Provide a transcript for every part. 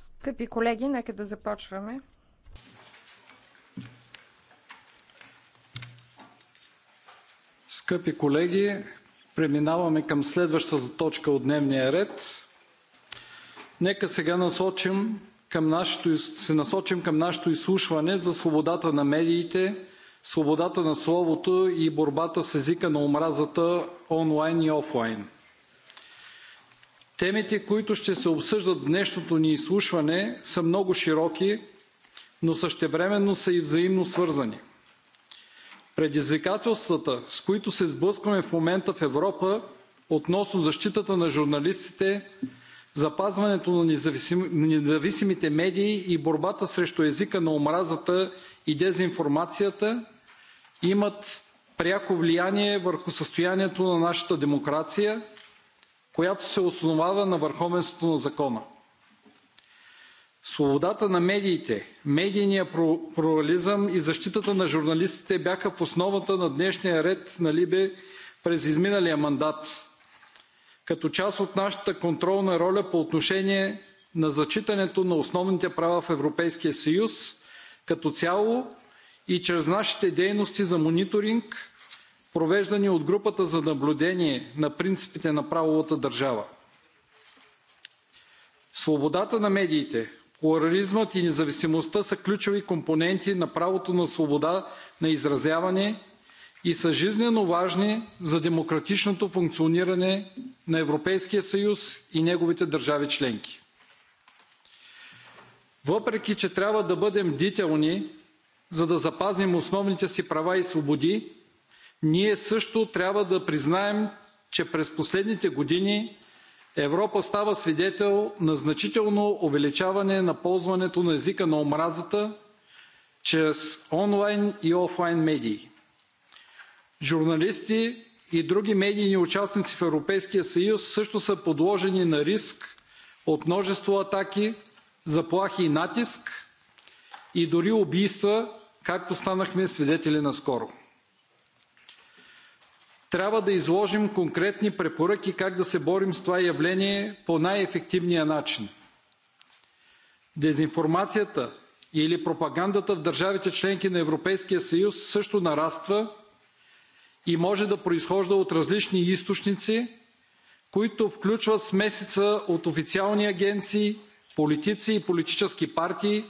Скъпи колеги, нека да започваме. Скъпи колеги, преминаваме към следващата точка от дневния ред. Нека сега насочим към нашето, се насочим към нашето изслушване за свободата на медиите, свободата на словото и борбата с езика на омразата онлайн и офлайн. Темите, които ще се обсъждат в днешното ни изслушване, са много широки, но същевременно са и взаимно свързани. Предизвикателствата, с които се сблъскваме в момента в Европа относно защитата на журналистите, запазването на независимите медии и борбата срещу езика на омразата и дезинформацията, имат пряко влияние върху състоянието на нашата демокрация – която се основава на върховенството на закона. Свободата на медиите, медийния плурализъм и защитата на журналистите бяха в основата на днешния ред на Либе през изминалия мандат, като част от нашата контролна роля по отношение на зачитането на основните права в Европейския съюз като цяло и чрез нашите дейности за мониторинг провеждани от групата за наблюдение на принципите на правовата държава. Свободата на медиите, плурализмът и независимостта са ключови компоненти на правото на свобода на изразяване и са жизнено важни за демократичното функциониране на Европейския съюз и неговите държави членки. Въпреки, че трябва да бъдем бдителни, за да запазим основните си права и свободи, ние също трябва да признаем, че през последните години Европа става свидетел на значително увеличаване на ползването на езика на омразата чрез онлайн и офлайн медии. Журналисти и други медийни участници в Европейския съюз също са подложени на риск от множество атаки, заплахи и натиск и дори убийства, както станахме свидетели наскоро. Трябва да изложим конкретни препоръки как да се борим с това явление по най-ефективния начин. Дезинформацията или пропагандата в държавите членки на Европейския съюз също нараства и може да произхожда от различни източници, които включват смесица от официални агенции, политици и политически партии,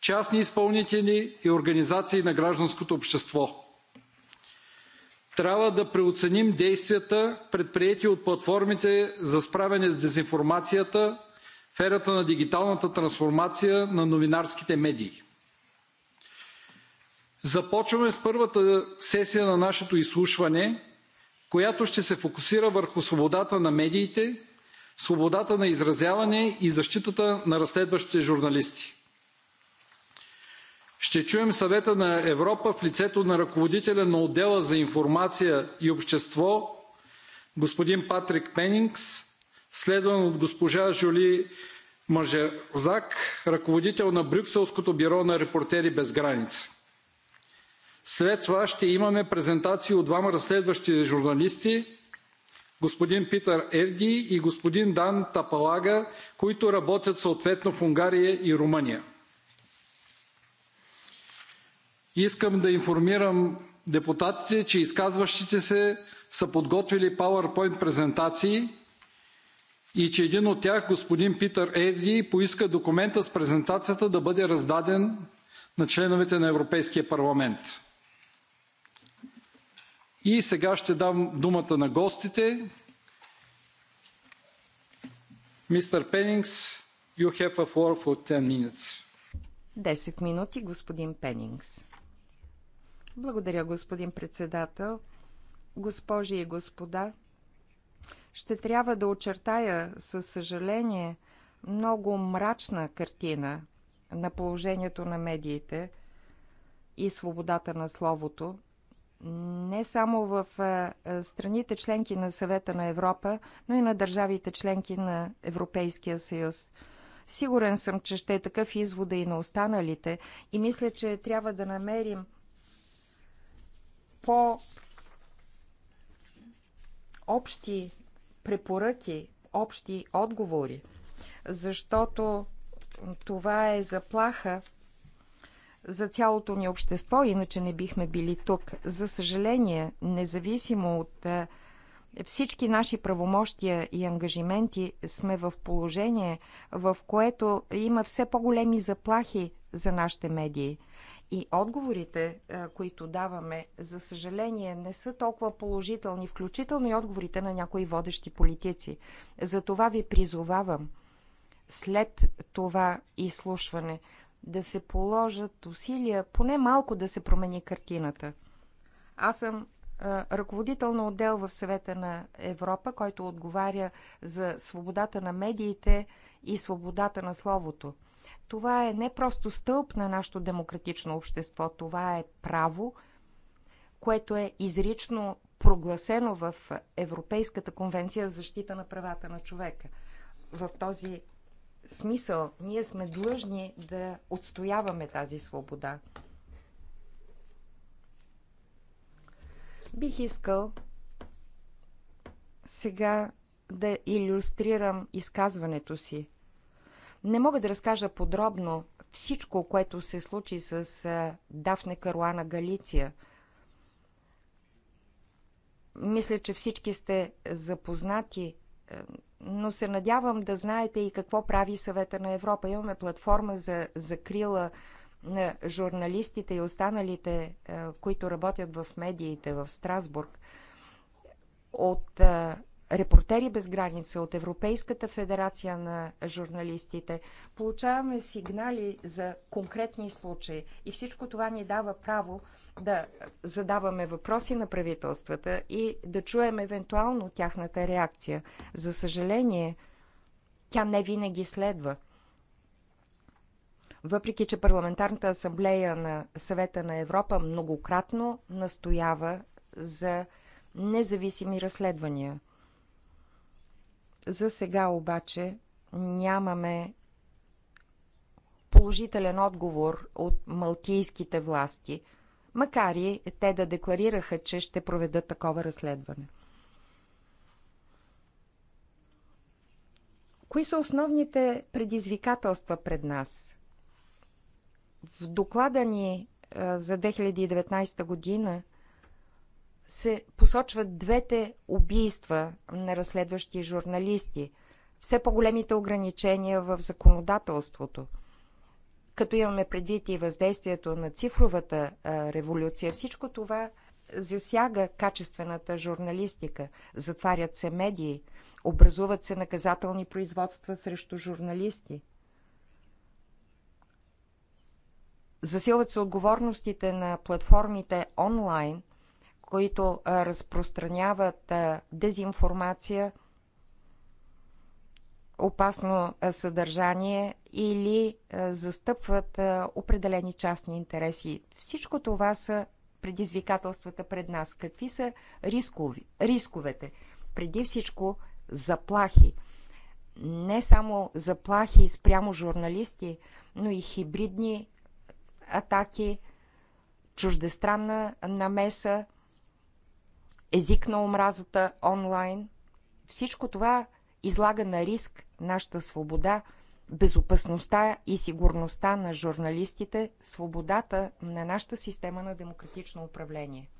частни изпълнители и организации на гражданското общество трябва да преоценим действията, предприети от платформите за справяне с дезинформацията в ерата на дигиталната трансформация на новинарските медии. Започваме с първата сесия на нашето изслушване, която ще се фокусира върху свободата на медиите, свободата на изразяване и защитата на разследващите журналисти. Ще чуем съвета на Европа в лицето на ръководителя на отдела за информация и общество, господин Патрик Пенингс, следван от госпожа Жули Мажерзак, ръководител на Брюкселското бюро на Репортери без граница. След това ще имаме презентации от двама разследващи журналисти, господин Питър Ерги и господин Дан Тапалага, които работят съответно в Унгария и Румъния. Искам да информирам депутатите, че изказващите се са подготвили PowerPoint презентации и че един от тях, господин Питър Ерли, поиска документът с презентацията да бъде раздаден на членовете на Европейския парламент. И сега ще дам думата на гостите. Мистер Пенингс, you have a floor for 10 minutes. 10 минути, господин Пенингс. Благодаря, господин председател. Госпожи и господа, ще трябва да очертая със съжаление много мрачна картина на положението на медиите и свободата на словото, не само в е, е, страните членки на съвета на Европа, но и на държавите членки на Европейския съюз. Сигурен съм, че ще е такъв извода и на останалите и мисля, че трябва да намерим по-общи препоръки, общи отговори, защото това е заплаха за цялото ни общество, иначе не бихме били тук. За съжаление, независимо от всички наши правомощия и ангажименти, сме в положение, в което има все по-големи заплахи за нашите медии. И отговорите, които даваме, за съжаление, не са толкова положителни, включително и отговорите на някои водещи политици. Затова ви призовавам след това изслушване да се положат усилия, поне малко да се промени картината. Аз съм ръководител на отдел в съвета на Европа, който отговаря за свободата на медиите и свободата на словото. Това е не просто стълб на нашето демократично общество, това е право, което е изрично прогласено в Европейската конвенция за защита на правата на човека. В този смисъл ние сме длъжни да отстояваме тази свобода. Бих искал сега да иллюстрирам изказването си – не мога да разкажа подробно всичко, което се случи с Дафне Каруана Галиция. Мисля, че всички сте запознати, но се надявам да знаете и какво прави съвета на Европа. Имаме платформа за закрила на журналистите и останалите, които работят в медиите в Страсбург. От Репортери без граница, от Европейската федерация на журналистите. Получаваме сигнали за конкретни случаи и всичко това ни дава право да задаваме въпроси на правителствата и да чуем евентуално тяхната реакция. За съжаление, тя не винаги следва. Въпреки, че Парламентарната асамблея на Съвета на Европа многократно настоява за независими разследвания – за сега обаче нямаме положителен отговор от малтийските власти, макар и те да декларираха, че ще проведат такова разследване. Кои са основните предизвикателства пред нас? В доклада ни за 2019 година се посочват двете убийства на разследващи журналисти, все по-големите ограничения в законодателството. Като имаме предвид и въздействието на цифровата революция, всичко това засяга качествената журналистика. Затварят се медии, образуват се наказателни производства срещу журналисти. Засилват се отговорностите на платформите онлайн които разпространяват дезинформация, опасно съдържание или застъпват определени частни интереси. Всичко това са предизвикателствата пред нас. Какви са рискови, рисковете? Преди всичко заплахи. Не само заплахи спрямо журналисти, но и хибридни атаки, чуждестранна намеса език на омразата онлайн. Всичко това излага на риск нашата свобода, безопасността и сигурността на журналистите, свободата на нашата система на демократично управление.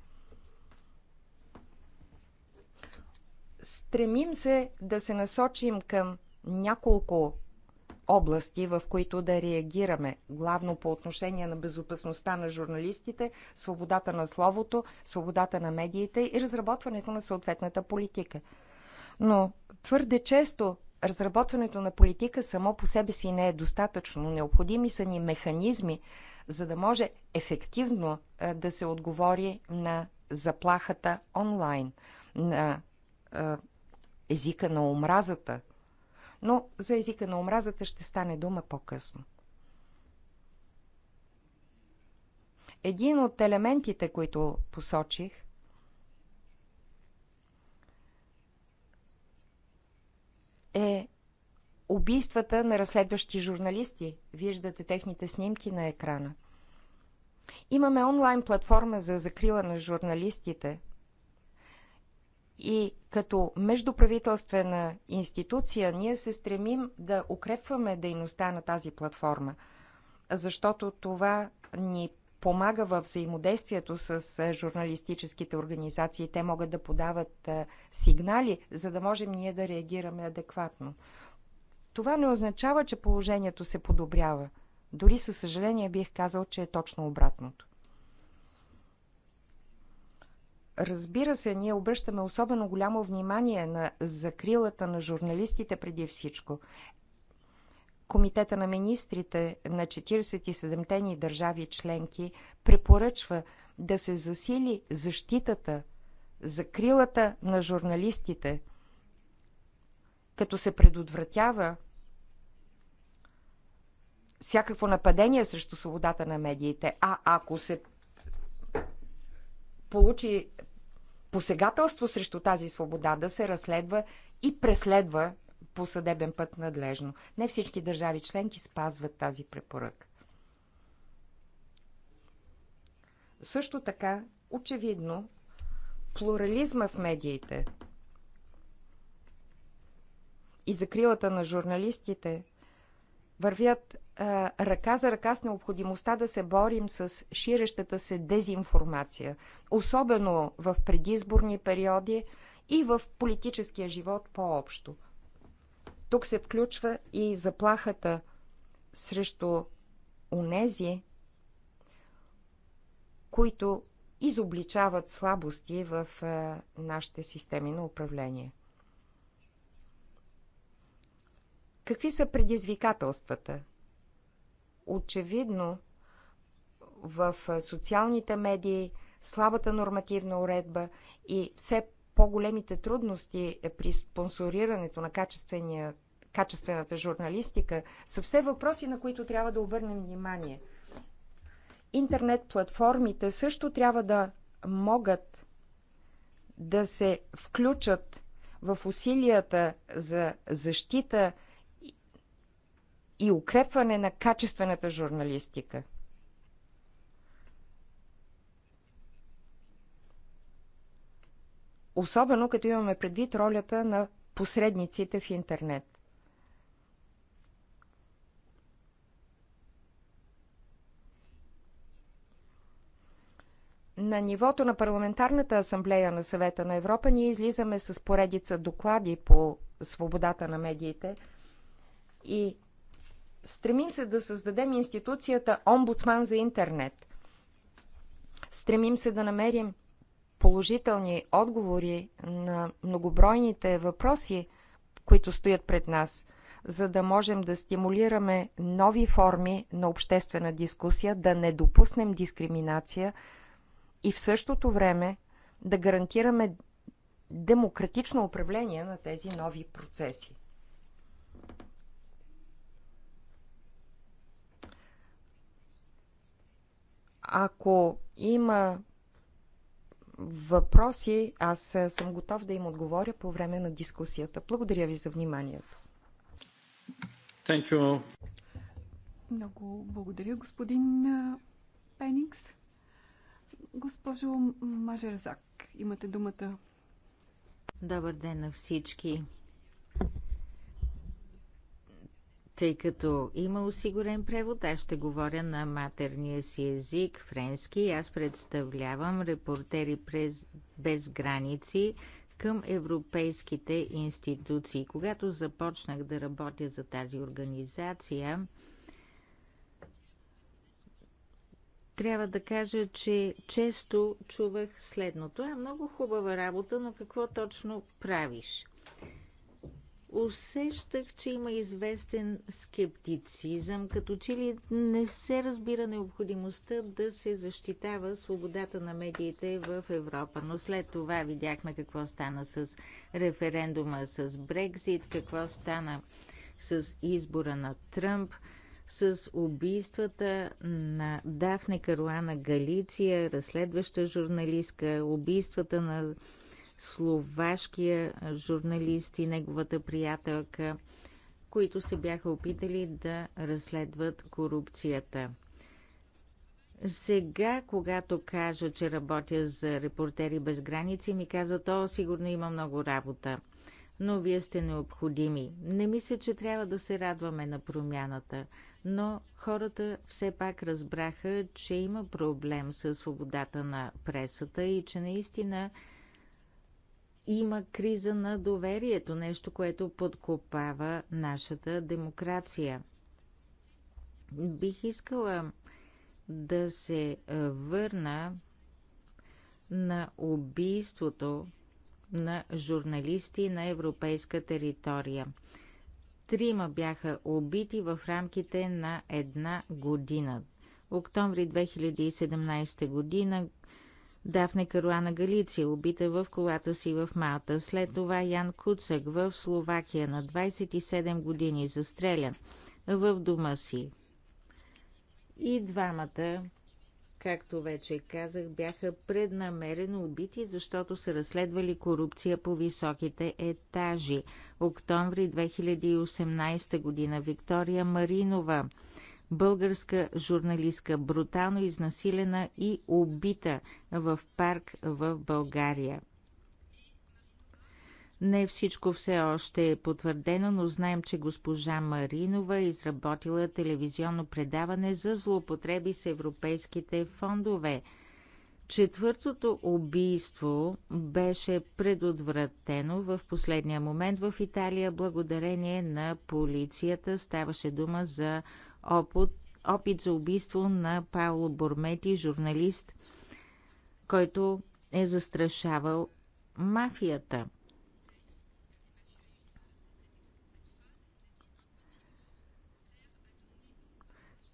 Стремим се да се насочим към няколко области, в които да реагираме, главно по отношение на безопасността на журналистите, свободата на словото, свободата на медиите и разработването на съответната политика. Но твърде често разработването на политика само по себе си не е достатъчно. Необходими са ни механизми, за да може ефективно да се отговори на заплахата онлайн, на езика на омразата, но за езика на омразата ще стане дума по-късно. Един от елементите, които посочих, е убийствата на разследващи журналисти. Виждате техните снимки на екрана. Имаме онлайн платформа за закрила на журналистите – и като междуправителствена институция ние се стремим да укрепваме дейността на тази платформа, защото това ни помага във взаимодействието с е, журналистическите организации. Те могат да подават е, сигнали, за да можем ние да реагираме адекватно. Това не означава, че положението се подобрява. Дори със съжаление бих казал, че е точно обратното. Разбира се, ние обръщаме особено голямо внимание на закрилата на журналистите преди всичко. Комитета на министрите на 47-те ни държави членки препоръчва да се засили защитата, закрилата на журналистите, като се предотвратява всякакво нападение срещу свободата на медиите. А ако се получи посегателство срещу тази свобода да се разследва и преследва по съдебен път надлежно. Не всички държави членки спазват тази препоръка. Също така, очевидно, плурализма в медиите и закрилата на журналистите вървят а, ръка за ръка с необходимостта да се борим с ширещата се дезинформация, особено в предизборни периоди и в политическия живот по-общо. Тук се включва и заплахата срещу онези, които изобличават слабости в нашите системи на управление – Какви са предизвикателствата? Очевидно, в социалните медии, слабата нормативна уредба и все по-големите трудности е при спонсорирането на качествения, качествената журналистика са все въпроси, на които трябва да обърнем внимание. Интернет платформите също трябва да могат да се включат в усилията за защита и укрепване на качествената журналистика. Особено като имаме предвид ролята на посредниците в интернет. На нивото на Парламентарната асамблея на съвета на Европа ние излизаме с поредица доклади по свободата на медиите и Стремим се да създадем институцията Омбудсман за интернет. Стремим се да намерим положителни отговори на многобройните въпроси, които стоят пред нас, за да можем да стимулираме нови форми на обществена дискусия, да не допуснем дискриминация и в същото време да гарантираме демократично управление на тези нови процеси. Ако има въпроси, аз е, съм готов да им отговоря по време на дискусията. Благодаря ви за вниманието. Thank you. Много благодаря, господин е, Пеникс. Госпожо Мажерзак, имате думата. Добър ден на всички. Тъй като има осигурен превод, аз ще говоря на матерния си език, френски. Аз представлявам репортери през, без граници към европейските институции. Когато започнах да работя за тази организация, трябва да кажа, че често чувах следното. А, много хубава работа, но какво точно правиш? усещах, че има известен скептицизъм, като че ли не се разбира необходимостта да се защитава свободата на медиите в Европа. Но след това видяхме какво стана с референдума с Брекзит, какво стана с избора на Тръмп, с убийствата на Дафне Каруана Галиция, разследваща журналистка, убийствата на словашкия журналист и неговата приятелка, които се бяха опитали да разследват корупцията. Сега, когато кажа, че работя за Репортери без граници, ми казват, о, сигурно има много работа. Но вие сте необходими. Не мисля, че трябва да се радваме на промяната, но хората все пак разбраха, че има проблем с свободата на пресата и че наистина има криза на доверието, нещо, което подкопава нашата демокрация. Бих искала да се върна на убийството на журналисти на европейска територия. Трима бяха убити в рамките на една година. Октомври 2017 година Дафне Каруана Галиция, убита в колата си в Малта. След това Ян Куцък в Словакия на 27 години, застрелян в дома си. И двамата, както вече казах, бяха преднамерено убити, защото са разследвали корупция по високите етажи. Октомври 2018 година Виктория Маринова – българска журналистка, брутално изнасилена и убита в парк в България. Не всичко все още е потвърдено, но знаем, че госпожа Маринова е изработила телевизионно предаване за злоупотреби с европейските фондове. Четвъртото убийство беше предотвратено в последния момент в Италия благодарение на полицията. Ставаше дума за опит, опит за убийство на Пауло Бормети, журналист, който е застрашавал мафията.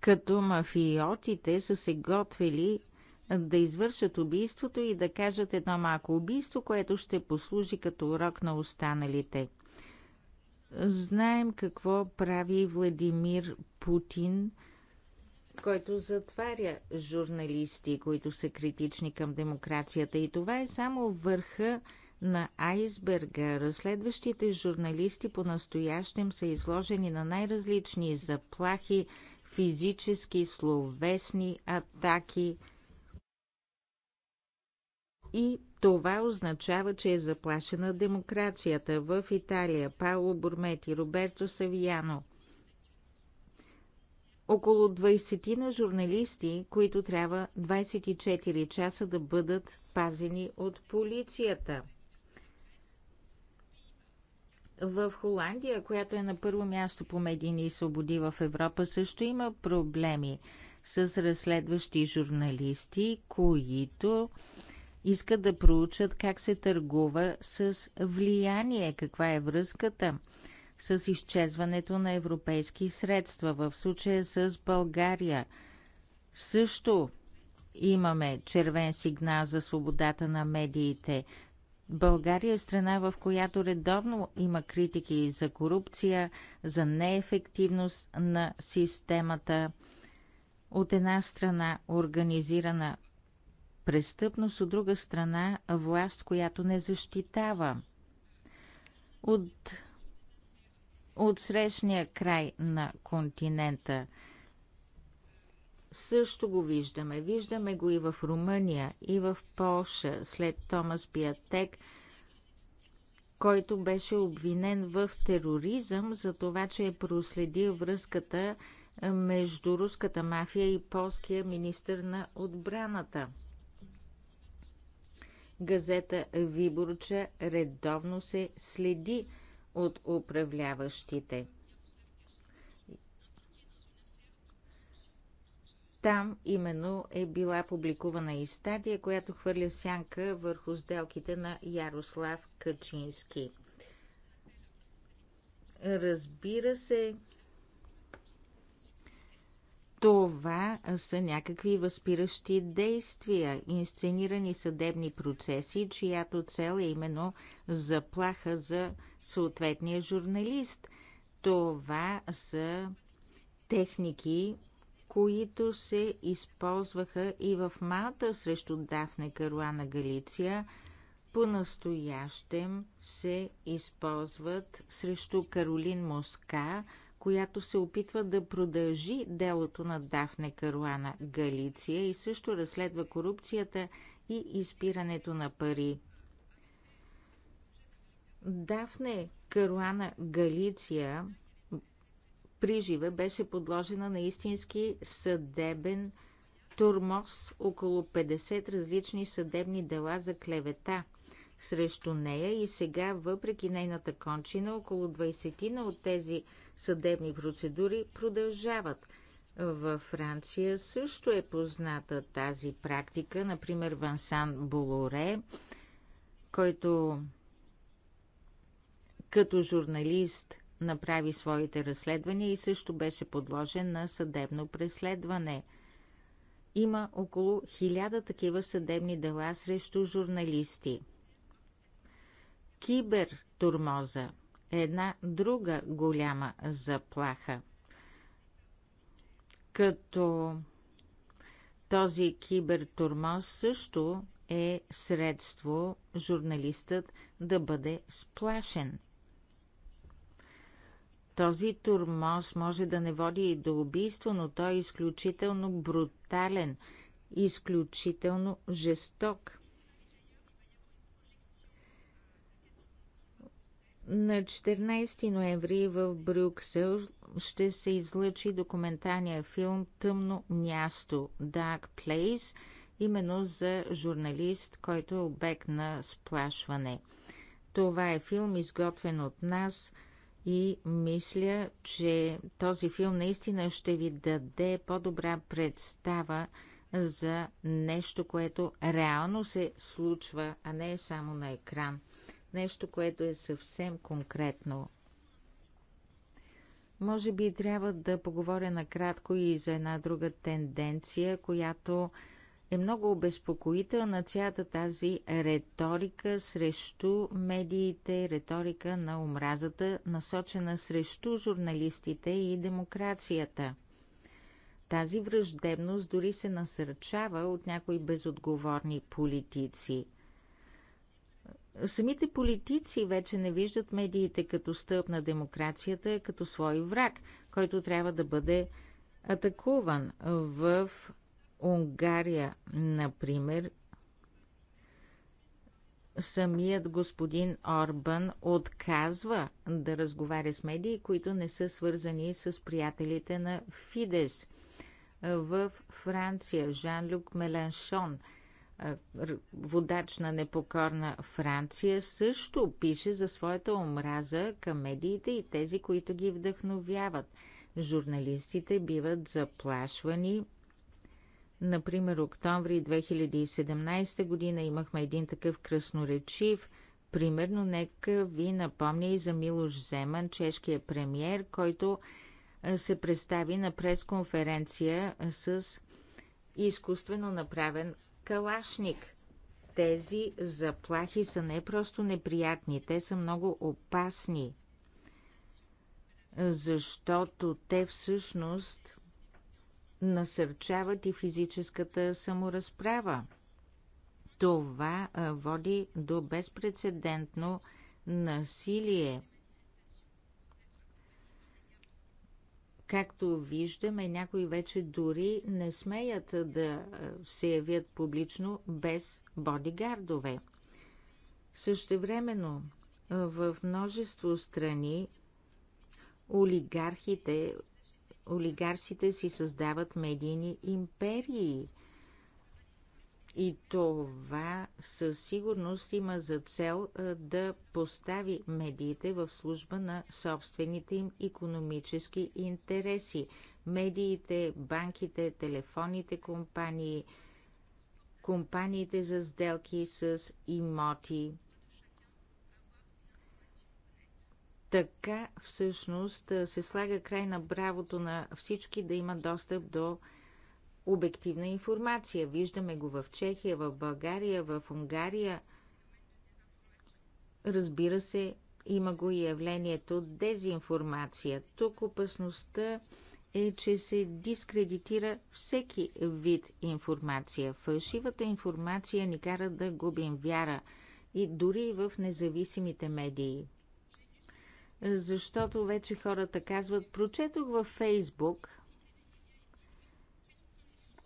Като мафиотите са се готвили да извършат убийството и да кажат едно малко убийство, което ще послужи като урок на останалите – Знаем какво прави Владимир Путин, който затваря журналисти, които са критични към демокрацията. И това е само върха на айсберга. Разследващите журналисти по-настоящем са изложени на най-различни заплахи, физически, словесни атаки и това означава, че е заплашена демокрацията в Италия. Пауло Бурмети, Роберто Савияно. Около 20 на журналисти, които трябва 24 часа да бъдат пазени от полицията. В Холандия, която е на първо място по медийни свободи в Европа, също има проблеми с разследващи журналисти, които искат да проучат как се търгува с влияние, каква е връзката с изчезването на европейски средства, в случая с България. Също имаме червен сигнал за свободата на медиите. България е страна, в която редовно има критики за корупция, за неефективност на системата. От една страна организирана престъпност, от друга страна власт, която не защитава. От, от срещния край на континента също го виждаме. Виждаме го и в Румъния, и в Полша, след Томас Пиатек, който беше обвинен в тероризъм за това, че е проследил връзката между руската мафия и полския министр на отбраната – газета Виборча редовно се следи от управляващите. Там именно е била публикувана и стадия, която хвърля сянка върху сделките на Ярослав Качински. Разбира се, това са някакви възпиращи действия, инсценирани съдебни процеси, чиято цел е именно заплаха за съответния журналист. Това са техники, които се използваха и в Малта срещу Дафне Каруана Галиция, по-настоящем се използват срещу Каролин Моска, която се опитва да продължи делото на Дафне Каруана Галиция и също разследва корупцията и изпирането на пари. Дафне Каруана Галиция приживе беше подложена на истински съдебен турмоз около 50 различни съдебни дела за клевета – срещу нея и сега, въпреки нейната кончина, около 20 от тези съдебни процедури продължават. Във Франция също е позната тази практика. Например, Вансан Болоре, който като журналист направи своите разследвания и също беше подложен на съдебно преследване. Има около хиляда такива съдебни дела срещу журналисти – Кибертурмоза е една друга голяма заплаха. Като този кибертурмоз също е средство журналистът да бъде сплашен. Този турмоз може да не води и до убийство, но той е изключително брутален, изключително жесток. На 14 ноември в Брюксел ще се излъчи документалния филм Тъмно място Dark Place, именно за журналист, който е обект на сплашване. Това е филм изготвен от нас и мисля, че този филм наистина ще ви даде по-добра представа за нещо, което реално се случва, а не е само на екран. Нещо, което е съвсем конкретно. Може би трябва да поговоря накратко и за една друга тенденция, която е много обезпокоителна цялата тази риторика срещу медиите, риторика на омразата, насочена срещу журналистите и демокрацията. Тази враждебност дори се насърчава от някои безотговорни политици – Самите политици вече не виждат медиите като стълб на демокрацията, като свой враг, който трябва да бъде атакуван. В Унгария, например, самият господин Орбан отказва да разговаря с медии, които не са свързани с приятелите на Фидес. В Франция Жан-Люк Меленшон – водач на непокорна Франция, също пише за своята омраза към медиите и тези, които ги вдъхновяват. Журналистите биват заплашвани. Например, октомври 2017 година имахме един такъв красноречив. Примерно, нека ви напомня и за Милош Земан, чешкият премьер, който се представи на пресконференция с изкуствено направен Калашник. Тези заплахи са не просто неприятни, те са много опасни, защото те всъщност насърчават и физическата саморазправа. Това води до безпредседентно насилие – Както виждаме, някои вече дори не смеят да е, се явят публично без бодигардове. Същевременно в множество страни олигархите, олигарсите си създават медийни империи – и това със сигурност има за цел да постави медиите в служба на собствените им економически интереси. Медиите, банките, телефонните компании, компаниите за сделки с имоти. Така всъщност се слага край на бравото на всички да има достъп до обективна информация. Виждаме го в Чехия, в България, в Унгария. Разбира се, има го и явлението дезинформация. Тук опасността е, че се дискредитира всеки вид информация. Фалшивата информация ни кара да губим вяра и дори в независимите медии. Защото вече хората казват, прочетох във Фейсбук,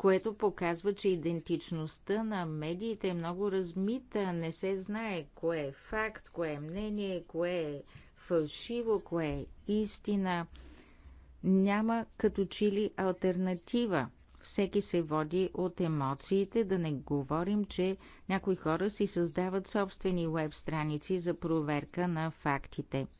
което показва, че идентичността на медиите е много размита. Не се знае кое е факт, кое е мнение, кое е фалшиво, кое е истина. Няма като че ли альтернатива. Всеки се води от емоциите, да не говорим, че някои хора си създават собствени веб страници за проверка на фактите –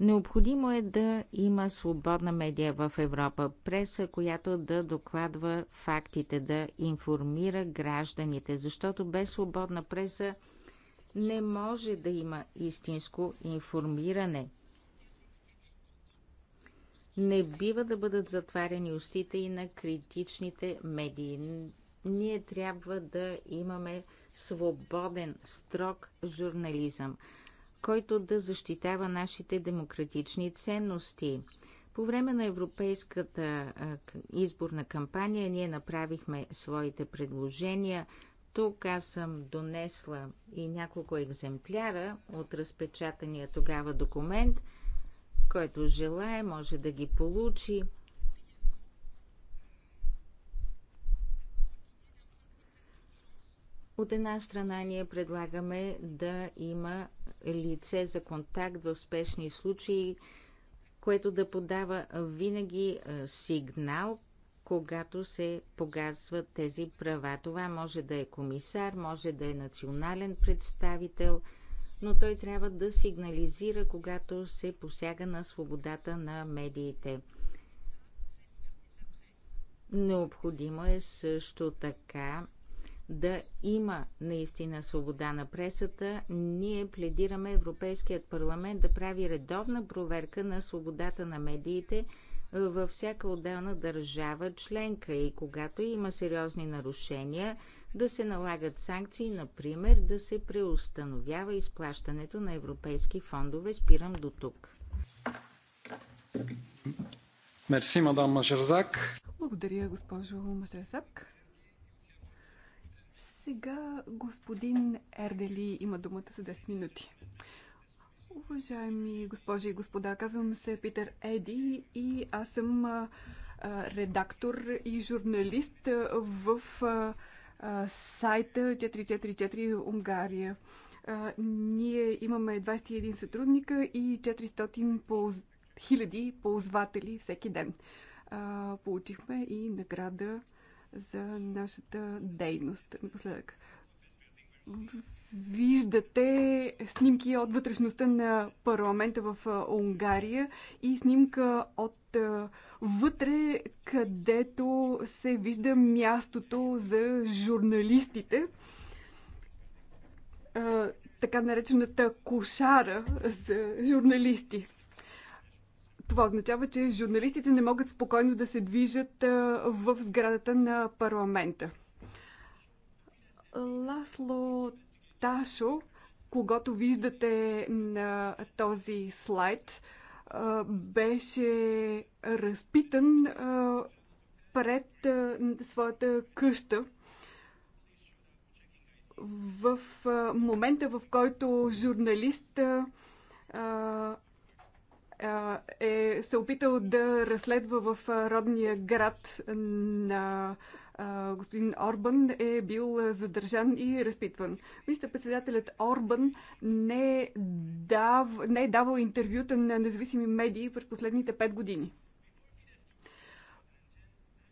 Необходимо е да има свободна медия в Европа, преса, която да докладва фактите, да информира гражданите, защото без свободна преса не може да има истинско информиране. Не бива да бъдат затваряни устите и на критичните медии. Ние трябва да имаме свободен, строг журнализъм който да защитава нашите демократични ценности. По време на европейската изборна кампания ние направихме своите предложения. Тук аз съм донесла и няколко екземпляра от разпечатания тогава документ, който желая може да ги получи. От една страна ние предлагаме да има лице за контакт в спешни случаи, което да подава винаги е, сигнал, когато се погазват тези права. Това може да е комисар, може да е национален представител, но той трябва да сигнализира, когато се посяга на свободата на медиите. Необходимо е също така да има наистина свобода на пресата, ние пледираме Европейският парламент да прави редовна проверка на свободата на медиите във всяка отделна държава членка и когато има сериозни нарушения, да се налагат санкции, например да се преустановява изплащането на европейски фондове. Спирам до тук. Мерси, мадам Мажерзак. Благодаря, госпожо Мажерзак. Сега господин Ердели има думата за 10 минути. Уважаеми госпожи и господа, казвам се Питър Еди и аз съм а, редактор и журналист в а, а, сайта 444 Унгария. А, ние имаме 21 сътрудника и 400 полз... хиляди ползватели всеки ден. А, получихме и награда за нашата дейност. Напоследък. Виждате снимки от вътрешността на парламента в Унгария и снимка от вътре, където се вижда мястото за журналистите. Така наречената кошара за журналисти. Това означава, че журналистите не могат спокойно да се движат в сградата на парламента. Ласло Ташо, когато виждате на този слайд, беше разпитан пред своята къща. В момента, в който журналист е се опитал да разследва в родния град на господин Орбан, е бил задържан и разпитван. мистер председателят Орбан не е, дав, не е давал интервюта на независими медии през последните пет години.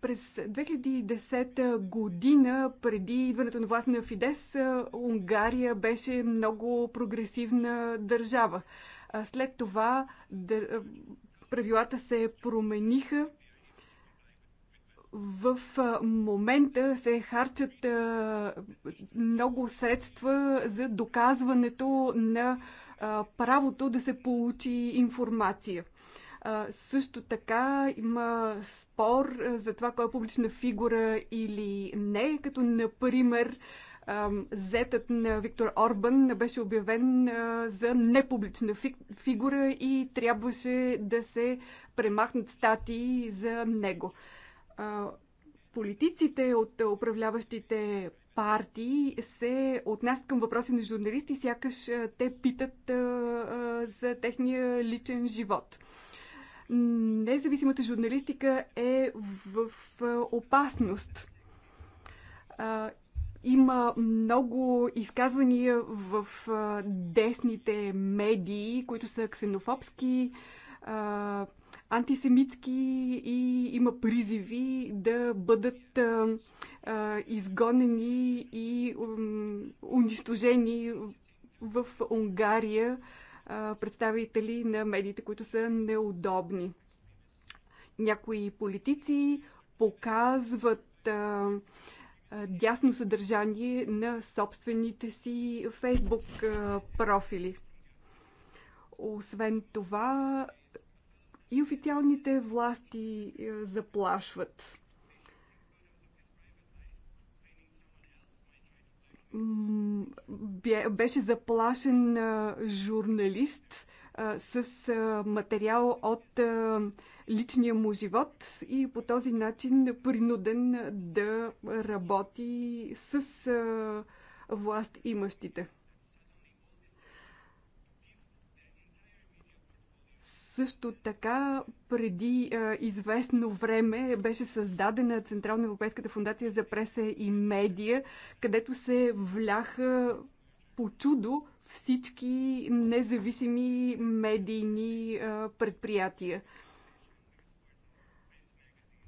През 2010 година, преди идването на власт на Фидес, Унгария беше много прогресивна държава. След това правилата се промениха. В момента се харчат много средства за доказването на правото да се получи информация. Също така има спор за това кой е публична фигура или не, като например зетът на Виктор Орбан беше обявен за непублична фигура и трябваше да се премахнат статии за него. Политиците от управляващите партии се отнасят към въпроси на журналисти, сякаш те питат за техния личен живот независимата журналистика е в опасност. Има много изказвания в десните медии, които са ксенофобски, антисемитски и има призиви да бъдат изгонени и унищожени в Унгария представители на медиите, които са неудобни. Някои политици показват а, дясно съдържание на собствените си фейсбук профили. Освен това, и официалните власти заплашват. Беше заплашен журналист, с материал от личния му живот и по този начин принуден да работи с власт имащите. Също така, преди а, известно време беше създадена Централна Европейската фундация за преса и медия, където се вляха по чудо всички независими медийни предприятия.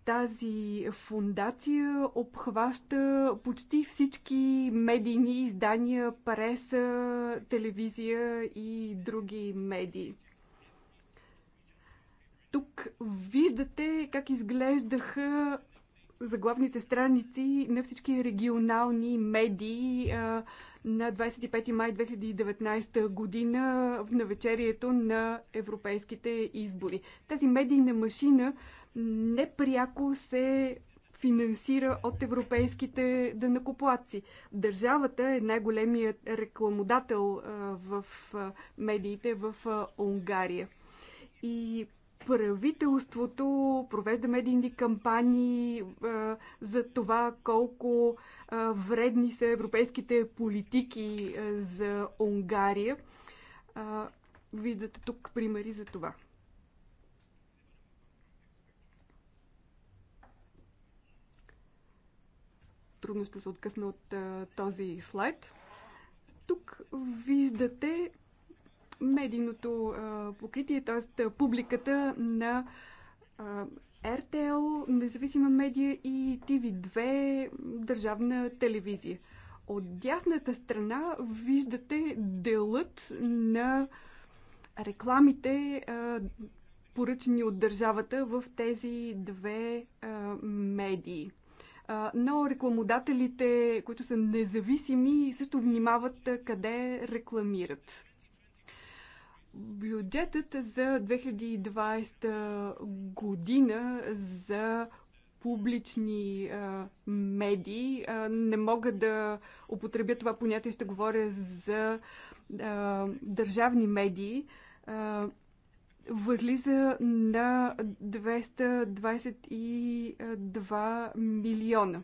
Тази фундация обхваща почти всички медийни издания, преса, телевизия и други медии тук виждате как изглеждаха за главните страници на всички регионални медии на 25 май 2019 година в навечерието на европейските избори. Тази медийна машина непряко се финансира от европейските дънакоплаци. Държавата е най-големият рекламодател в медиите в Унгария. И правителството провежда медийни кампании а, за това колко а, вредни са европейските политики а, за Унгария. А, виждате тук примери за това. Трудно ще се откъсна от а, този слайд. Тук виждате единното покритие, т.е. публиката на РТЛ, независима медия и TV2, държавна телевизия. От дясната страна виждате делът на рекламите, поръчани от държавата в тези две медии. Но рекламодателите, които са независими, също внимават къде рекламират. Бюджетът за 2020 година за публични а, медии. А, не мога да употребя това понятие, ще говоря за а, държавни медии. А, възлиза на 222 милиона.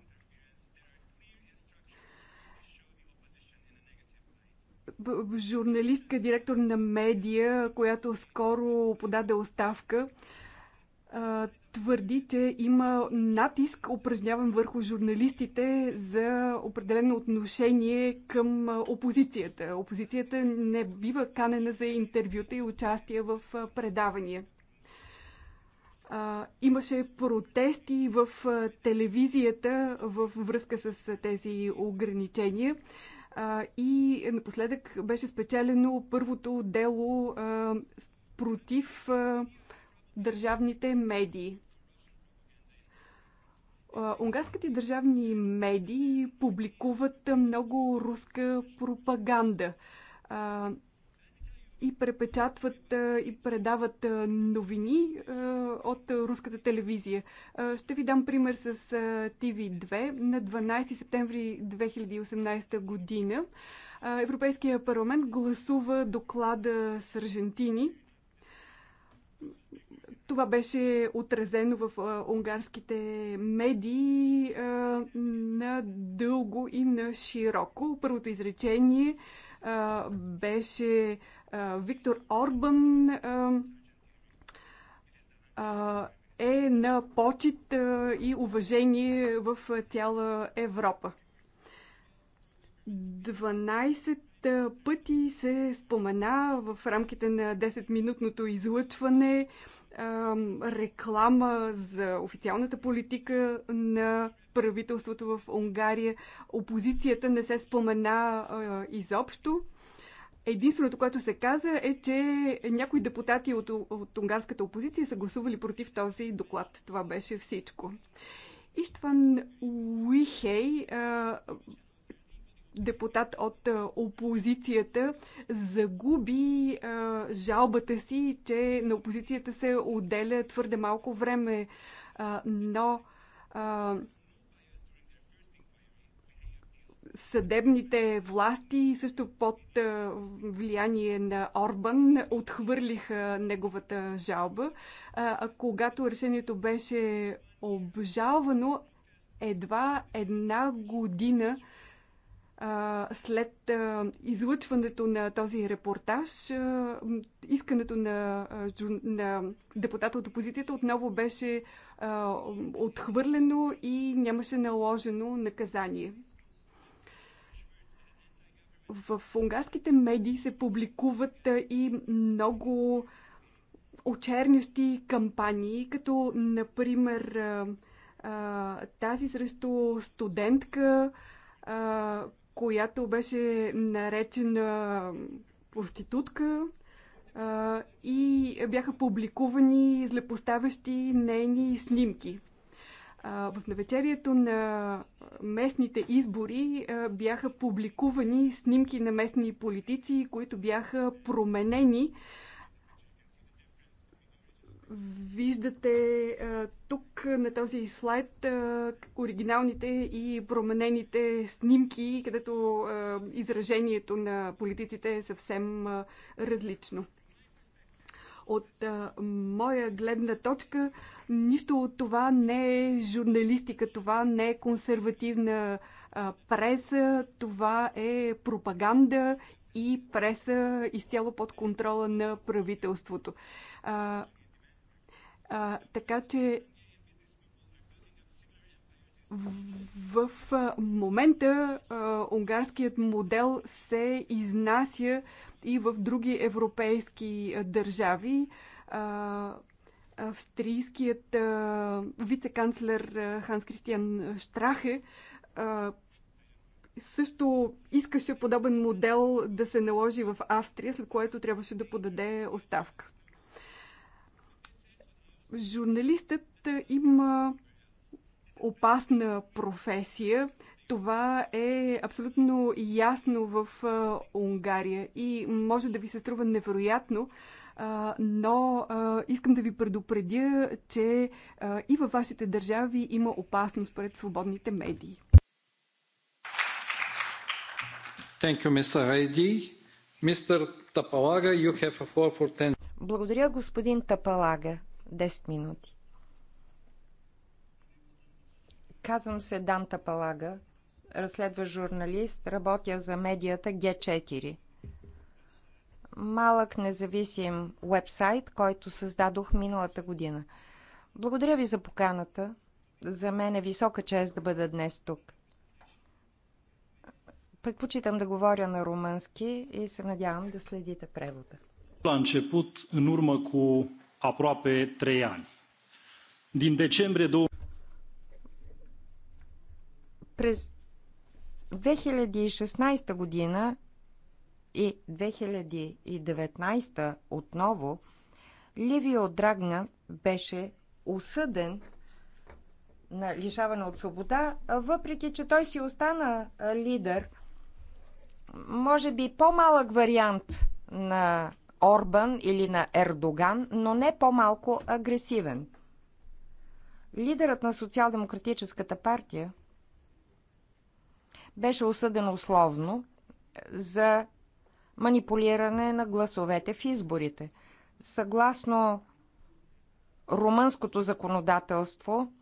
журналистка, директор на медия, която скоро подаде оставка, твърди, че има натиск, упражняван върху журналистите за определено отношение към опозицията. Опозицията не бива канена за интервюта и участие в предавания. Имаше протести в телевизията във връзка с тези ограничения и напоследък беше спечелено първото дело против държавните медии. Унгарските държавни медии публикуват много руска пропаганда и препечатват и предават новини от руската телевизия. Ще ви дам пример с TV2. На 12 септември 2018 година Европейския парламент гласува доклада с Аржентини. Това беше отразено в унгарските медии на дълго и на широко. Първото изречение беше Виктор Орбан е на почет и уважение в цяла Европа. 12 пъти се спомена в рамките на 10-минутното излъчване реклама за официалната политика на правителството в Унгария. Опозицията не се спомена изобщо. Единственото, което се каза е, че някои депутати от, от унгарската опозиция са гласували против този доклад. Това беше всичко. Иштван Уихей, депутат от опозицията, загуби жалбата си, че на опозицията се отделя твърде малко време, но съдебните власти, също под влияние на Орбан, отхвърлиха неговата жалба. А когато решението беше обжалвано, едва една година след излъчването на този репортаж, искането на, на депутата от опозицията отново беше отхвърлено и нямаше наложено наказание. В унгарските медии се публикуват и много очернящи кампании, като например тази срещу студентка, която беше наречена проститутка и бяха публикувани злепоставящи нейни снимки. В навечерието на местните избори бяха публикувани снимки на местни политици, които бяха променени. Виждате тук на този слайд оригиналните и променените снимки, където изражението на политиците е съвсем различно. От а, моя гледна точка, нищо от това не е журналистика, това не е консервативна а, преса, това е пропаганда и преса изцяло под контрола на правителството. А, а, така че в, в момента а, унгарският модел се изнася и в други европейски държави. Австрийският вице-канцлер Ханс Кристиан Штрахе също искаше подобен модел да се наложи в Австрия, след което трябваше да подаде оставка. Журналистът има опасна професия. Това е абсолютно ясно в Унгария и може да ви се струва невероятно, но искам да ви предупредя, че и във вашите държави има опасност пред свободните медии. Thank you, Mr. Mr. you have a floor for 10. Благодаря, господин Тапалага. 10 минути. Казвам се Дан Тапалага. Разследва журналист, работя за медията G4. Малък независим вебсайт, който създадох миналата година. Благодаря ви за поканата. За мен е висока чест да бъда днес тук. Предпочитам да говоря на румънски и се надявам да следите превода. La început, în urmă cu aproape ani. Din decembrie 2000... През 2016 година и 2019 отново Ливио Драгна беше осъден на лишаване от свобода, въпреки че той си остана лидер, може би по-малък вариант на Орбан или на Ердоган, но не по-малко агресивен. Лидерът на Социал-демократическата партия беше осъден условно за манипулиране на гласовете в изборите. Съгласно румънското законодателство,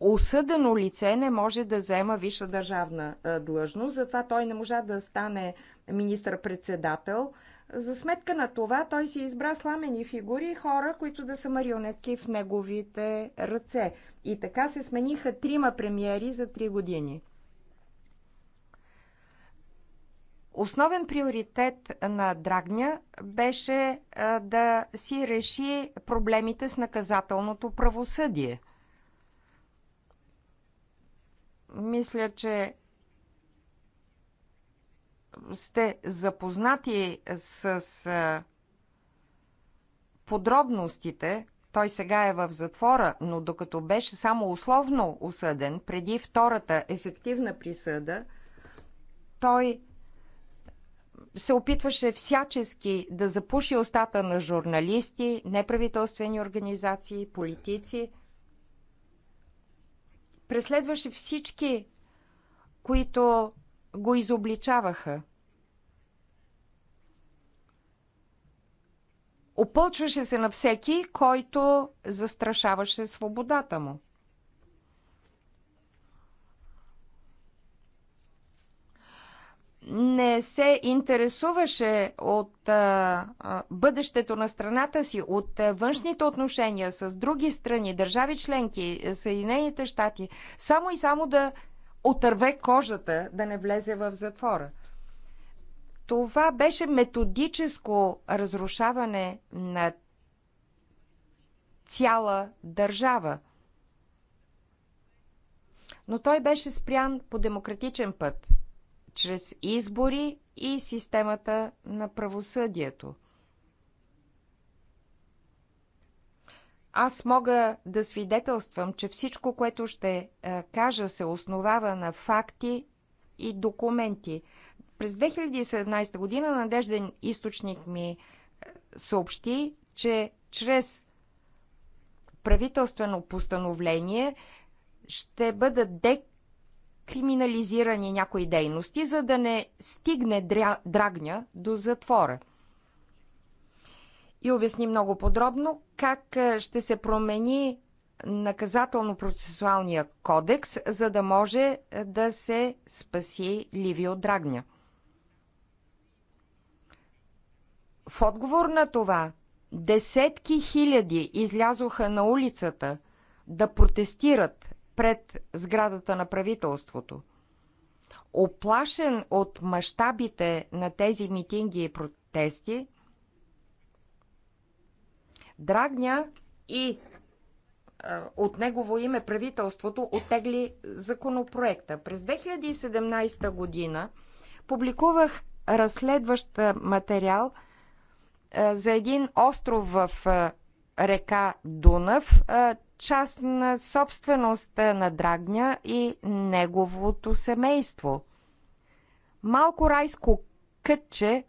осъдено лице не може да взема висша държавна е, длъжност, затова той не можа да стане министър-председател. За сметка на това той си избра сламени фигури и хора, които да са марионетки в неговите ръце. И така се смениха трима премиери за три години. Основен приоритет на Драгня беше да си реши проблемите с наказателното правосъдие. Мисля, че сте запознати с подробностите той сега е в затвора, но докато беше само условно осъден, преди втората ефективна присъда, той се опитваше всячески да запуши устата на журналисти, неправителствени организации, политици. Преследваше всички, които го изобличаваха. Опълчваше се на всеки, който застрашаваше свободата му. не се интересуваше от а, а, бъдещето на страната си, от а, външните отношения с други страни, държави членки, Съединените щати, само и само да отърве кожата, да не влезе в затвора. Това беше методическо разрушаване на цяла държава. Но той беше спрян по демократичен път, чрез избори и системата на правосъдието. Аз мога да свидетелствам, че всичко, което ще е, кажа, се основава на факти и документи. През 2017 година надежден източник ми е, съобщи, че чрез правителствено постановление ще бъдат декриминализирани някои дейности, за да не стигне драгня до затвора. И обясни много подробно как е, ще се промени наказателно-процесуалния кодекс, за да може е, да се спаси Ливио Драгня. В отговор на това, десетки хиляди излязоха на улицата да протестират пред сградата на правителството. Оплашен от мащабите на тези митинги и протести, Драгня и от негово име правителството оттегли законопроекта. През 2017 година публикувах разследващ материал – за един остров в река Дунав, частна собственост на Драгня и неговото семейство. Малко райско кътче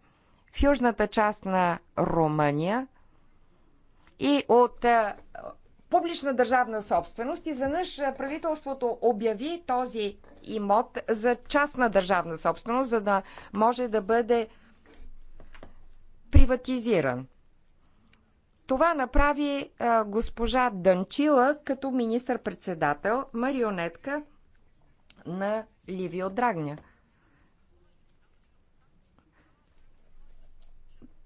в южната част на Румъния и от публична държавна собственост, изведнъж правителството обяви този имот за частна държавна собственост, за да може да бъде приватизиран. Това направи а, госпожа Дънчила като министър-председател, марионетка на Ливио Драгня.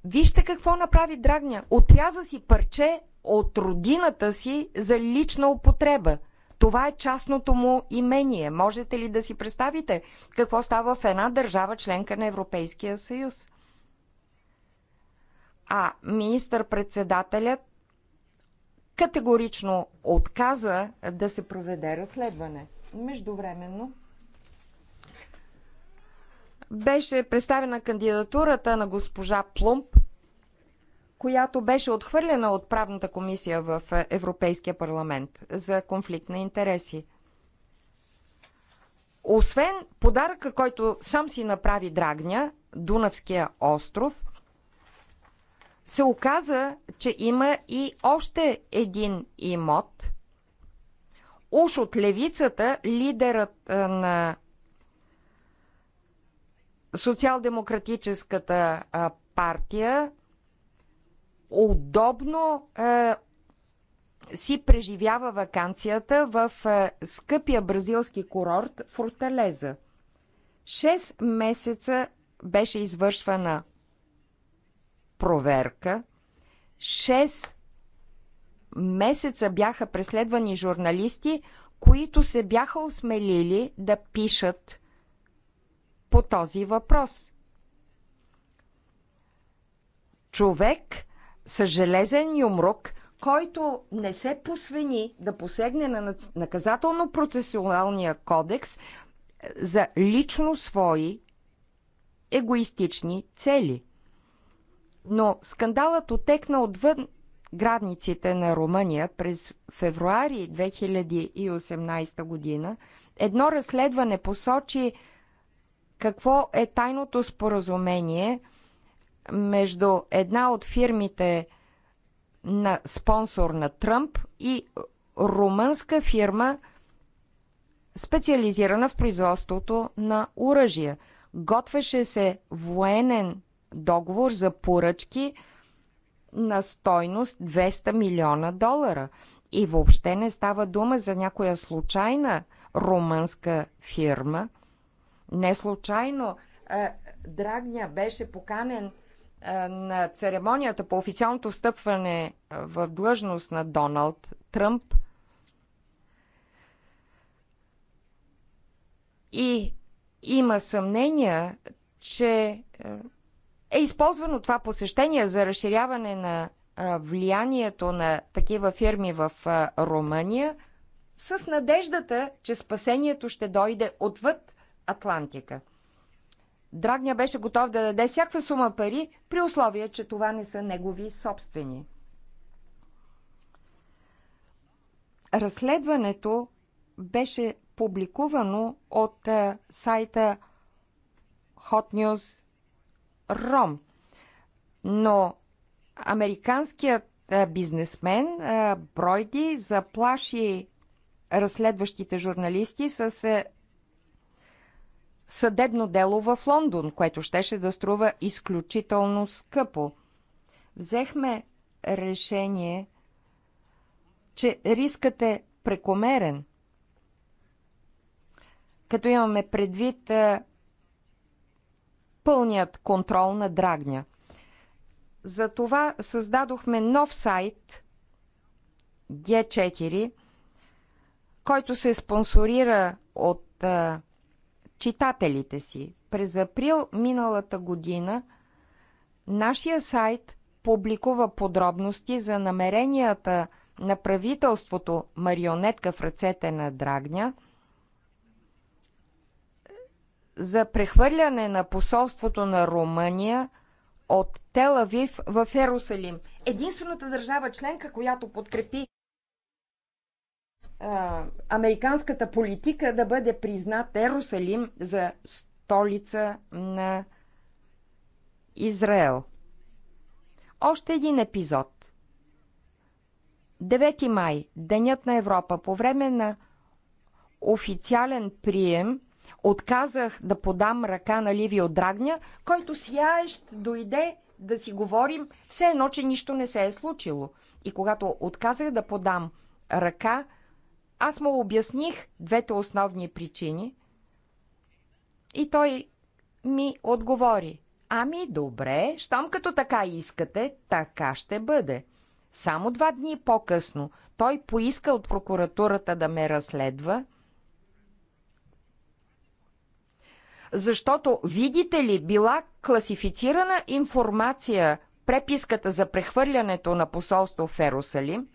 Вижте какво направи Драгня. Отряза си парче от родината си за лична употреба. Това е частното му имение. Можете ли да си представите какво става в една държава членка на Европейския съюз? а министър-председателят категорично отказа да се проведе разследване. Междувременно беше представена кандидатурата на госпожа Плумп, която беше отхвърлена от правната комисия в Европейския парламент за конфликт на интереси. Освен подаръка, който сам си направи Драгня, Дунавския остров, се оказа, че има и още един имот. Уж от левицата, лидерът на социал-демократическата партия удобно е, си преживява вакансията в е, скъпия бразилски курорт Форталеза. Шест месеца беше извършвана проверка. Шест месеца бяха преследвани журналисти, които се бяха осмелили да пишат по този въпрос. Човек с железен юмрук, който не се посвени да посегне на наказателно-процесуалния кодекс е, за лично свои егоистични цели – но скандалът отекна отвън границите на Румъния през февруари 2018 година. Едно разследване посочи какво е тайното споразумение между една от фирмите на спонсор на Тръмп и румънска фирма, специализирана в производството на оръжия. Готвеше се военен договор за поръчки на стойност 200 милиона долара. И въобще не става дума за някоя случайна румънска фирма. Не случайно Драгня беше поканен на церемонията по официалното встъпване в длъжност на Доналд Тръмп и има съмнение, че е използвано това посещение за разширяване на влиянието на такива фирми в Румъния с надеждата, че спасението ще дойде отвъд Атлантика. Драгня беше готов да даде всяква сума пари, при условие, че това не са негови собствени. Разследването беше публикувано от сайта Hot News ром. Но американският е, бизнесмен е, Бройди заплаши разследващите журналисти с е, съдебно дело в Лондон, което щеше да струва изключително скъпо. Взехме решение, че рискът е прекомерен. Като имаме предвид пълният контрол на Драгня. Затова създадохме нов сайт G4, който се спонсорира от а, читателите си. През април миналата година нашия сайт публикува подробности за намеренията на правителството марионетка в ръцете на Драгня – за прехвърляне на посолството на Румъния от Телавив в Ерусалим. Единствената държава членка, която подкрепи а, американската политика да бъде признат Ерусалим за столица на Израел. Още един епизод. 9 май, Денят на Европа, по време на официален прием – отказах да подам ръка на Ливио Драгня, който сияещ дойде да си говорим все едно, че нищо не се е случило. И когато отказах да подам ръка, аз му обясних двете основни причини и той ми отговори. Ами, добре, щом като така искате, така ще бъде. Само два дни по-късно той поиска от прокуратурата да ме разследва – защото, видите ли, била класифицирана информация преписката за прехвърлянето на посолство в Ерусалим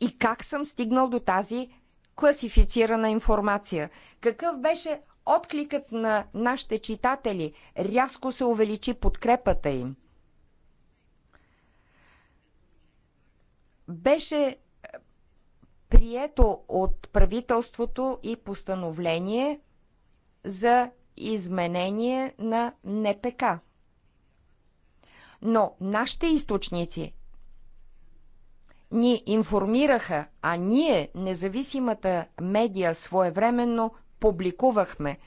и как съм стигнал до тази класифицирана информация. Какъв беше откликът на нашите читатели? Рязко се увеличи подкрепата им. Беше е, прието от правителството и постановление за изменение на НПК. Но нашите източници ни информираха, а ние, независимата медия, своевременно публикувахме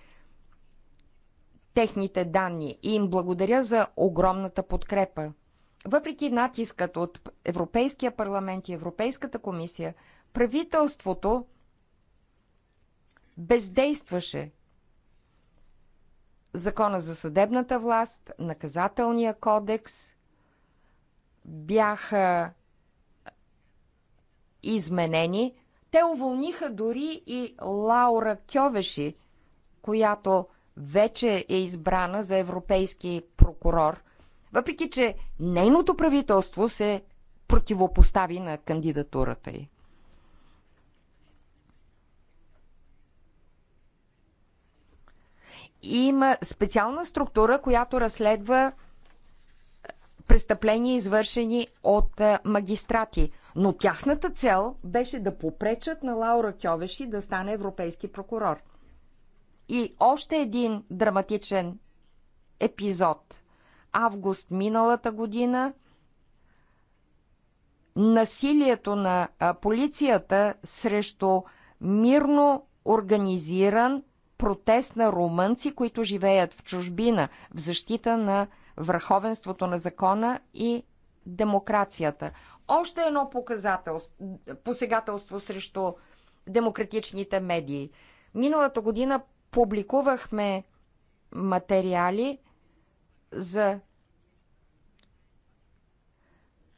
техните данни и им благодаря за огромната подкрепа. Въпреки натискът от Европейския парламент и Европейската комисия, правителството бездействаше Закона за съдебната власт, наказателния кодекс бяха изменени. Те уволниха дори и Лаура Кьовеши, която вече е избрана за европейски прокурор, въпреки че нейното правителство се противопостави на кандидатурата й. има специална структура, която разследва е, престъпления, извършени от е, магистрати. Но тяхната цел беше да попречат на Лаура Кьовеши да стане европейски прокурор. И още един драматичен епизод. Август миналата година насилието на е, полицията срещу мирно организиран протест на румънци, които живеят в чужбина в защита на върховенството на закона и демокрацията. Още едно посегателство срещу демократичните медии. Миналата година публикувахме материали за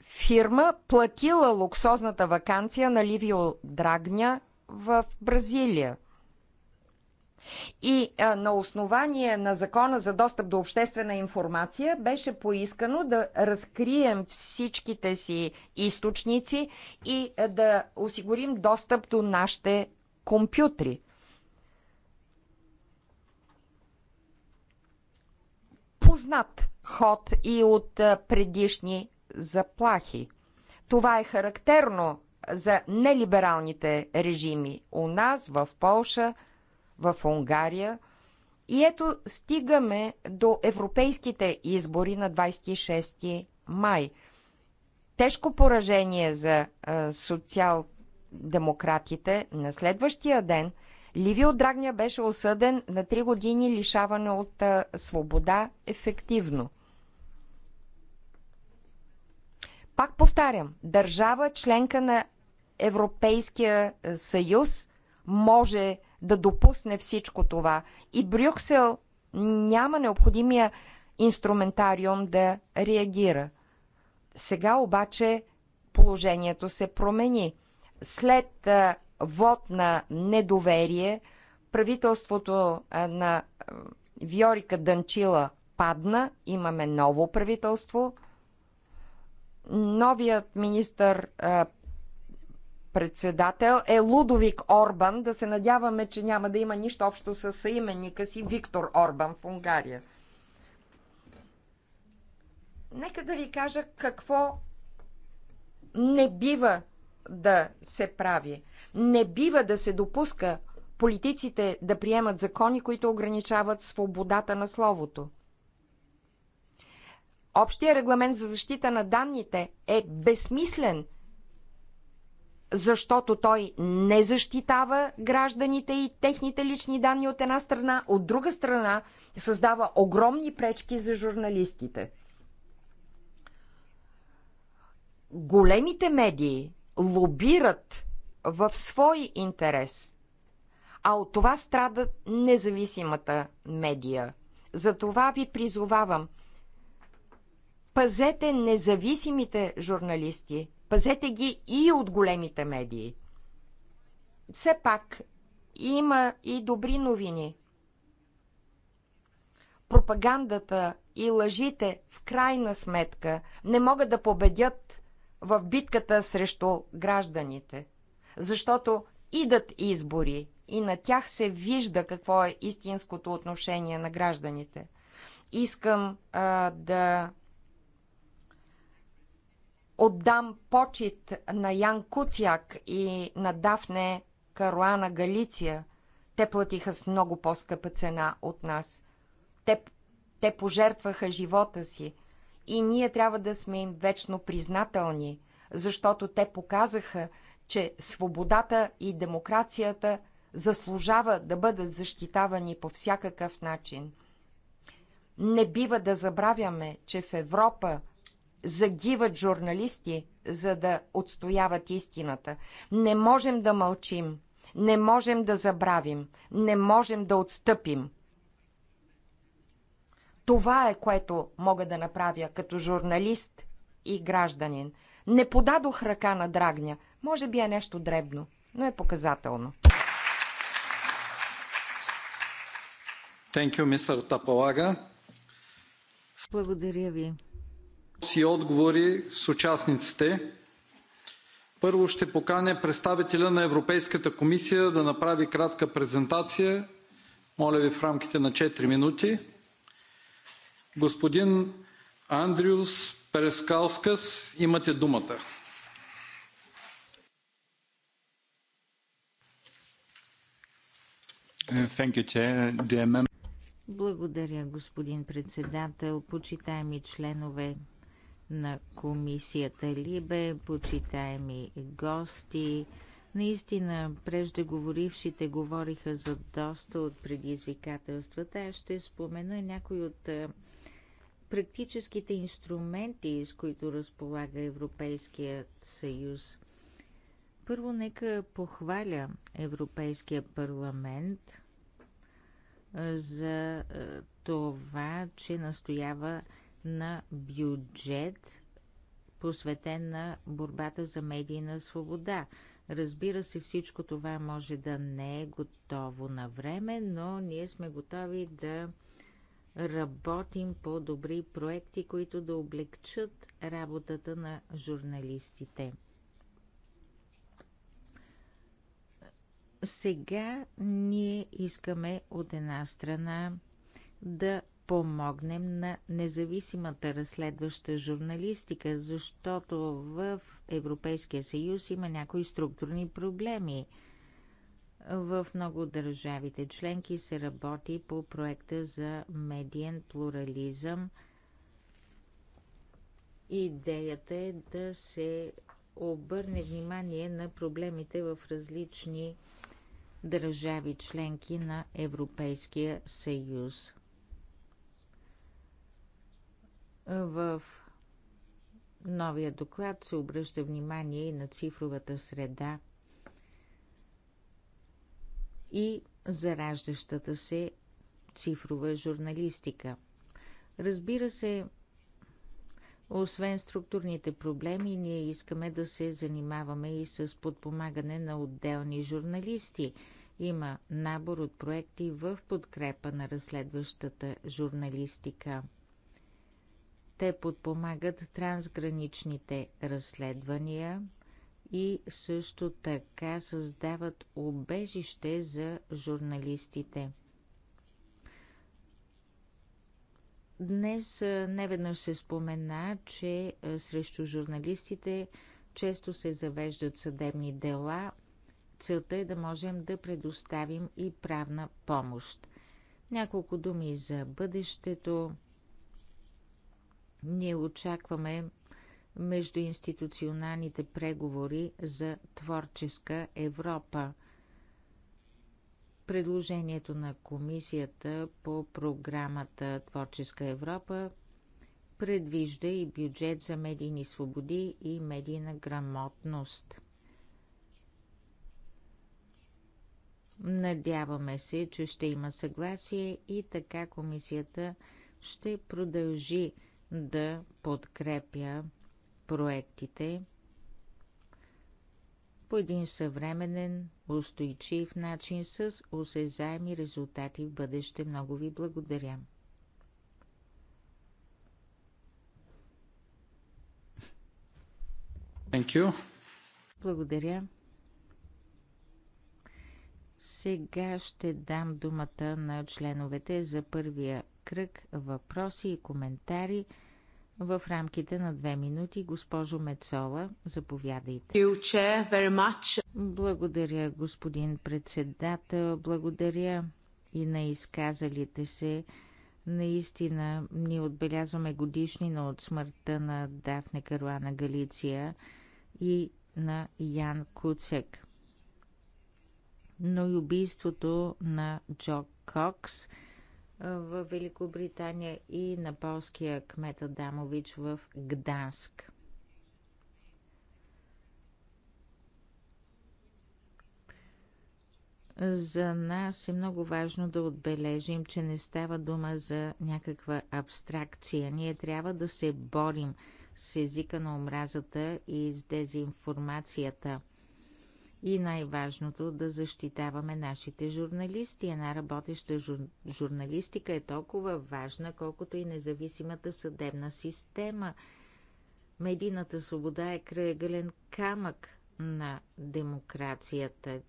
фирма, платила луксозната вакансия на Ливио Драгня в Бразилия. И а, на основание на закона за достъп до обществена информация беше поискано да разкрием всичките си източници и а, да осигурим достъп до нашите компютри. Познат ход и от предишни заплахи. Това е характерно за нелибералните режими у нас, в Полша – в Унгария. И ето стигаме до европейските избори на 26 май. Тежко поражение за социал-демократите. На следващия ден Ливио Драгня беше осъден на 3 години лишаване от а, свобода ефективно. Пак повтарям, държава членка на Европейския съюз може да допусне всичко това. И Брюксел няма необходимия инструментариум да реагира. Сега обаче положението се промени. След вод на недоверие, правителството на Виорика Данчила падна, имаме ново правителство. Новият министър председател е Лудовик Орбан. Да се надяваме, че няма да има нищо общо с съименника си Виктор Орбан в Унгария. Нека да ви кажа какво не бива да се прави. Не бива да се допуска политиците да приемат закони, които ограничават свободата на словото. Общия регламент за защита на данните е безсмислен – защото той не защитава гражданите и техните лични данни от една страна, от друга страна създава огромни пречки за журналистите. Големите медии лобират в свой интерес, а от това страда независимата медия. Затова ви призовавам – пазете независимите журналисти – Пазете ги и от големите медии. Все пак има и добри новини. Пропагандата и лъжите в крайна сметка не могат да победят в битката срещу гражданите, защото идат избори и на тях се вижда какво е истинското отношение на гражданите. Искам а, да отдам почет на Ян Куцяк и на Дафне Каруана Галиция. Те платиха с много по-скъпа цена от нас. Те, те пожертваха живота си. И ние трябва да сме им вечно признателни, защото те показаха, че свободата и демокрацията заслужава да бъдат защитавани по всякакъв начин. Не бива да забравяме, че в Европа загиват журналисти, за да отстояват истината. Не можем да мълчим, не можем да забравим, не можем да отстъпим. Това е което мога да направя като журналист и гражданин. Не подадох ръка на Драгня. Може би е нещо дребно, но е показателно. Thank you, Mr. Благодаря ви и отговори с участниците. Първо ще поканя представителя на Европейската комисия да направи кратка презентация. Моля ви в рамките на 4 минути. Господин Андриус Перескалскас, имате думата. Благодаря, господин председател, почитаеми членове на комисията Либе, почитаеми гости. Наистина, преждеговорившите говориха за доста от предизвикателствата. Аз ще спомена някои от практическите инструменти, с които разполага Европейският съюз. Първо, нека похваля Европейския парламент за това, че настоява на бюджет, посветен на борбата за медийна свобода. Разбира се, всичко това може да не е готово на време, но ние сме готови да работим по добри проекти, които да облегчат работата на журналистите. Сега ние искаме от една страна да помогнем на независимата разследваща журналистика, защото в Европейския съюз има някои структурни проблеми. В много държавите членки се работи по проекта за медиен плурализъм. Идеята е да се обърне внимание на проблемите в различни държави членки на Европейския съюз. В новия доклад се обръща внимание и на цифровата среда и зараждащата се цифрова журналистика. Разбира се, освен структурните проблеми, ние искаме да се занимаваме и с подпомагане на отделни журналисти. Има набор от проекти в подкрепа на разследващата журналистика – те подпомагат трансграничните разследвания и също така създават обежище за журналистите. Днес неведнъж се спомена, че срещу журналистите често се завеждат съдебни дела. Целта е да можем да предоставим и правна помощ. Няколко думи за бъдещето. Ние очакваме междуинституционалните преговори за творческа Европа. Предложението на комисията по програмата Творческа Европа предвижда и бюджет за медийни свободи и медийна грамотност. Надяваме се, че ще има съгласие и така комисията ще продължи да подкрепя проектите по един съвременен, устойчив начин с осезаеми резултати в бъдеще. Много ви благодаря. Thank you. Благодаря. Сега ще дам думата на членовете за първия кръг въпроси и коментари в рамките на две минути. Госпожо Мецола, заповядайте. Благодаря, господин председател. Благодаря и на изказалите се. Наистина, ние отбелязваме годишнина от смъртта на Дафне Каруана Галиция и на Ян Куцек. Но и убийството на Джо Кокс – в Великобритания и на полския кмет Адамович в Гданск. За нас е много важно да отбележим, че не става дума за някаква абстракция. Ние трябва да се борим с езика на омразата и с дезинформацията и най-важното да защитаваме нашите журналисти. Една работеща жур... журналистика е толкова важна, колкото и независимата съдебна система. Медийната свобода е кръгълен камък на демокрацията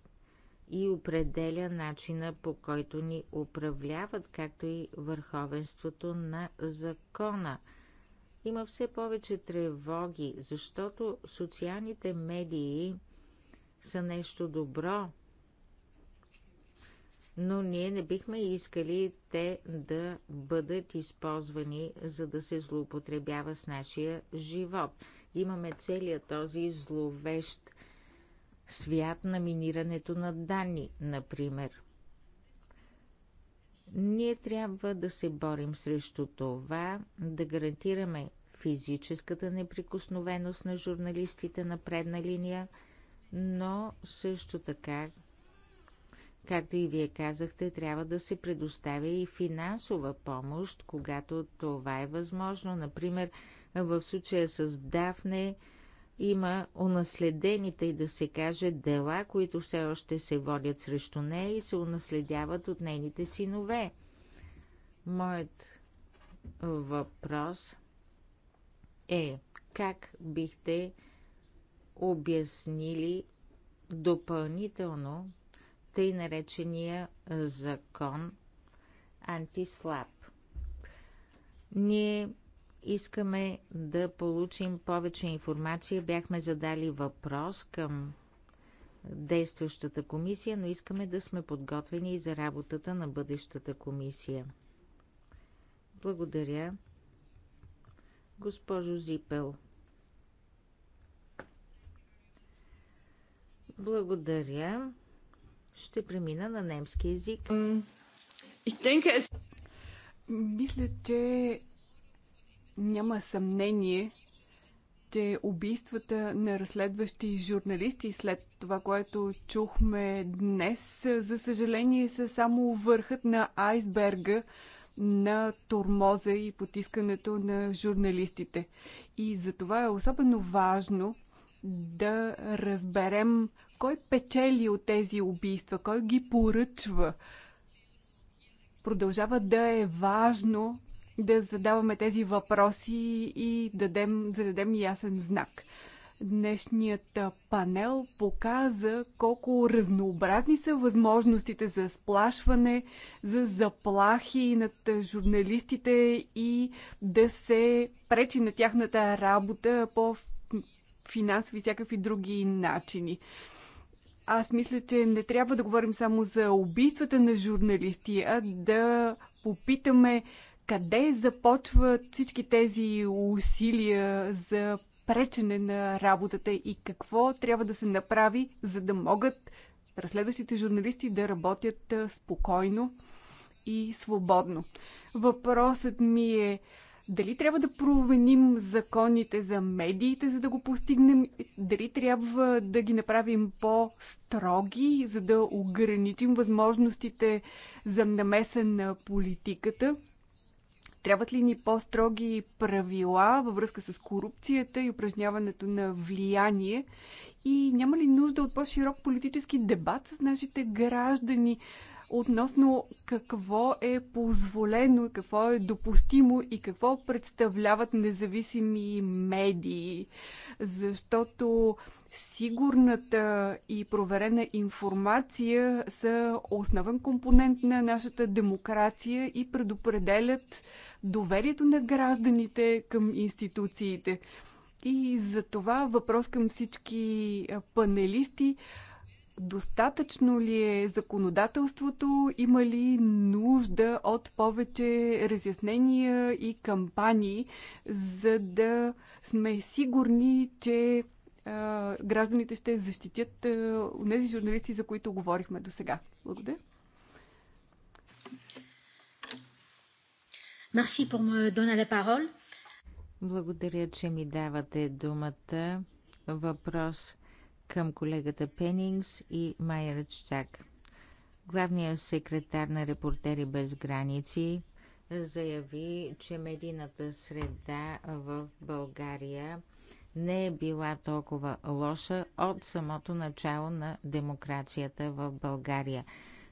и определя начина по който ни управляват, както и върховенството на закона. Има все повече тревоги, защото социалните медии – са нещо добро, но ние не бихме искали те да бъдат използвани, за да се злоупотребява с нашия живот. Имаме целият този зловещ свят на минирането на данни, например. Ние трябва да се борим срещу това, да гарантираме физическата неприкосновеност на журналистите на предна линия – но също така, както и вие казахте, трябва да се предоставя и финансова помощ, когато това е възможно. Например, в случая с Дафне има унаследените и да се каже дела, които все още се водят срещу нея и се унаследяват от нейните синове. Моят въпрос е как бихте обяснили допълнително тъй наречения закон антислаб. Ние искаме да получим повече информация. Бяхме задали въпрос към действащата комисия, но искаме да сме подготвени и за работата на бъдещата комисия. Благодаря. Госпожо Зипел. Благодаря. Ще премина на немски язик. Мисля, че няма съмнение, че убийствата на разследващи журналисти след това, което чухме днес, за съжаление са само върхът на айсберга на тормоза и потискането на журналистите. И за това е особено важно да разберем кой печели от тези убийства? Кой ги поръчва? Продължава да е важно да задаваме тези въпроси и дадем, да дадем ясен знак. Днешният панел показа колко разнообразни са възможностите за сплашване, за заплахи над журналистите и да се пречи на тяхната работа по финансови и всякакви други начини. Аз мисля, че не трябва да говорим само за убийствата на журналисти, а да попитаме къде започват всички тези усилия за пречене на работата и какво трябва да се направи, за да могат разследващите журналисти да работят спокойно и свободно. Въпросът ми е дали трябва да променим законите за медиите, за да го постигнем? Дали трябва да ги направим по-строги, за да ограничим възможностите за намеса на политиката? Трябват ли ни по-строги правила във връзка с корупцията и упражняването на влияние? И няма ли нужда от по-широк политически дебат с нашите граждани относно какво е позволено, какво е допустимо и какво представляват независими медии. Защото сигурната и проверена информация са основен компонент на нашата демокрация и предопределят доверието на гражданите към институциите. И за това въпрос към всички панелисти достатъчно ли е законодателството, има ли нужда от повече разяснения и кампании, за да сме сигурни, че а, гражданите ще защитят а, тези журналисти, за които говорихме до сега. Благодаря. Merci pour me donner la parole. Благодаря, че ми давате думата. Въпрос към колегата Пенингс и Майер Чак. Главният секретар на Репортери без граници заяви, че медийната среда в България не е била толкова лоша от самото начало на демокрацията в България.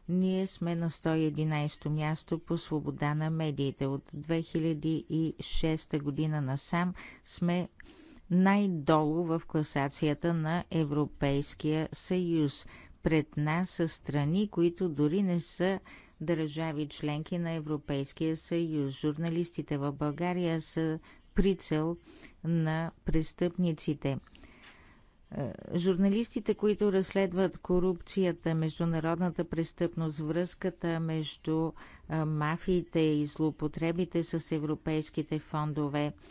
Ние сме на 111 то място по свобода на медиите. От 2006 година насам сме най-долу в класацията на Европейския съюз. Пред нас са страни, които дори не са държави членки на Европейския съюз. Журналистите в България са прицел на престъпниците. Е, журналистите, които разследват корупцията, международната престъпност, връзката между е, мафиите и злоупотребите с европейските фондове –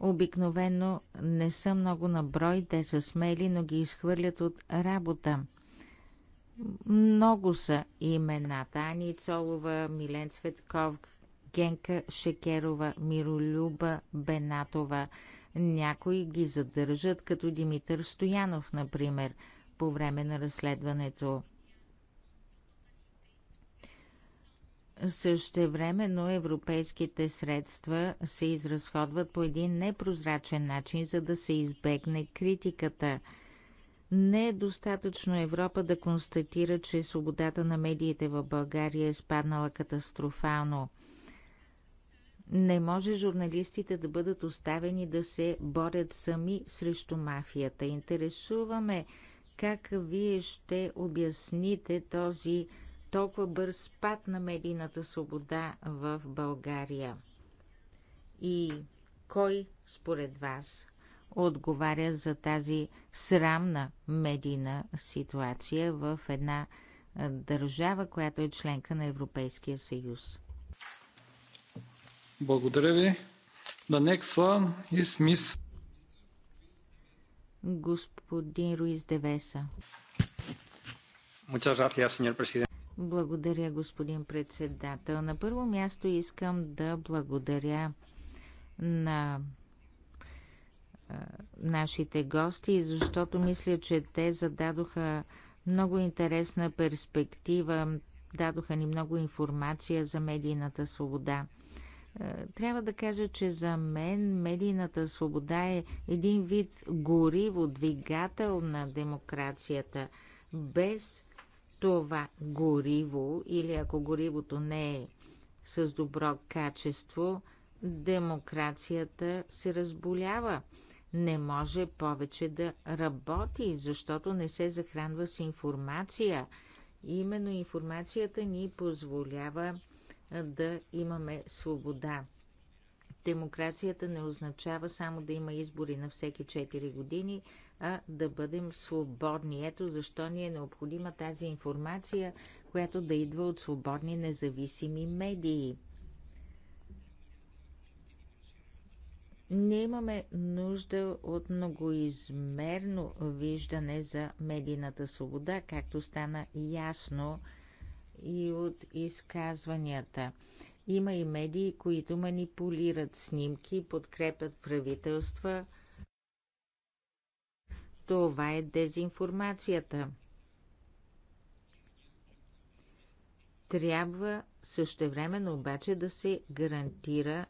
Обикновено не са много на брой, те са смели, но ги изхвърлят от работа. Много са имената. Ани Цолова, Милен Цветков, Генка Шекерова, Миролюба Бенатова. Някои ги задържат, като Димитър Стоянов, например, по време на разследването Същевременно европейските средства се изразходват по един непрозрачен начин, за да се избегне критиката. Не е достатъчно Европа да констатира, че свободата на медиите в България е спаднала катастрофално. Не може журналистите да бъдат оставени да се борят сами срещу мафията. Интересуваме как вие ще обясните този толкова бърз спад на медийната свобода в България? И кой според вас отговаря за тази срамна медийна ситуация в една държава, която е членка на Европейския съюз? Благодаря ви. The next one is Miss... Господин Руис Девеса. Muchas gracias, señor presidente. Благодаря, господин председател. На първо място искам да благодаря на нашите гости, защото мисля, че те зададоха много интересна перспектива, дадоха ни много информация за медийната свобода. Трябва да кажа, че за мен медийната свобода е един вид гориво, двигател на демокрацията. Без това гориво или ако горивото не е с добро качество, демокрацията се разболява. Не може повече да работи, защото не се захранва с информация. именно информацията ни позволява да имаме свобода. Демокрацията не означава само да има избори на всеки 4 години, а да бъдем свободни. Ето защо ни е необходима тази информация, която да идва от свободни независими медии. Ние имаме нужда от многоизмерно виждане за медийната свобода, както стана ясно и от изказванията. Има и медии, които манипулират снимки, подкрепят правителства – това е дезинформацията. Трябва същевременно обаче да се гарантира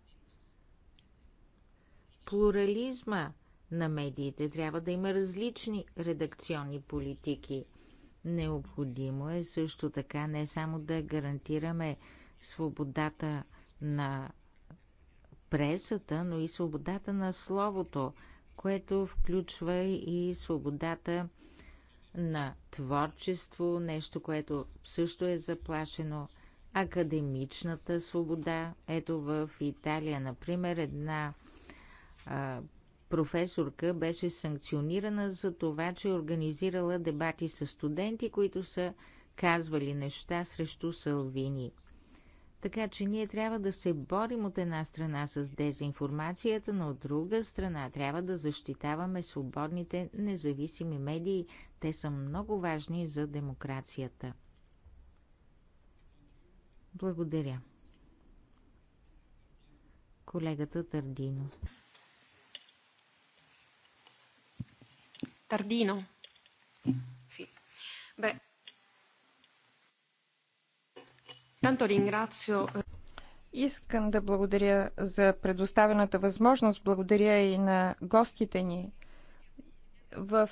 плурализма на медиите. Трябва да има различни редакционни политики. Необходимо е също така не само да гарантираме свободата на пресата, но и свободата на словото което включва и свободата на творчество, нещо, което също е заплашено, академичната свобода. Ето в Италия, например, една а, професорка беше санкционирана за това, че е организирала дебати с студенти, които са казвали неща срещу Салвини – така че ние трябва да се борим от една страна с дезинформацията, но от друга страна трябва да защитаваме свободните независими медии. Те са много важни за демокрацията. Благодаря. Колегата Тардино. Тардино. Си. Бе, Eh, Искам да благодаря за предоставената възможност. Благодаря и на гостите ни. В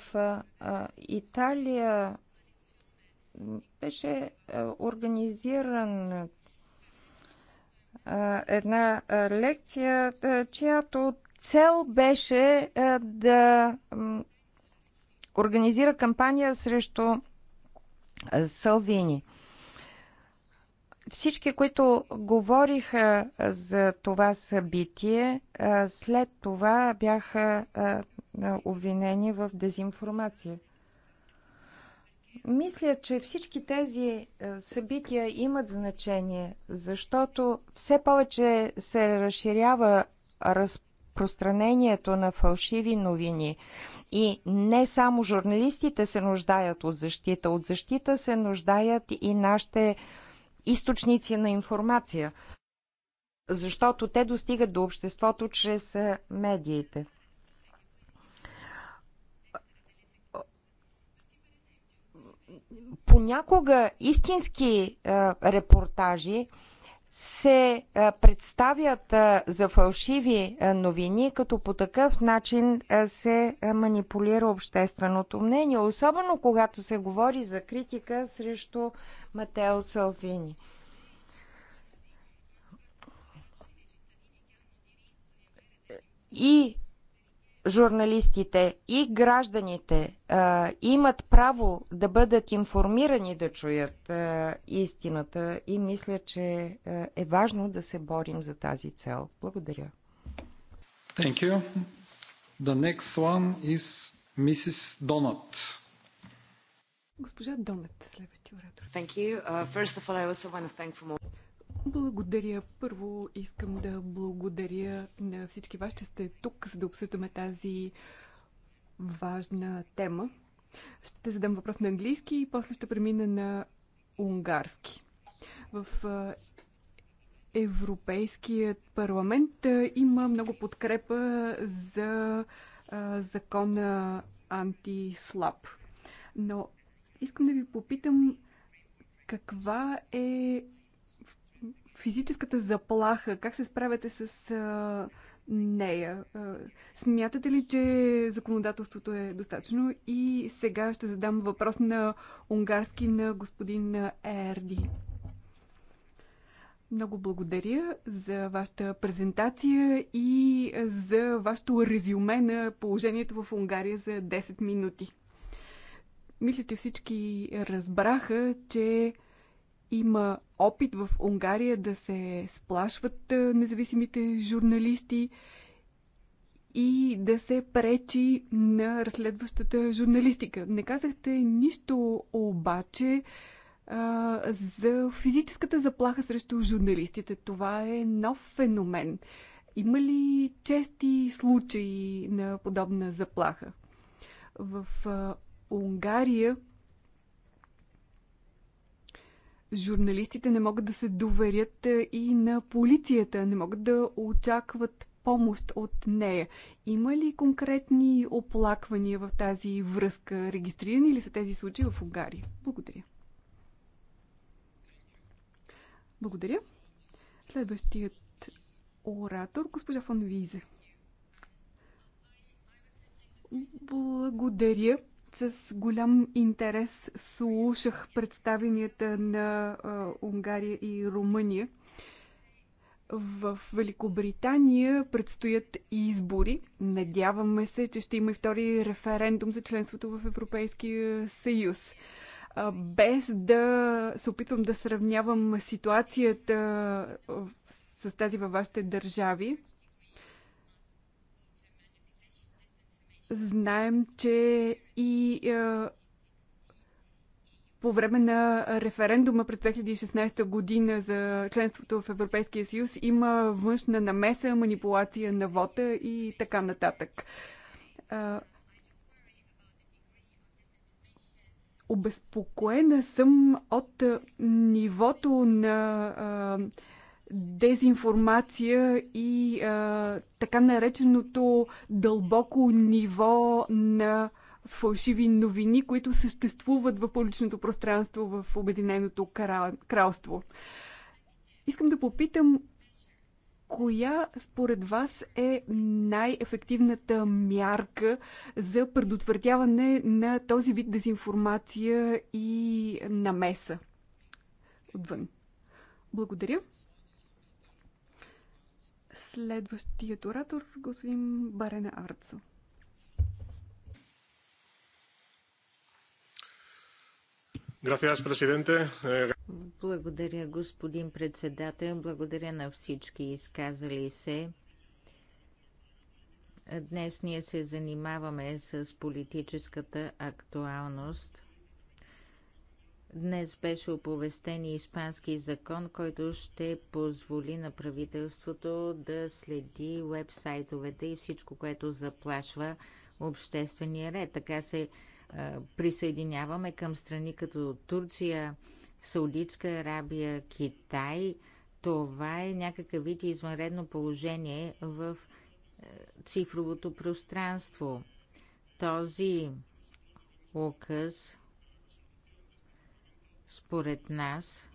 Италия беше организиран една лекция, чиято цел беше да организира кампания срещу Салвини – всички, които говориха за това събитие, след това бяха обвинени в дезинформация. Мисля, че всички тези събития имат значение, защото все повече се разширява разпространението на фалшиви новини. И не само журналистите се нуждаят от защита, от защита се нуждаят и нашите източници на информация, защото те достигат до обществото чрез медиите. Понякога истински репортажи се представят за фалшиви новини, като по такъв начин се манипулира общественото мнение, особено когато се говори за критика срещу Матео Салвини. И журналистите и гражданите а, имат право да бъдат информирани да чуят а, истината и мисля, че а, е важно да се борим за тази цел. Благодаря. Thank you. The next one is Mrs. Donut. Госпожа Донат, следващия оратор. Thank you. Uh, first of all, I also want to thank from благодаря. Първо искам да благодаря на всички вас, че сте тук, за да обсъждаме тази важна тема. Ще задам въпрос на английски и после ще премина на унгарски. В Европейският парламент има много подкрепа за закона антислаб. Но искам да ви попитам каква е физическата заплаха, как се справяте с а, нея? А, смятате ли, че законодателството е достатъчно? И сега ще задам въпрос на унгарски на господин Ерди. Много благодаря за вашата презентация и за вашето резюме на положението в Унгария за 10 минути. Мисля, че всички разбраха, че има опит в Унгария да се сплашват е, независимите журналисти и да се пречи на разследващата журналистика. Не казахте нищо обаче а, е, за физическата заплаха срещу журналистите. Това е нов феномен. Има ли чести случаи на подобна заплаха? В а, е, Унгария журналистите не могат да се доверят е, и на полицията, не могат да очакват помощ от нея. Има ли конкретни оплаквания в тази връзка? Регистрирани ли са тези случаи в Унгария? Благодаря. Благодаря. Следващият оратор, госпожа Фон Визе. Благодаря. С голям интерес слушах представенията на а, Унгария и Румъния. В Великобритания предстоят избори. Надяваме се, че ще има и втори референдум за членството в Европейския съюз. Без да се опитвам да сравнявам ситуацията с тази във вашите държави, Знаем, че и е, по време на референдума през 2016 година за членството в Европейския съюз има външна намеса, манипулация на вота и така нататък. Е, обезпокоена съм от нивото на е, дезинформация и а, така нареченото дълбоко ниво на фалшиви новини, които съществуват в публичното пространство в Обединеното кралство. Искам да попитам, коя според вас е най-ефективната мярка за предотвратяване на този вид дезинформация и намеса отвън? Благодаря. Следващият оратор, господин Барена Арцо. Благодаря, господин председател. Благодаря на всички изказали се. Днес ние се занимаваме с политическата актуалност Днес беше оповестен и испански закон, който ще позволи на правителството да следи вебсайтовете и всичко, което заплашва обществения ред. Така се а, присъединяваме към страни като Турция, Саудитска Арабия, Китай. Това е някакъв вид извънредно положение в цифровото пространство. Този указ според нас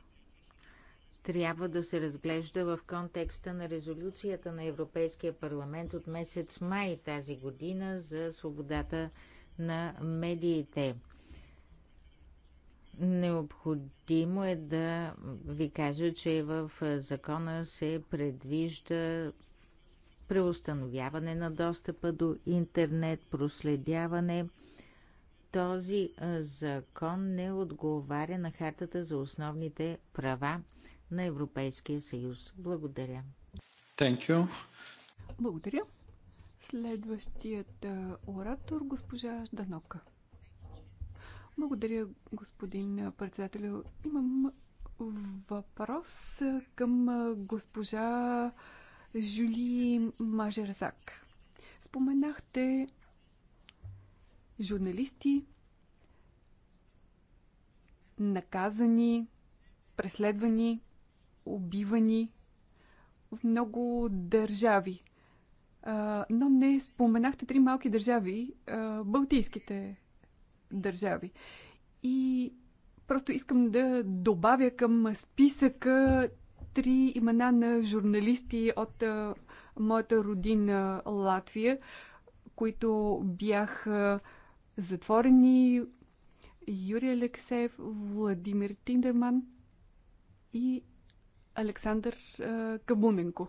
трябва да се разглежда в контекста на резолюцията на Европейския парламент от месец май тази година за свободата на медиите. Необходимо е да ви кажа, че в закона се предвижда преустановяване на достъпа до интернет, проследяване – този закон не отговаря на хартата за основните права на Европейския съюз. Благодаря. Thank you. Благодаря. Следващият оратор, госпожа Жданока. Благодаря, господин председател. Имам въпрос към госпожа Жули Мажерзак. Споменахте журналисти, наказани, преследвани, убивани в много държави. А, но не споменахте три малки държави, а, балтийските държави. И просто искам да добавя към списъка три имена на журналисти от а, моята родина Латвия, които бяха затворени Юрий Алексеев, Владимир Тиндерман и Александър а, Кабуненко.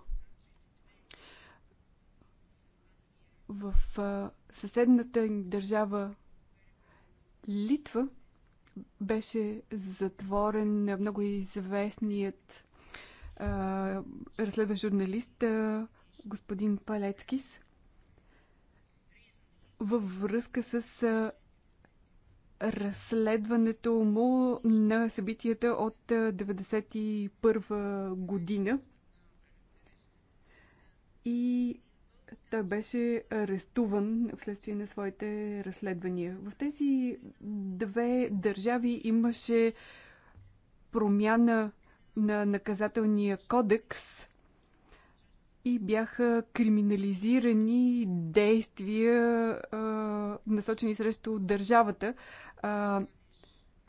В а, съседната държава Литва беше затворен много известният разследващ журналист а, господин Палецкис във връзка с разследването му на събитията от 1991 година. И той беше арестуван вследствие на своите разследвания. В тези две държави имаше промяна на наказателния кодекс и бяха криминализирани действия, а, насочени срещу държавата. А,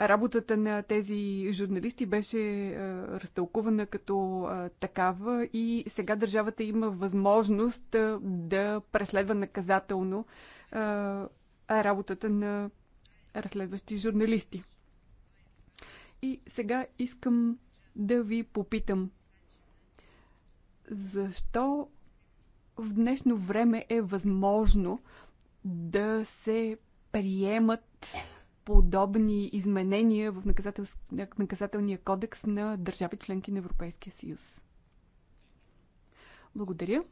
работата на тези журналисти беше а, разтълкувана като а, такава и сега държавата има възможност а, да преследва наказателно а, работата на разследващи журналисти. И сега искам да ви попитам защо в днешно време е възможно да се приемат подобни изменения в наказател... наказателния кодекс на държави членки на Европейския съюз? Благодаря.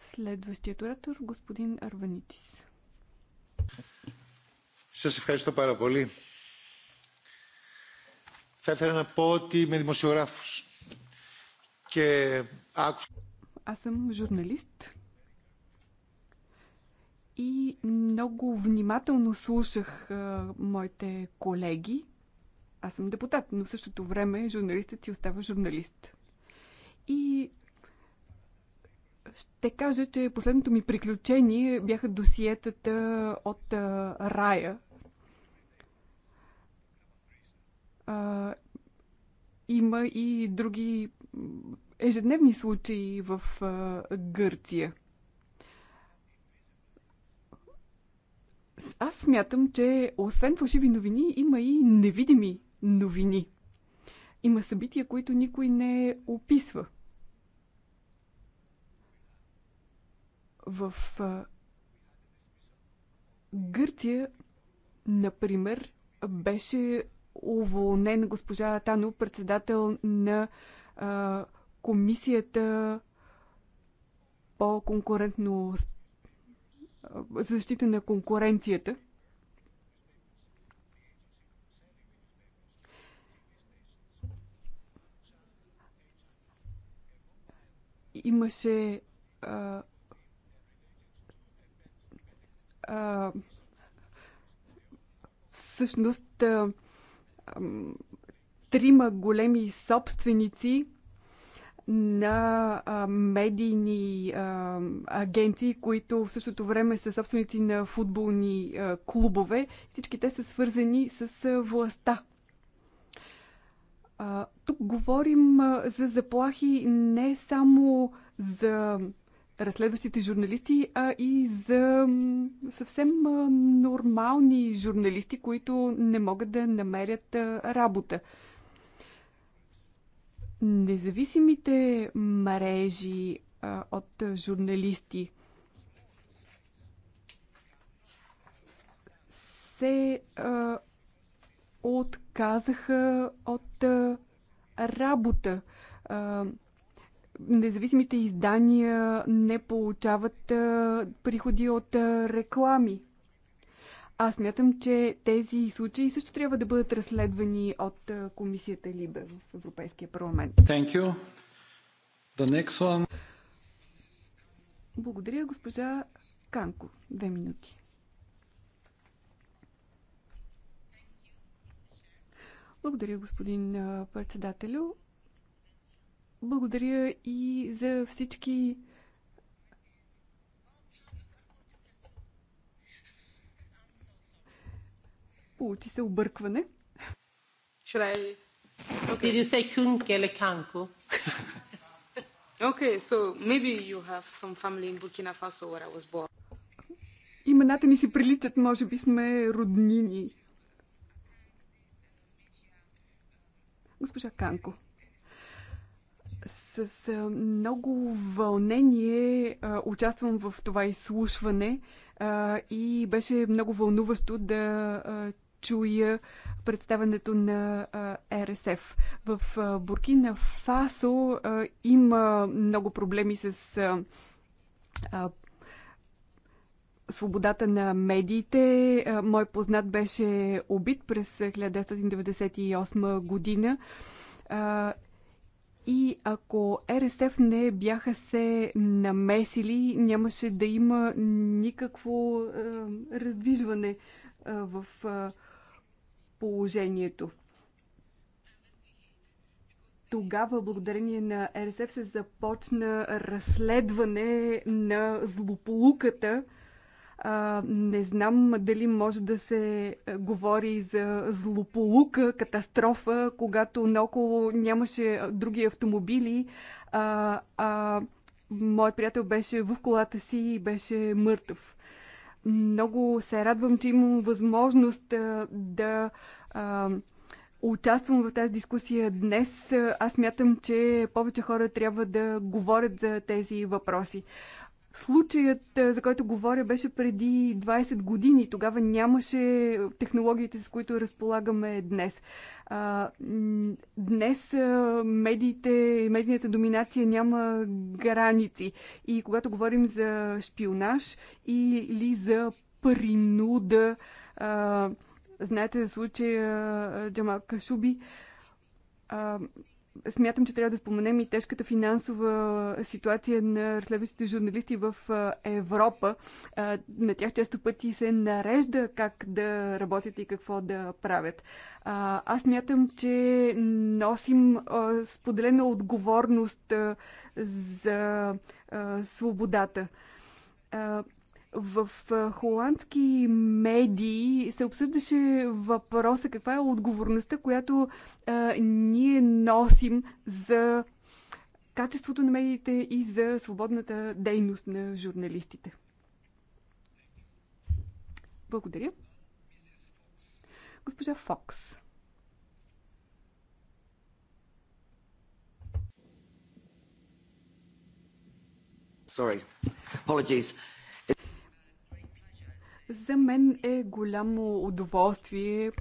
Следващият оратор, господин Арванитис. Се ευχαριστώ πάρα πολύ. Θα ήθελα να πω ότι είμαι και Аз съм журналист и много внимателно слушах а, моите колеги. Аз съм депутат, но в същото време журналистът си остава журналист. И ще кажа, че последното ми приключение бяха досиетата от а, Рая. А, има и други ежедневни случаи в Гърция. Аз смятам, че освен фалшиви новини, има и невидими новини. Има събития, които никой не описва. В Гърция, например, беше уволнен госпожа Тано, председател на комисията по конкурентно защита на конкуренцията. Имаше а, а, всъщност а, а трима големи собственици на а, медийни а, агенции, които в същото време са собственици на футболни а, клубове. Всички те са свързани с а, властта. А, тук говорим а, за заплахи не само за разследващите журналисти, а и за съвсем а, нормални журналисти, които не могат да намерят а, работа независимите мрежи а, от журналисти се а, отказаха от а, работа. А, независимите издания не получават а, приходи от а, реклами. Аз мятам, че тези случаи също трябва да бъдат разследвани от комисията Либе в Европейския парламент. Thank you. The next one. Благодаря, госпожа Канко. Две минути. Благодаря, господин председателю. Благодаря и за всички Получи се объркване. Okay. Did you say kanko? okay, so maybe you have some family in Burkina Faso where I was born. Имената ни си приличат, може би сме роднини. Госпожа Канко. С много вълнение а, участвам в това изслушване а, и беше много вълнуващо да а, чуя представането на РСФ. В Буркина Фасо има много проблеми с свободата на медиите. Мой познат беше убит през 1998 година. И ако РСФ не бяха се намесили, нямаше да има никакво раздвижване в положението. Тогава, благодарение на РСФ, се започна разследване на злополуката. А, не знам дали може да се говори за злополука, катастрофа, когато наоколо нямаше други автомобили, а, а моят приятел беше в колата си и беше мъртъв. Много се радвам, че имам възможност да участвам в тази дискусия днес. Аз мятам, че повече хора трябва да говорят за тези въпроси. Случаят, е, за който говоря, беше преди 20 години. Тогава нямаше технологиите, с които разполагаме днес. Днес медиите, медийната доминация няма граници. И когато говорим за шпионаж или за принуда, знаете за случая Джамал Кашуби, Смятам, че трябва да споменем и тежката финансова ситуация на разследващите журналисти в Европа. На тях често пъти се нарежда как да работят и какво да правят. Аз смятам, че носим споделена отговорност за свободата в холандски медии се обсъждаше въпроса каква е отговорността, която а, ние носим за качеството на медиите и за свободната дейност на журналистите. Благодаря. Госпожа Фокс. Sorry. Apologies. За мен е голямо удоволствие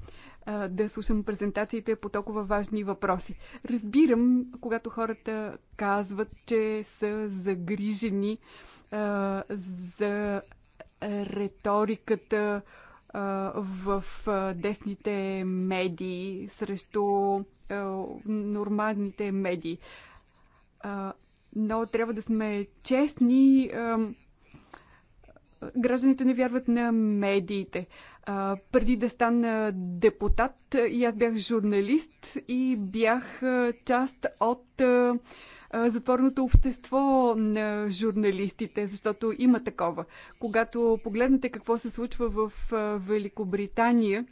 а, да слушам презентациите по толкова важни въпроси. Разбирам, когато хората казват, че са загрижени а, за риториката в десните медии срещу а, нормалните медии. А, но трябва да сме честни. А, гражданите не вярват на медиите. А, преди да стана депутат, и аз бях журналист и бях част от а, затворното общество на журналистите, защото има такова. Когато погледнете какво се случва в Великобритания,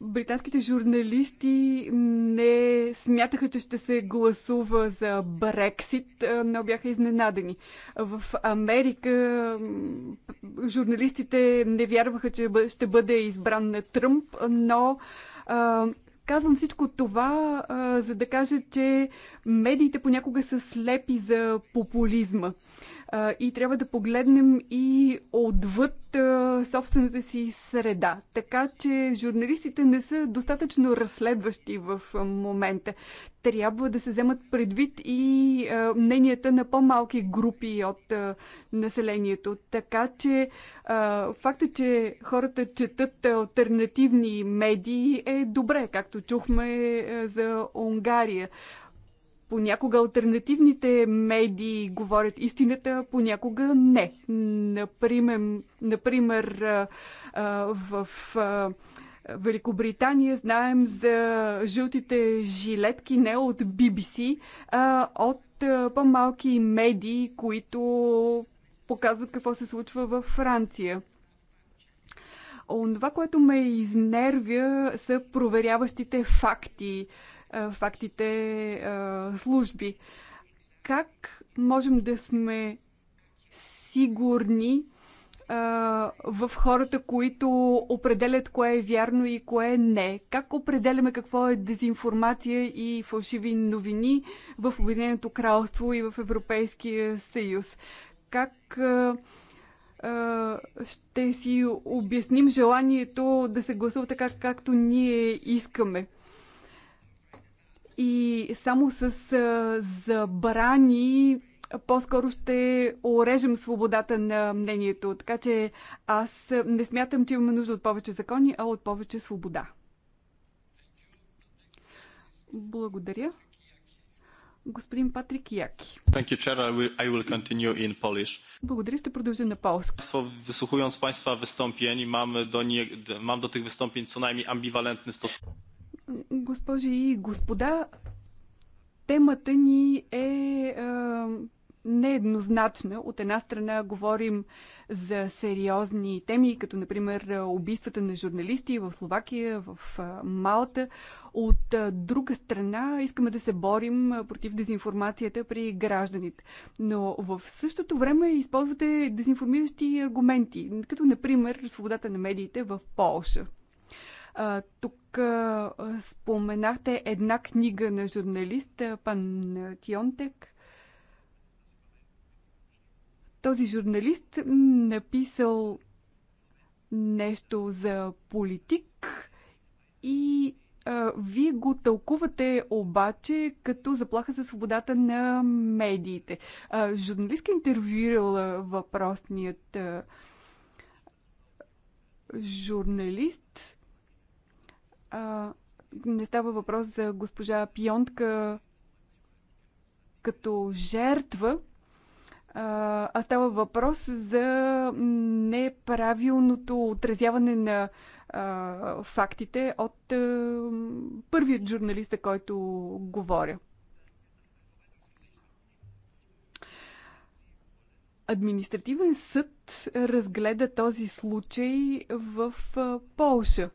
британските журналисти не смятаха, че ще се гласува за Брексит, но бяха изненадани. В Америка журналистите не вярваха, че ще бъде избран на Тръмп, но казвам всичко това, за да кажа, че медиите понякога са слепи за популизма и трябва да погледнем и отвъд собствената си среда. Така че журналистите не са достатъчно разследващи в момента. Трябва да се вземат предвид и мненията на по-малки групи от населението. Така че факта, че хората четат альтернативни медии е добре, както чухме за Унгария. Понякога альтернативните медии говорят истината, понякога не. Например, например в Великобритания знаем за жълтите жилетки не от BBC, а от по-малки медии, които показват какво се случва във Франция. Онова, което ме изнервя, са проверяващите факти. Е, фактите е, служби. Как можем да сме сигурни е, в хората, които определят кое е вярно и кое не? Как определяме какво е дезинформация и фалшиви новини в Обединеното кралство и в Европейския съюз? Как ще си обясним желанието да се гласува така, както ние искаме? и само с забрани по-скоро ще орежем свободата на мнението. Така че аз не смятам, че имаме нужда от повече закони, а от повече свобода. Благодаря. Господин Патрик Яки. Thank you, Chair. I I will, will continue in Polish. Благодаря, ще продължа на полски. Wysłuchując Państwa wystąpień, mam do, nie, mam do tych wystąpień co najmniej ambiwalentny stosunek. Госпожи и господа, темата ни е, е нееднозначна. От една страна говорим за сериозни теми, като например убийствата на журналисти в Словакия, в е, Малта. От е, друга страна искаме да се борим е, против дезинформацията при гражданите. Но в същото време използвате дезинформиращи аргументи, като например свободата на медиите в Полша. А, тук а, споменахте една книга на журналист Пан Тионтек. Този журналист написал нещо за политик и а, вие го тълкувате обаче като заплаха за свободата на медиите. А, журналист е интервюирал въпросният а, журналист а, не става въпрос за госпожа Пионтка като жертва, а става въпрос за неправилното отразяване на а, фактите от а, първият журналист, който говоря. Административен съд разгледа този случай в Полша.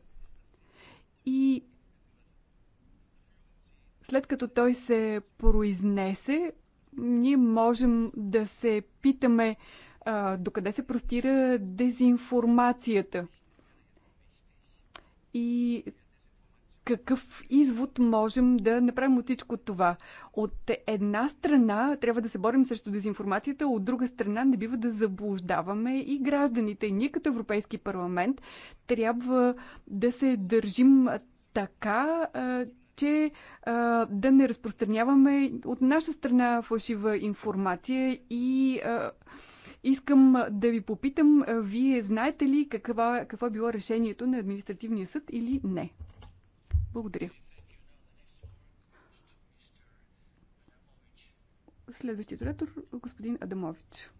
И след като той се произнесе, ние можем да се питаме а, докъде се простира дезинформацията. И какъв извод можем да направим от всичко това? От една страна трябва да се борим срещу дезинформацията, от друга страна не бива да заблуждаваме и гражданите. Ние като Европейски парламент трябва да се държим така, че да не разпространяваме от наша страна фалшива информация и искам да ви попитам, вие знаете ли какво, какво е било решението на административния съд или не? Благодаря. Следващият оратор, господин Адамович.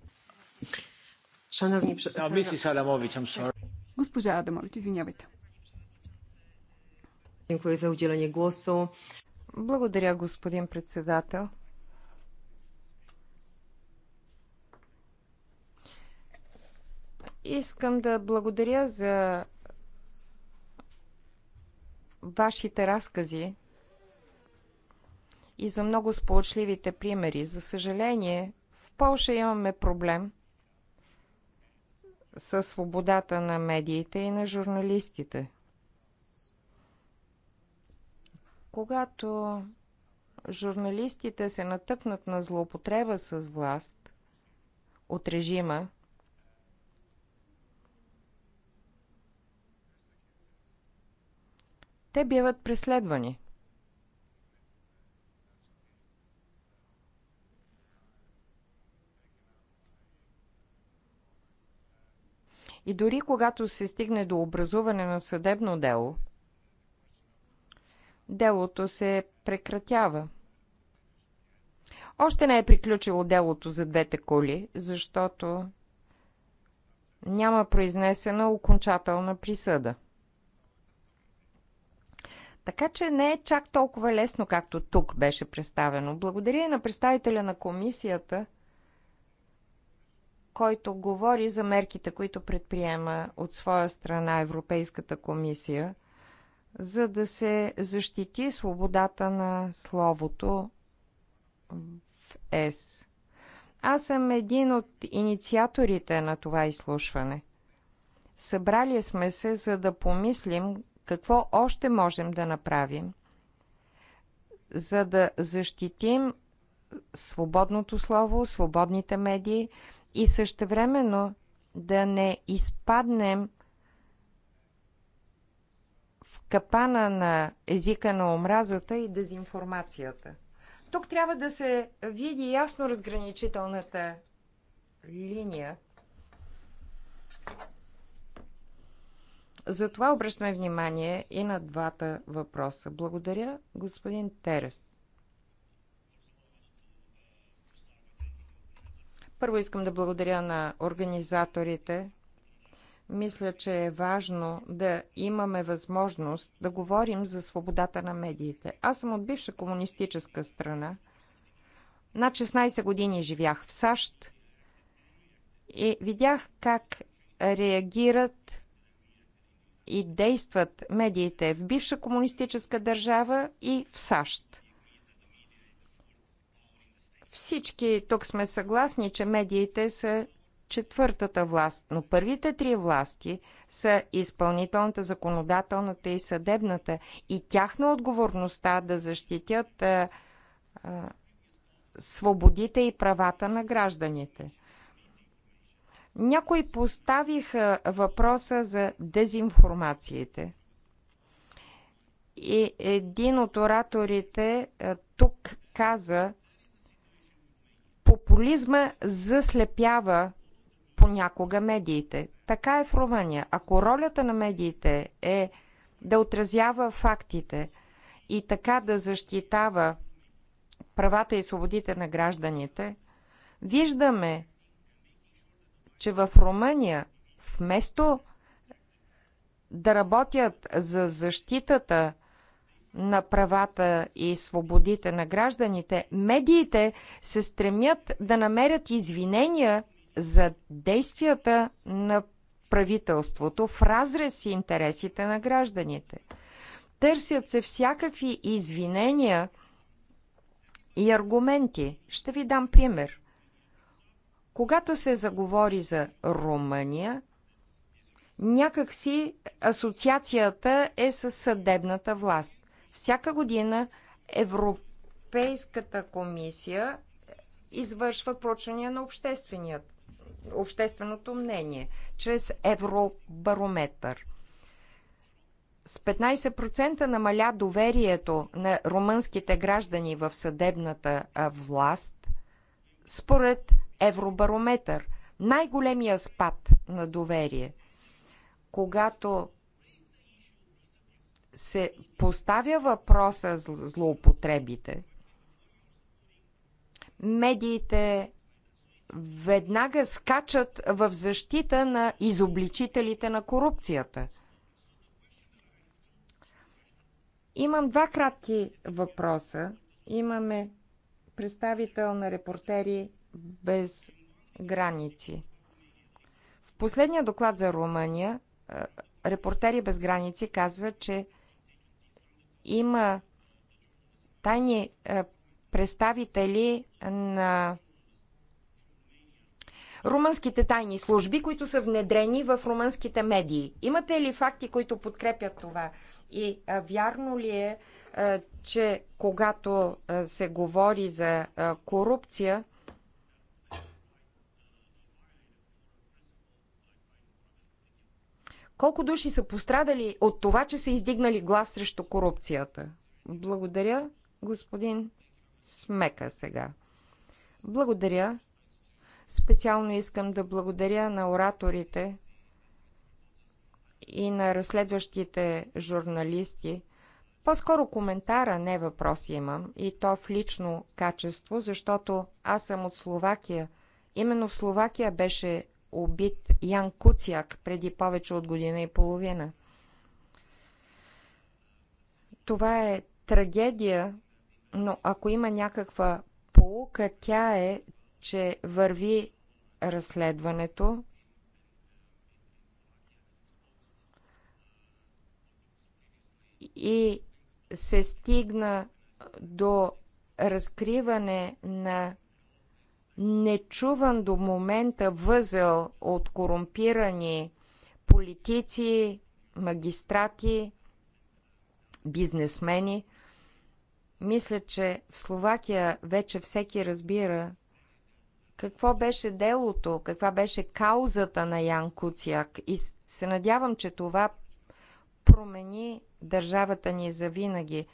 Шановни председател. Госпожа Адамович, извинявайте. за отделение гласо. Благодаря, господин председател. Искам да благодаря за вашите разкази и за много сполучливите примери. За съжаление, в Польша имаме проблем със свободата на медиите и на журналистите. Когато журналистите се натъкнат на злоупотреба с власт от режима, те биват преследвани. И дори когато се стигне до образуване на съдебно дело, делото се прекратява. Още не е приключило делото за двете коли, защото няма произнесена окончателна присъда. Така че не е чак толкова лесно, както тук беше представено. Благодаря на представителя на комисията, който говори за мерките, които предприема от своя страна Европейската комисия, за да се защити свободата на словото в ЕС. Аз съм един от инициаторите на това изслушване. Събрали сме се, за да помислим какво още можем да направим, за да защитим свободното слово, свободните медии и същевременно да не изпаднем в капана на езика на омразата и дезинформацията. Тук трябва да се види ясно разграничителната линия Затова обръщаме внимание и на двата въпроса. Благодаря, господин Терес. Първо искам да благодаря на организаторите. Мисля, че е важно да имаме възможност да говорим за свободата на медиите. Аз съм от бивша комунистическа страна. Над 16 години живях в САЩ и видях как реагират и действат медиите в бивша комунистическа държава и в САЩ. Всички тук сме съгласни, че медиите са четвъртата власт, но първите три власти са изпълнителната, законодателната и съдебната и тяхна отговорността да защитят а, а, свободите и правата на гражданите. Някои поставиха въпроса за дезинформациите. И един от ораторите е, тук каза, популизма заслепява понякога медиите. Така е в Румъния. Ако ролята на медиите е да отразява фактите и така да защитава правата и свободите на гражданите, виждаме че в Румъния вместо да работят за защитата на правата и свободите на гражданите, медиите се стремят да намерят извинения за действията на правителството в разрез с интересите на гражданите. Търсят се всякакви извинения и аргументи. Ще ви дам пример. Когато се заговори за Румъния, някакси асоциацията е с съдебната власт. Всяка година Европейската комисия извършва проучвания на общественото мнение чрез Евробарометър. С 15% намаля доверието на румънските граждани в съдебната власт, според Евробарометър. Най-големия спад на доверие. Когато се поставя въпроса за злоупотребите, медиите веднага скачат в защита на изобличителите на корупцията. Имам два кратки въпроса. Имаме представител на репортери без граници. В последния доклад за Румъния е, Репортери без граници казва, че има тайни е, представители на румънските тайни служби, които са внедрени в румънските медии. Имате ли факти, които подкрепят това? И а, е, вярно ли е, а, че когато а, се говори за а, корупция, Колко души са пострадали от това, че са издигнали глас срещу корупцията? Благодаря, господин Смека сега. Благодаря. Специално искам да благодаря на ораторите и на разследващите журналисти. По-скоро коментара, не въпрос имам, и то в лично качество, защото аз съм от Словакия. Именно в Словакия беше убит Ян Куцяк преди повече от година и половина. Това е трагедия, но ако има някаква полука, тя е, че върви разследването. И се стигна до разкриване на нечуван до момента възел от корумпирани политици, магистрати, бизнесмени. Мисля, че в Словакия вече всеки разбира какво беше делото, каква беше каузата на Ян Куцяк. И се надявам, че това промени държавата ни завинаги. винаги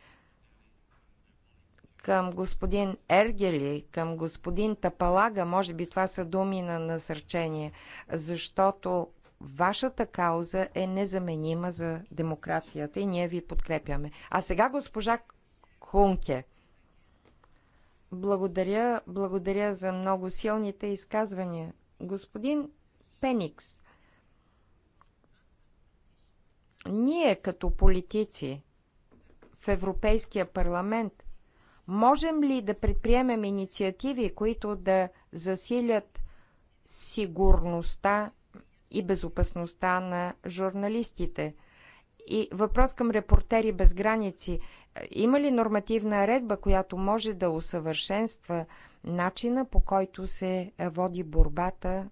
към господин Ергели, към господин Тапалага, може би това са думи на насърчение, защото вашата кауза е незаменима за демокрацията и ние ви подкрепяме. А сега госпожа Хунке. Благодаря, благодаря за много силните изказвания. Господин Пеникс, ние като политици в Европейския парламент Можем ли да предприемем инициативи, които да засилят сигурността и безопасността на журналистите? И въпрос към репортери без граници. Има ли нормативна редба, която може да усъвършенства начина по който се води борбата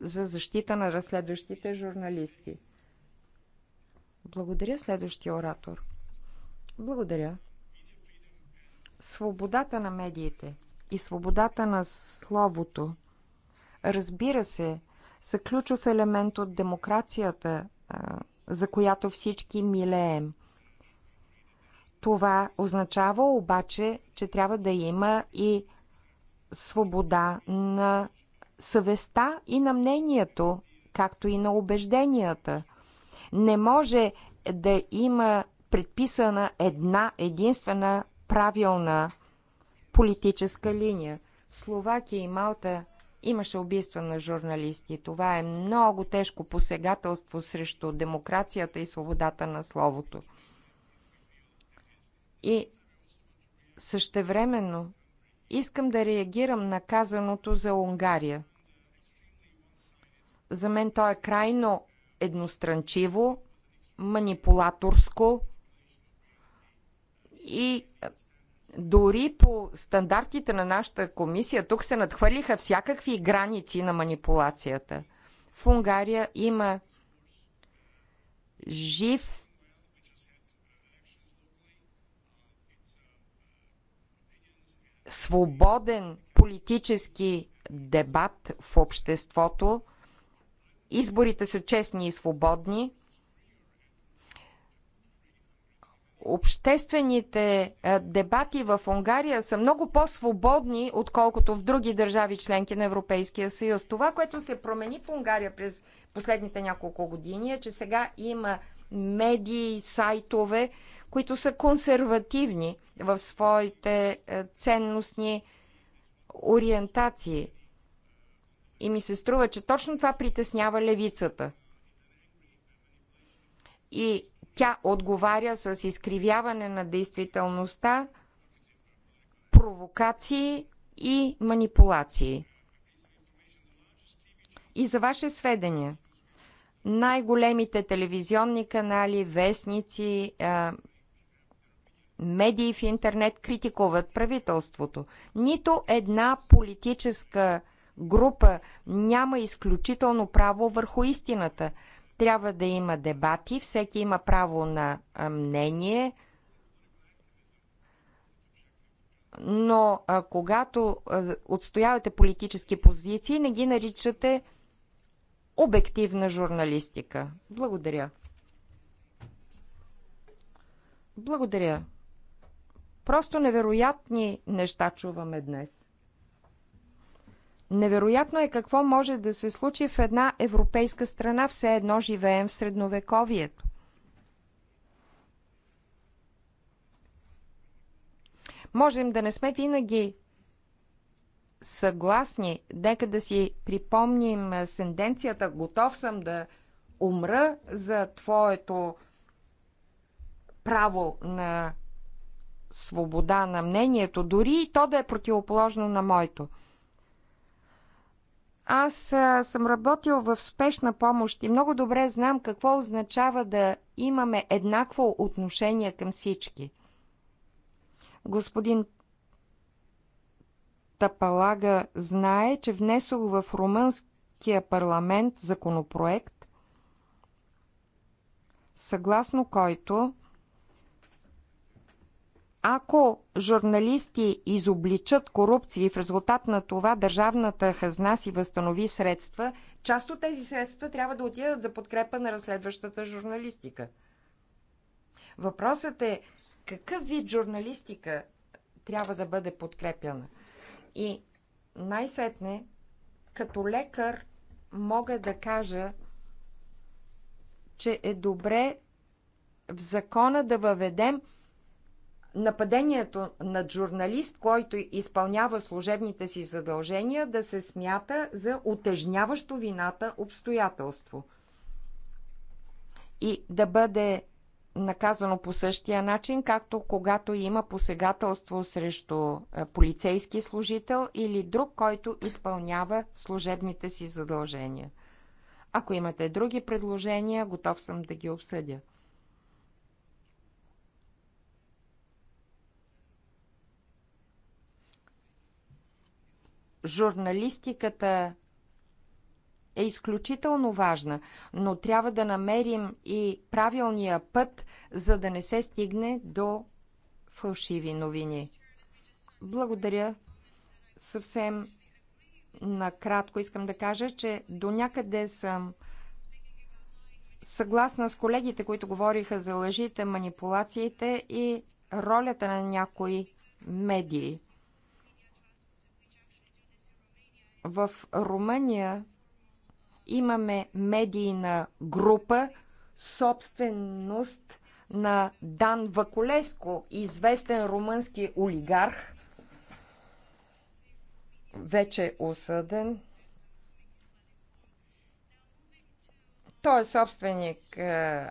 за защита на разследващите журналисти? Благодаря, следващия оратор. Благодаря свободата на медиите и свободата на словото, разбира се, са ключов елемент от демокрацията, за която всички милеем. Това означава обаче, че трябва да има и свобода на съвестта и на мнението, както и на убежденията. Не може да има предписана една единствена правилна политическа линия. В Словакия и Малта имаше убийства на журналисти. Това е много тежко посегателство срещу демокрацията и свободата на словото. И същевременно искам да реагирам на казаното за Унгария. За мен то е крайно едностранчиво, манипулаторско и дори по стандартите на нашата комисия, тук се надхвърлиха всякакви граници на манипулацията. В Унгария има жив свободен политически дебат в обществото. Изборите са честни и свободни. обществените е, дебати в Унгария са много по-свободни, отколкото в други държави членки на Европейския съюз. Това, което се промени в Унгария през последните няколко години е, че сега има медии, сайтове, които са консервативни в своите е, ценностни ориентации. И ми се струва, че точно това притеснява левицата. И тя отговаря с изкривяване на действителността, провокации и манипулации. И за ваше сведение, най-големите телевизионни канали, вестници, медии в интернет критикуват правителството. Нито една политическа група няма изключително право върху истината. Трябва да има дебати, всеки има право на мнение, но а, когато а, отстоявате политически позиции, не ги наричате обективна журналистика. Благодаря. Благодаря. Просто невероятни неща чуваме днес. Невероятно е какво може да се случи в една европейска страна, все едно живеем в средновековието. Можем да не сме винаги съгласни. Нека да си припомним сенденцията «Готов съм да умра за твоето право на свобода на мнението, дори и то да е противоположно на моето – аз а, съм работил в спешна помощ и много добре знам какво означава да имаме еднакво отношение към всички. Господин Тапалага знае, че внесох в румънския парламент законопроект, съгласно който ако журналисти изобличат корупция в резултат на това държавната хазна си възстанови средства, част от тези средства трябва да отидат за подкрепа на разследващата журналистика. Въпросът е какъв вид журналистика трябва да бъде подкрепяна. И най-сетне, като лекар, мога да кажа, че е добре в закона да въведем нападението над журналист, който изпълнява служебните си задължения, да се смята за отежняващо вината обстоятелство и да бъде наказано по същия начин, както когато има посегателство срещу е, полицейски служител или друг, който изпълнява служебните си задължения. Ако имате други предложения, готов съм да ги обсъдя. Журналистиката е изключително важна, но трябва да намерим и правилния път, за да не се стигне до фалшиви новини. Благодаря. Съвсем накратко искам да кажа, че до някъде съм съгласна с колегите, които говориха за лъжите, манипулациите и ролята на някои медии. В Румъния имаме медийна група, собственост на Дан Ваколеско, известен румънски олигарх, вече осъден. Той е собственик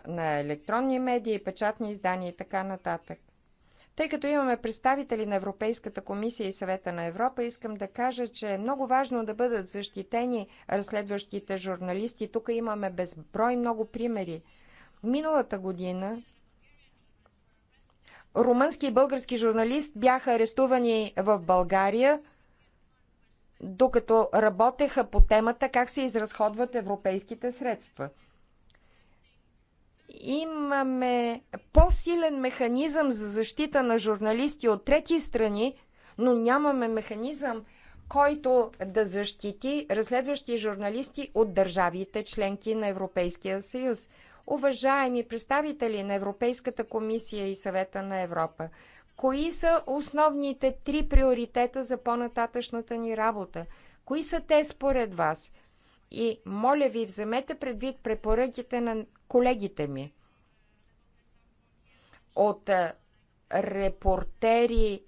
на електронни медии, печатни издания и така нататък. Тъй като имаме представители на Европейската комисия и съвета на Европа, искам да кажа, че е много важно да бъдат защитени разследващите журналисти. Тук имаме безброй много примери. Миналата година румънски и български журналист бяха арестувани в България, докато работеха по темата как се изразходват европейските средства имаме по-силен механизъм за защита на журналисти от трети страни, но нямаме механизъм, който да защити разследващи журналисти от държавите членки на Европейския съюз. Уважаеми представители на Европейската комисия и съвета на Европа, кои са основните три приоритета за по-нататъчната ни работа? Кои са те според вас? И моля ви, вземете предвид препоръките на колегите ми. От репортери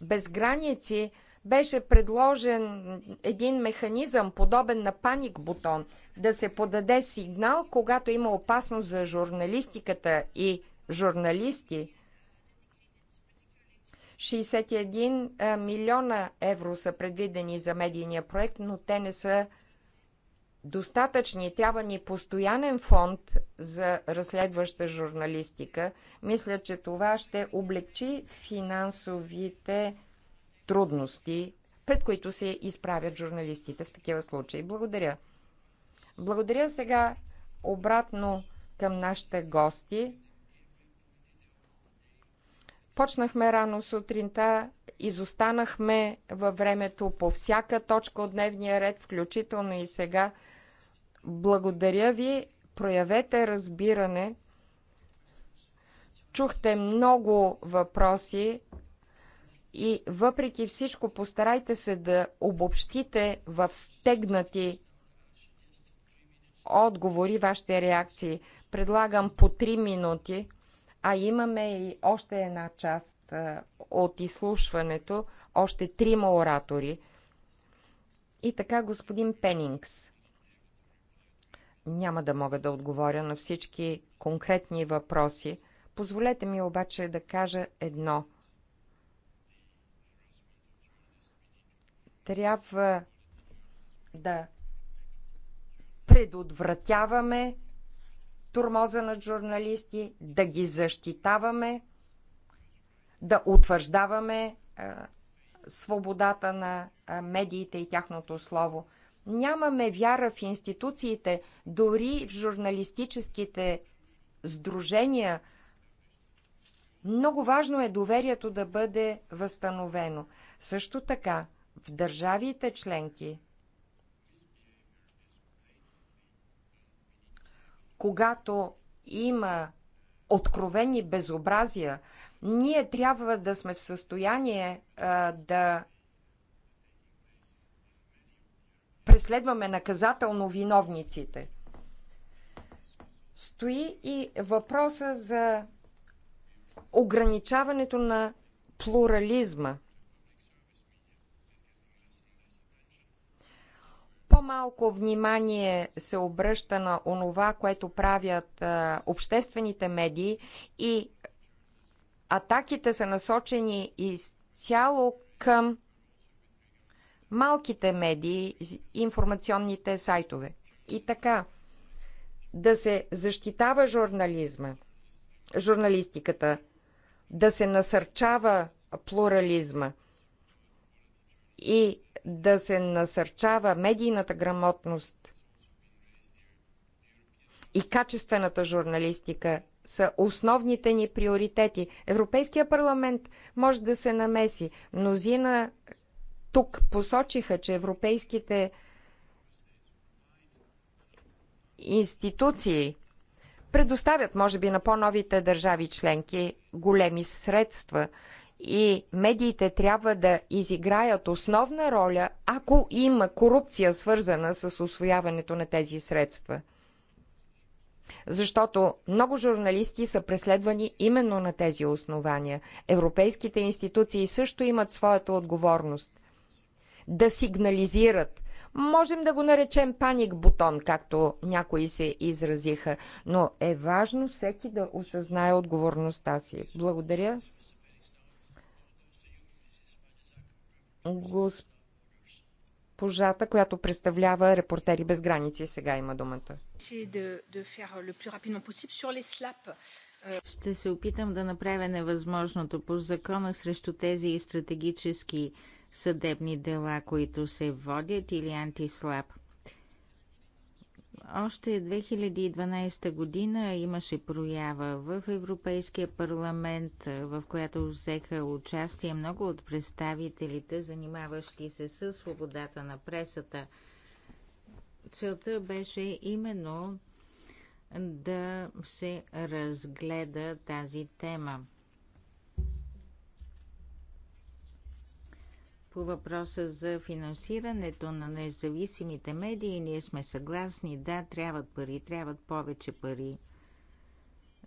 без граници беше предложен един механизъм, подобен на паник бутон, да се подаде сигнал, когато има опасност за журналистиката и журналисти. 61 милиона евро са предвидени за медийния проект, но те не са достатъчни. Трябва ни постоянен фонд за разследваща журналистика. Мисля, че това ще облегчи финансовите трудности, пред които се изправят журналистите в такива случаи. Благодаря. Благодаря сега обратно към нашите гости. Почнахме рано сутринта, изостанахме във времето по всяка точка от дневния ред, включително и сега. Благодаря ви. Проявете разбиране. Чухте много въпроси и въпреки всичко постарайте се да обобщите в стегнати отговори вашите реакции. Предлагам по 3 минути, а имаме и още една част от изслушването, още трима оратори. И така, господин Пенингс. Няма да мога да отговоря на всички конкретни въпроси. Позволете ми обаче да кажа едно. Трябва да предотвратяваме турмоза на журналисти, да ги защитаваме, да утвърждаваме свободата на медиите и тяхното слово. Нямаме вяра в институциите, дори в журналистическите сдружения. Много важно е доверието да бъде възстановено. Също така, в държавите членки, когато има откровени безобразия, ние трябва да сме в състояние а, да преследваме наказателно виновниците. Стои и въпроса за ограничаването на плурализма. По-малко внимание се обръща на онова, което правят а, обществените медии и атаките са насочени изцяло към малките медии, информационните сайтове. И така, да се защитава журнализма, журналистиката, да се насърчава плурализма и да се насърчава медийната грамотност и качествената журналистика са основните ни приоритети. Европейския парламент може да се намеси. Мнозина тук посочиха, че европейските институции предоставят, може би, на по-новите държави членки големи средства и медиите трябва да изиграят основна роля, ако има корупция свързана с освояването на тези средства. Защото много журналисти са преследвани именно на тези основания. Европейските институции също имат своята отговорност – да сигнализират. Можем да го наречем паник бутон, както някои се изразиха, но е важно всеки да осъзнае отговорността си. Благодаря. Госпожата, която представлява Репортери без граници, сега има думата. Euh, Ще се опитам да направя невъзможното по закона срещу тези стратегически съдебни дела, които се водят или антислаб. Още 2012 година имаше проява в Европейския парламент, в която взеха участие много от представителите, занимаващи се с свободата на пресата. Целта беше именно да се разгледа тази тема. По въпроса за финансирането на независимите медии, ние сме съгласни, да, трябват пари, трябват повече пари.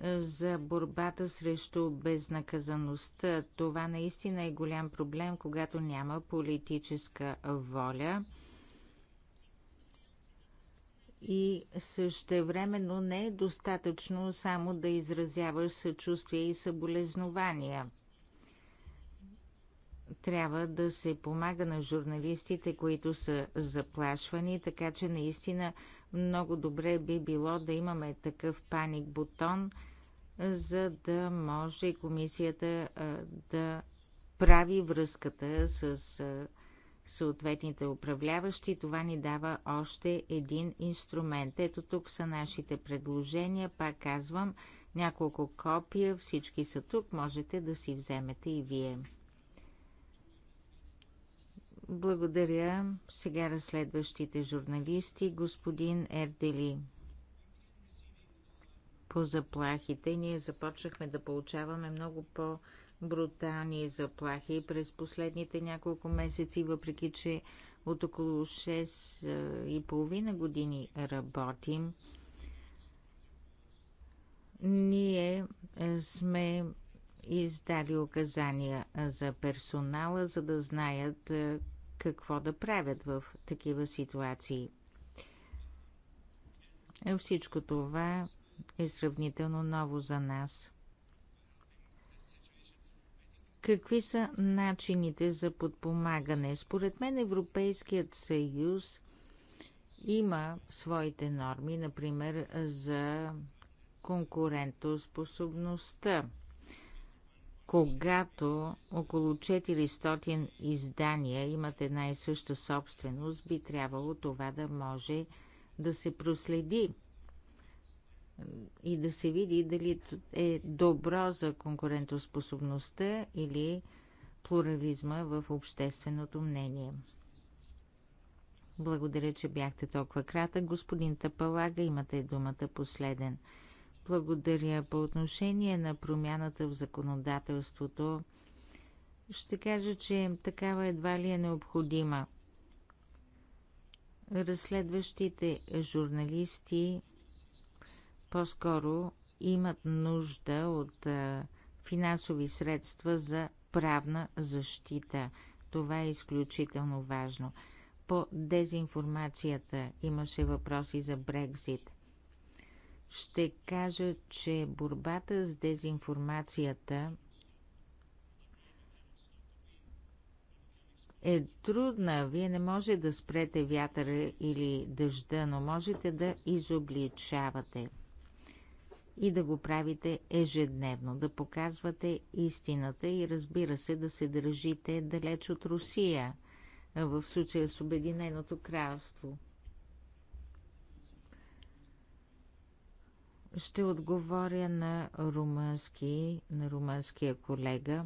За борбата срещу безнаказаността, това наистина е голям проблем, когато няма политическа воля и същевременно не е достатъчно само да изразяваш съчувствие и съболезнования трябва да се помага на журналистите, които са заплашвани, така че наистина много добре би било да имаме такъв паник бутон, за да може комисията да прави връзката с съответните управляващи. Това ни дава още един инструмент. Ето тук са нашите предложения. Пак казвам, няколко копия, всички са тук, можете да си вземете и вие. Благодаря. Сега разследващите журналисти, господин Ердели. По заплахите ние започнахме да получаваме много по- брутални заплахи през последните няколко месеци, въпреки че от около 6 и половина години работим. Ние сме издали указания за персонала, за да знаят какво да правят в такива ситуации. Е, всичко това е сравнително ново за нас. Какви са начините за подпомагане? Според мен Европейският съюз има своите норми, например за конкурентоспособността. Когато около 400 издания имат една и съща собственост, би трябвало това да може да се проследи и да се види дали е добро за конкурентоспособността или плурализма в общественото мнение. Благодаря, че бяхте толкова кратък. Господин Тапалага, имате думата последен. Благодаря. По отношение на промяната в законодателството, ще кажа, че такава едва ли е необходима. Разследващите журналисти по-скоро имат нужда от финансови средства за правна защита. Това е изключително важно. По дезинформацията имаше въпроси за Брекзит ще кажа, че борбата с дезинформацията е трудна. Вие не може да спрете вятъра или дъжда, но можете да изобличавате и да го правите ежедневно, да показвате истината и разбира се да се държите далеч от Русия, в случая с Обединеното кралство – Ще отговоря на румънски, на румънския колега,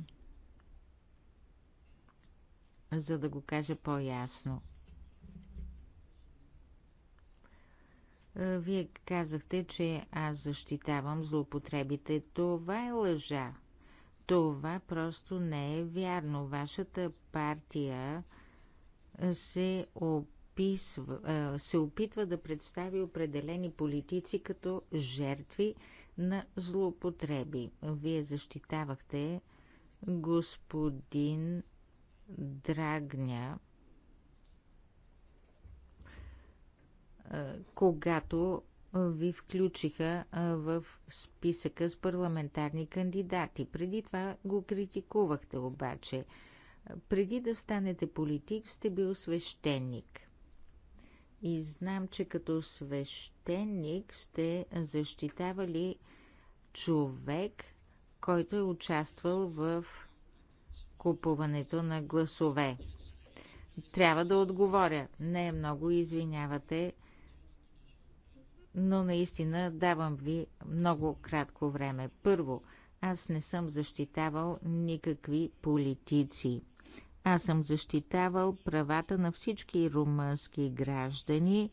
за да го кажа по-ясно. Вие казахте, че аз защитавам злоупотребите. Това е лъжа. Това просто не е вярно. Вашата партия се опитва описва, е, се опитва да представи определени политици като жертви на злоупотреби. Вие защитавахте господин Драгня, е, когато ви включиха е, в списъка с парламентарни кандидати. Преди това го критикувахте обаче. Преди да станете политик, сте бил свещеник и знам, че като свещеник сте защитавали човек, който е участвал в купуването на гласове. Трябва да отговоря. Не е много, извинявате, но наистина давам ви много кратко време. Първо, аз не съм защитавал никакви политици. Аз съм защитавал правата на всички румънски граждани,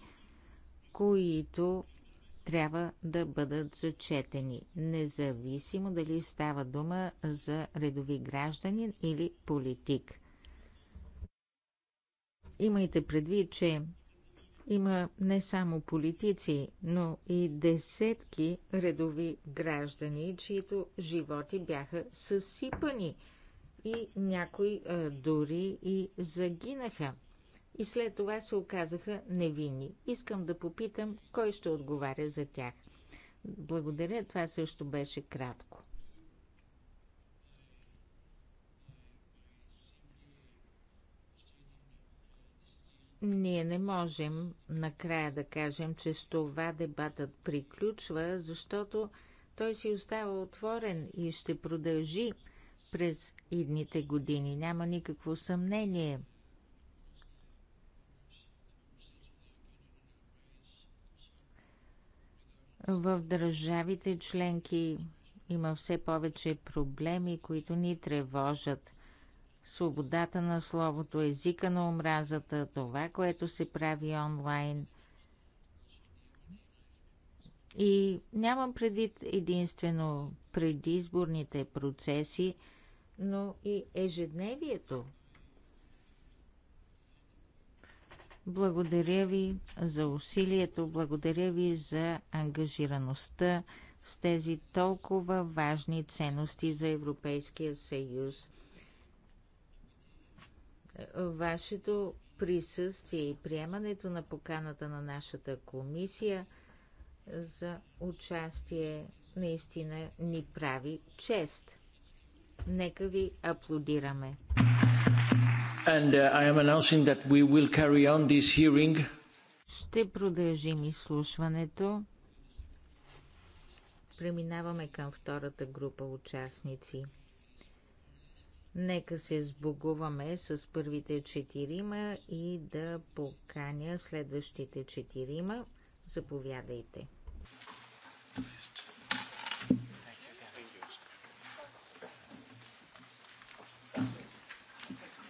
които трябва да бъдат зачетени, независимо дали става дума за редови гражданин или политик. Имайте предвид, че има не само политици, но и десетки редови граждани, чието животи бяха съсипани – и някои дори и загинаха. И след това се оказаха невинни. Искам да попитам кой ще отговаря за тях. Благодаря, това също беше кратко. Ние не можем накрая да кажем, че с това дебатът приключва, защото той си остава отворен и ще продължи през идните години. Няма никакво съмнение. В държавите членки има все повече проблеми, които ни тревожат. Свободата на словото, езика на омразата, това, което се прави онлайн. И нямам предвид единствено предизборните процеси, но и ежедневието. Благодаря ви за усилието, благодаря ви за ангажираността с тези толкова важни ценности за Европейския съюз. Вашето присъствие и приемането на поканата на нашата комисия за участие наистина ни прави чест. Нека ви аплодираме. And, uh, Ще продължим изслушването. Преминаваме към втората група участници. Нека се сбогуваме с първите четирима и да поканя следващите четирима. Заповядайте.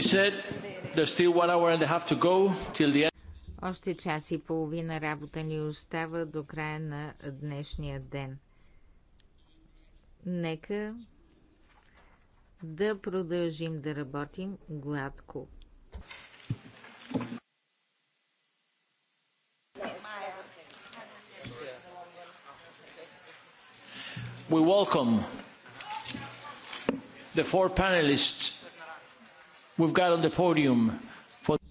Said, Още час и половина работа ни остава до края на днешния ден. Нека да продължим да работим гладко. We welcome the four panelists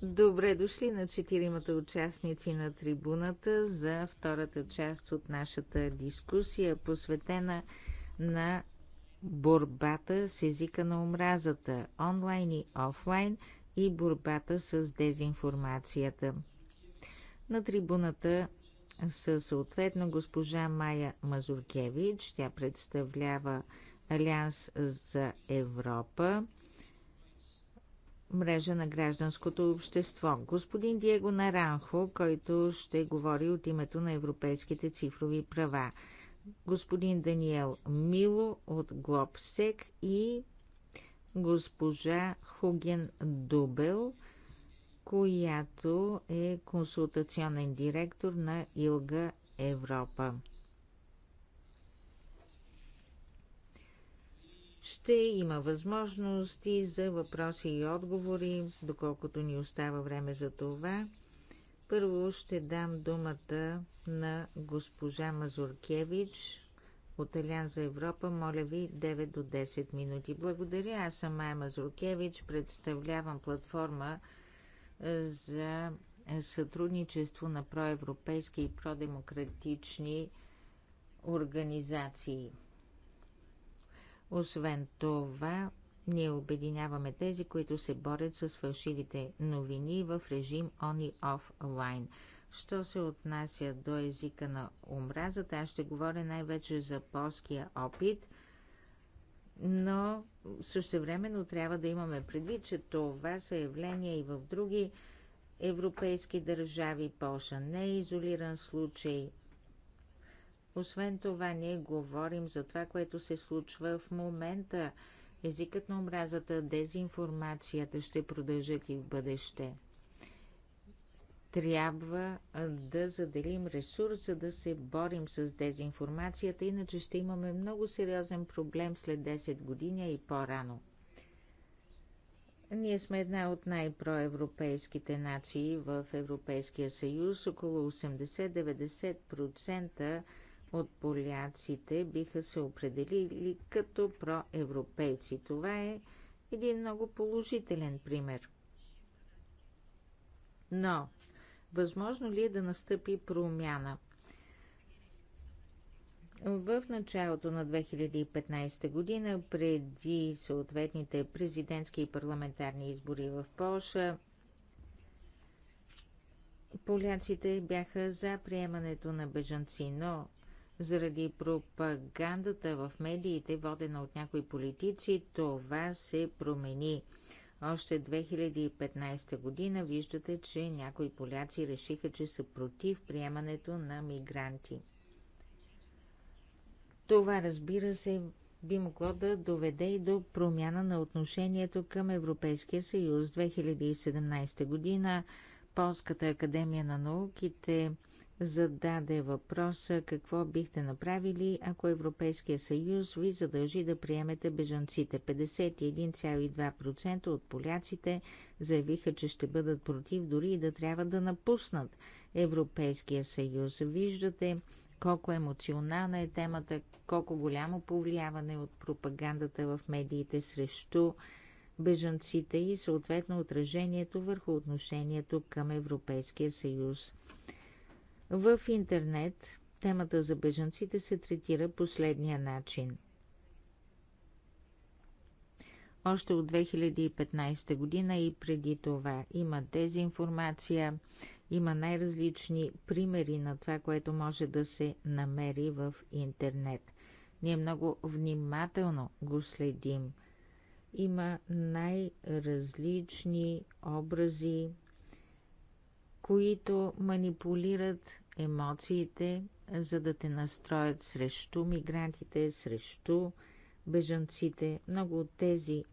Добре дошли на четиримата участници на трибуната за втората част от нашата дискусия, посветена на борбата с езика на омразата, онлайн и офлайн, и борбата с дезинформацията. На трибуната са съответно госпожа Майя Мазуркевич, тя представлява Алианс за Европа, мрежа на гражданското общество. Господин Диего Наранхо, който ще говори от името на европейските цифрови права. Господин Даниел Мило от Глобсек и госпожа Хуген Дубел, която е консултационен директор на Илга Европа. Ще има възможности за въпроси и отговори, доколкото ни остава време за това. Първо ще дам думата на госпожа Мазуркевич от Талян за Европа. Моля ви 9 до 10 минути. Благодаря. Аз съм Майя Мазуркевич. Представлявам платформа е, за сътрудничество на проевропейски и продемократични организации. Освен това, ние обединяваме тези, които се борят с фалшивите новини в режим On и Offline. Що се отнася до езика на омразата, аз ще говоря най-вече за полския опит, но същевременно трябва да имаме предвид, че това са явления и в други европейски държави. Полша не е изолиран случай. Освен това, ние говорим за това, което се случва в момента. Езикът на омразата, дезинформацията ще продължат и в бъдеще. Трябва да заделим ресурса да се борим с дезинформацията, иначе ще имаме много сериозен проблем след 10 години и по-рано. Ние сме една от най-проевропейските нации в Европейския съюз. Около 80-90% от поляците биха се определили като проевропейци. Това е един много положителен пример. Но, възможно ли е да настъпи промяна? В началото на 2015 година, преди съответните президентски и парламентарни избори в Польша, поляците бяха за приемането на бежанци, но заради пропагандата в медиите, водена от някои политици, това се промени. Още 2015 година виждате, че някои поляци решиха, че са против приемането на мигранти. Това, разбира се, би могло да доведе и до промяна на отношението към Европейския съюз. 2017 година Полската академия на науките – зададе въпроса какво бихте направили, ако Европейския съюз ви задължи да приемете бежанците. 51,2% от поляците заявиха, че ще бъдат против дори и да трябва да напуснат Европейския съюз. Виждате колко емоционална е темата, колко голямо повлияване от пропагандата в медиите срещу бежанците и съответно отражението върху отношението към Европейския съюз. В интернет темата за бежанците се третира последния начин. Още от 2015 година и преди това има дезинформация, има най-различни примери на това, което може да се намери в интернет. Ние много внимателно го следим. Има най-различни образи, които манипулират емоциите, за да те настроят срещу мигрантите, срещу бежанците. Много от тези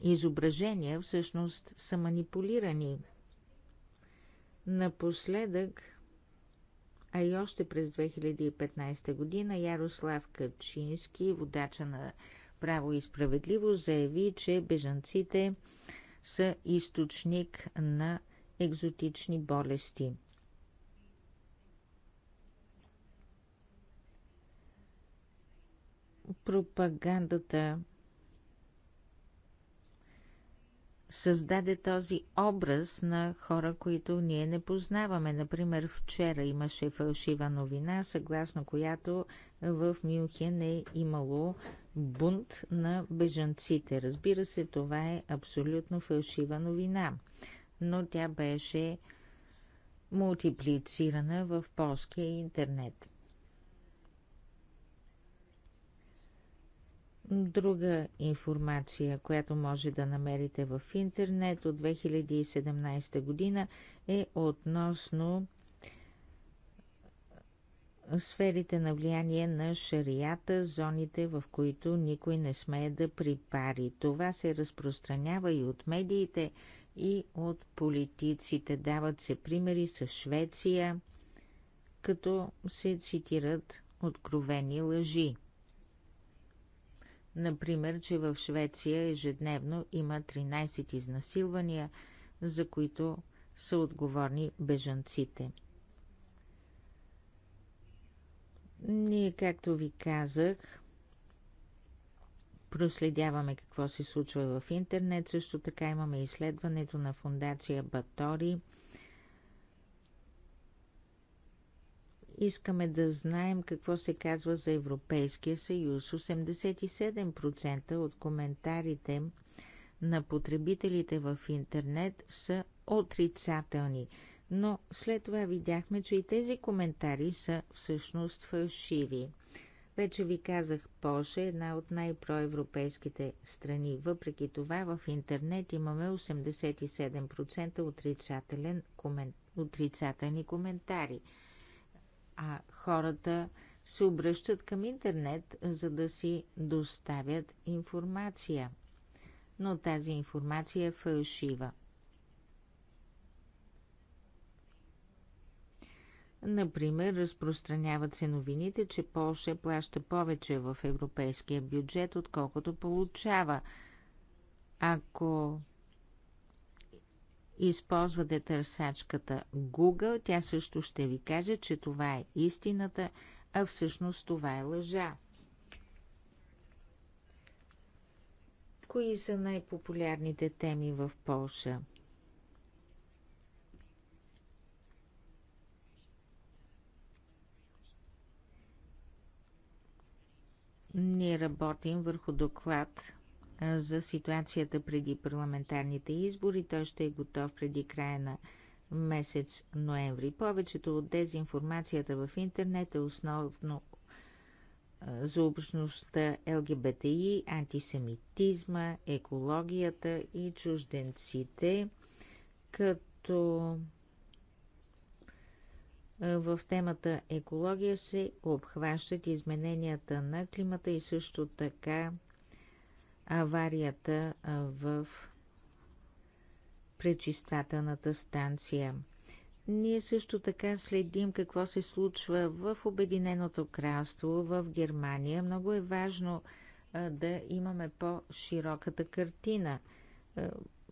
изображения всъщност са манипулирани. Напоследък, а и още през 2015 година, Ярослав Качински, водача на Право и справедливо, заяви, че бежанците са източник на екзотични болести – пропагандата създаде този образ на хора, които ние не познаваме. Например, вчера имаше фалшива новина, съгласно която в Мюнхен е имало бунт на бежанците. Разбира се, това е абсолютно фалшива новина, но тя беше мултиплицирана в полския интернет. Друга информация, която може да намерите в интернет от 2017 година е относно сферите на влияние на шарията, зоните, в които никой не смее да припари. Това се разпространява и от медиите, и от политиците. Дават се примери с Швеция, като се цитират откровени лъжи. Например, че в Швеция ежедневно има 13 изнасилвания, за които са отговорни бежанците. Ние, както ви казах, проследяваме какво се случва в интернет. Също така имаме изследването на фундация Батори – Искаме да знаем какво се казва за Европейския съюз. 87% от коментарите на потребителите в интернет са отрицателни. Но след това видяхме, че и тези коментари са всъщност фалшиви. Вече ви казах, Польша е една от най-проевропейските страни. Въпреки това в интернет имаме 87% отрицателен, комен... отрицателни коментари – а хората се обръщат към интернет, за да си доставят информация. Но тази информация е фалшива. Например, разпространяват се новините, че Польша плаща повече в европейския бюджет, отколкото получава. Ако използвате търсачката Google, тя също ще ви каже, че това е истината, а всъщност това е лъжа. Кои са най-популярните теми в Полша? Ние работим върху доклад за ситуацията преди парламентарните избори. Той ще е готов преди края на месец ноември. Повечето от дезинформацията в интернет е основно за общността ЛГБТИ, антисемитизма, екологията и чужденците, като в темата екология се обхващат измененията на климата и също така аварията в пречиствателната станция. Ние също така следим какво се случва в Обединеното кралство, в Германия. Много е важно да имаме по-широката картина.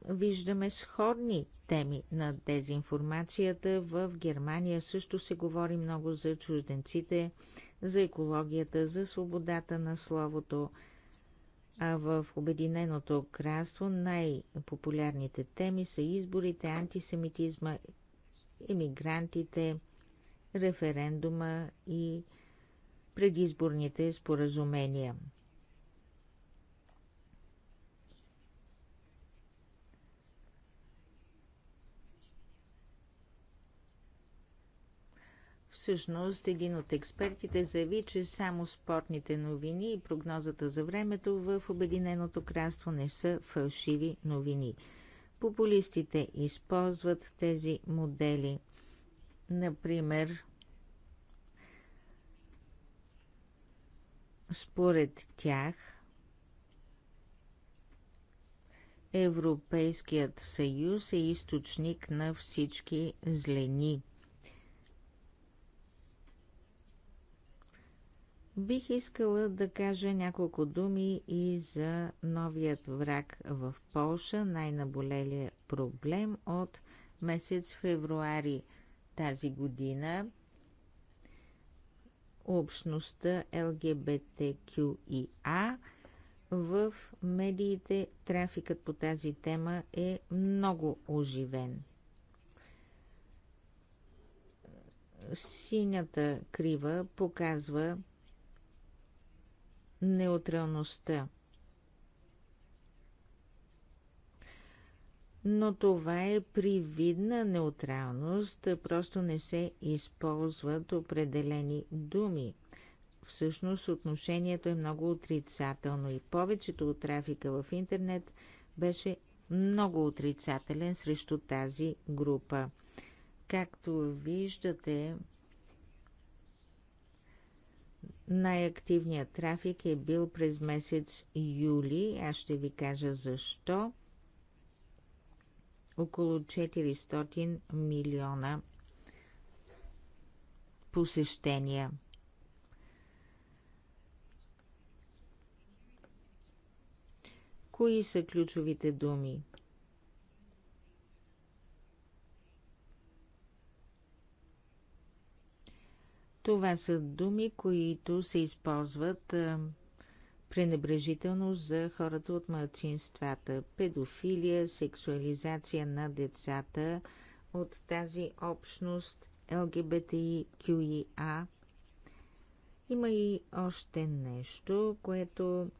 Виждаме сходни теми на дезинформацията. В Германия също се говори много за чужденците, за екологията, за свободата на словото. А в Обединеното кралство най-популярните теми са изборите, антисемитизма, иммигрантите, референдума и предизборните споразумения. Всъщност, един от експертите заяви, че само спортните новини и прогнозата за времето в Обединеното кралство не са фалшиви новини. Популистите използват тези модели. Например, според тях, Европейският съюз е източник на всички злени – Бих искала да кажа няколко думи и за новият враг в Полша, най-наболелия проблем от месец февруари тази година. Общността ЛГБТКИА в медиите трафикът по тази тема е много оживен. Синята крива показва неутралността. Но това е привидна неутралност, просто не се използват определени думи. Всъщност отношението е много отрицателно и повечето от трафика в интернет беше много отрицателен срещу тази група. Както виждате, най-активният трафик е бил през месец юли. Аз ще ви кажа защо. Около 400 милиона посещения. Кои са ключовите думи? Това са думи, които се използват а, пренебрежително за хората от младсинствата. Педофилия, сексуализация на децата от тази общност LGBTQIA. Има и още нещо, което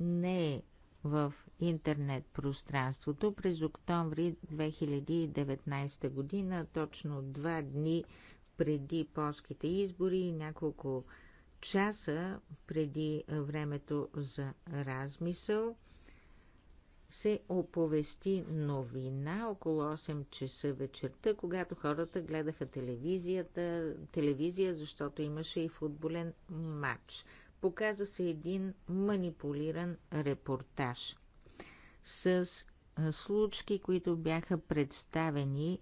не е в интернет пространството. През октомври 2019 година, точно два дни преди полските избори и няколко часа преди времето за размисъл се оповести новина около 8 часа вечерта, когато хората гледаха телевизията, телевизия, защото имаше и футболен матч. Показа се един манипулиран репортаж с случки, които бяха представени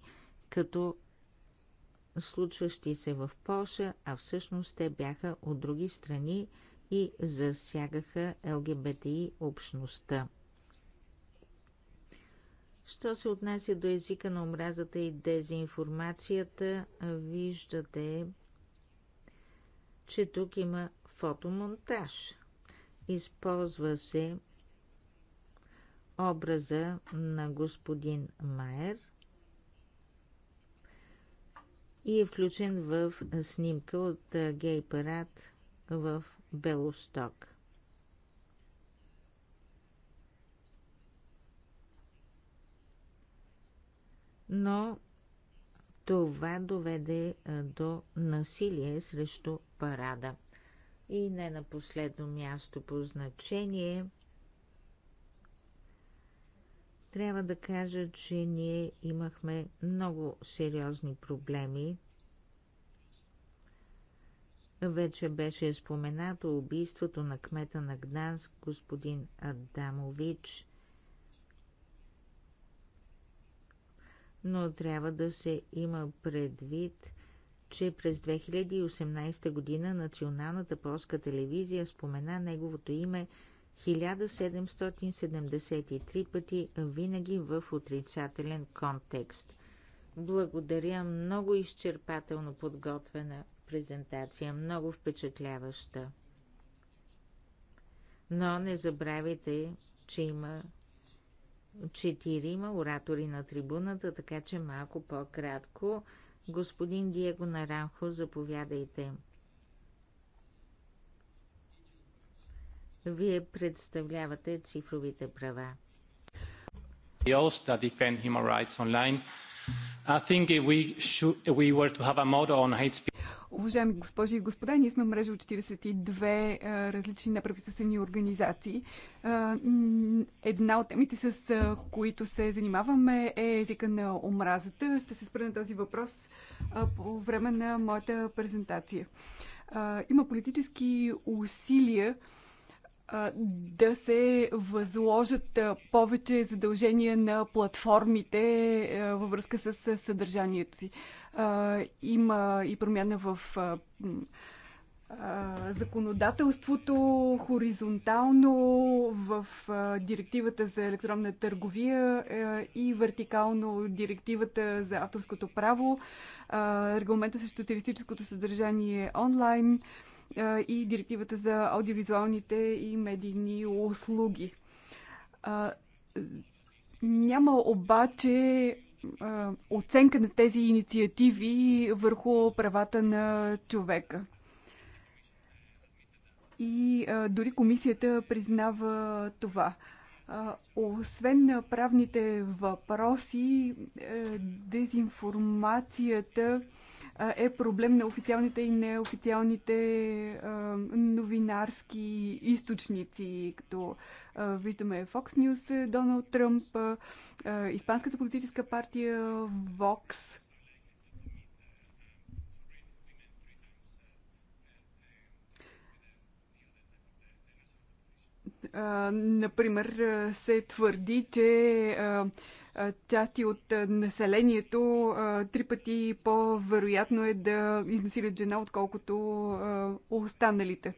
като случващи се в Польша, а всъщност те бяха от други страни и засягаха ЛГБТИ общността. Що се отнася до езика на омразата и дезинформацията, виждате, че тук има фотомонтаж. Използва се образа на господин Майер – и е включен в снимка от гей парад в Белосток. Но това доведе до насилие срещу парада. И не на последно място по значение – трябва да кажа, че ние имахме много сериозни проблеми. Вече беше споменато убийството на кмета на Гданск, господин Адамович. Но трябва да се има предвид, че през 2018 година Националната полска телевизия спомена неговото име – 1773 пъти винаги в отрицателен контекст. Благодаря много изчерпателно подготвена презентация, много впечатляваща. Но не забравяйте, че има четирима оратори на трибуната, така че малко по-кратко. Господин Диего Наранхо, заповядайте. Вие представлявате цифровите права. That defend human rights online. I think we, should, we were to have a model on hate speech. Уважаеми госпожи и господа, ние сме мрежа от 42 е, различни неправителствени организации. Е, една от темите, с е, които се занимаваме, е езика на омразата. Ще се спра на този въпрос по време на моята презентация. Има политически усилия да се възложат повече задължения на платформите във връзка с съдържанието си. Има и промяна в законодателството, хоризонтално в директивата за електронна търговия и вертикално директивата за авторското право, регламента срещу туристическото съдържание онлайн, и директивата за аудиовизуалните и медийни услуги. Няма обаче оценка на тези инициативи върху правата на човека. И дори комисията признава това. освен на правните въпроси, е, дезинформацията е проблем на официалните и неофициалните новинарски източници, като виждаме Fox News, е, Доналд Тръмп, Испанската политическа партия Vox. Например, се твърди, че части от населението три пъти по-вероятно е да изнасилят жена, отколкото останалите.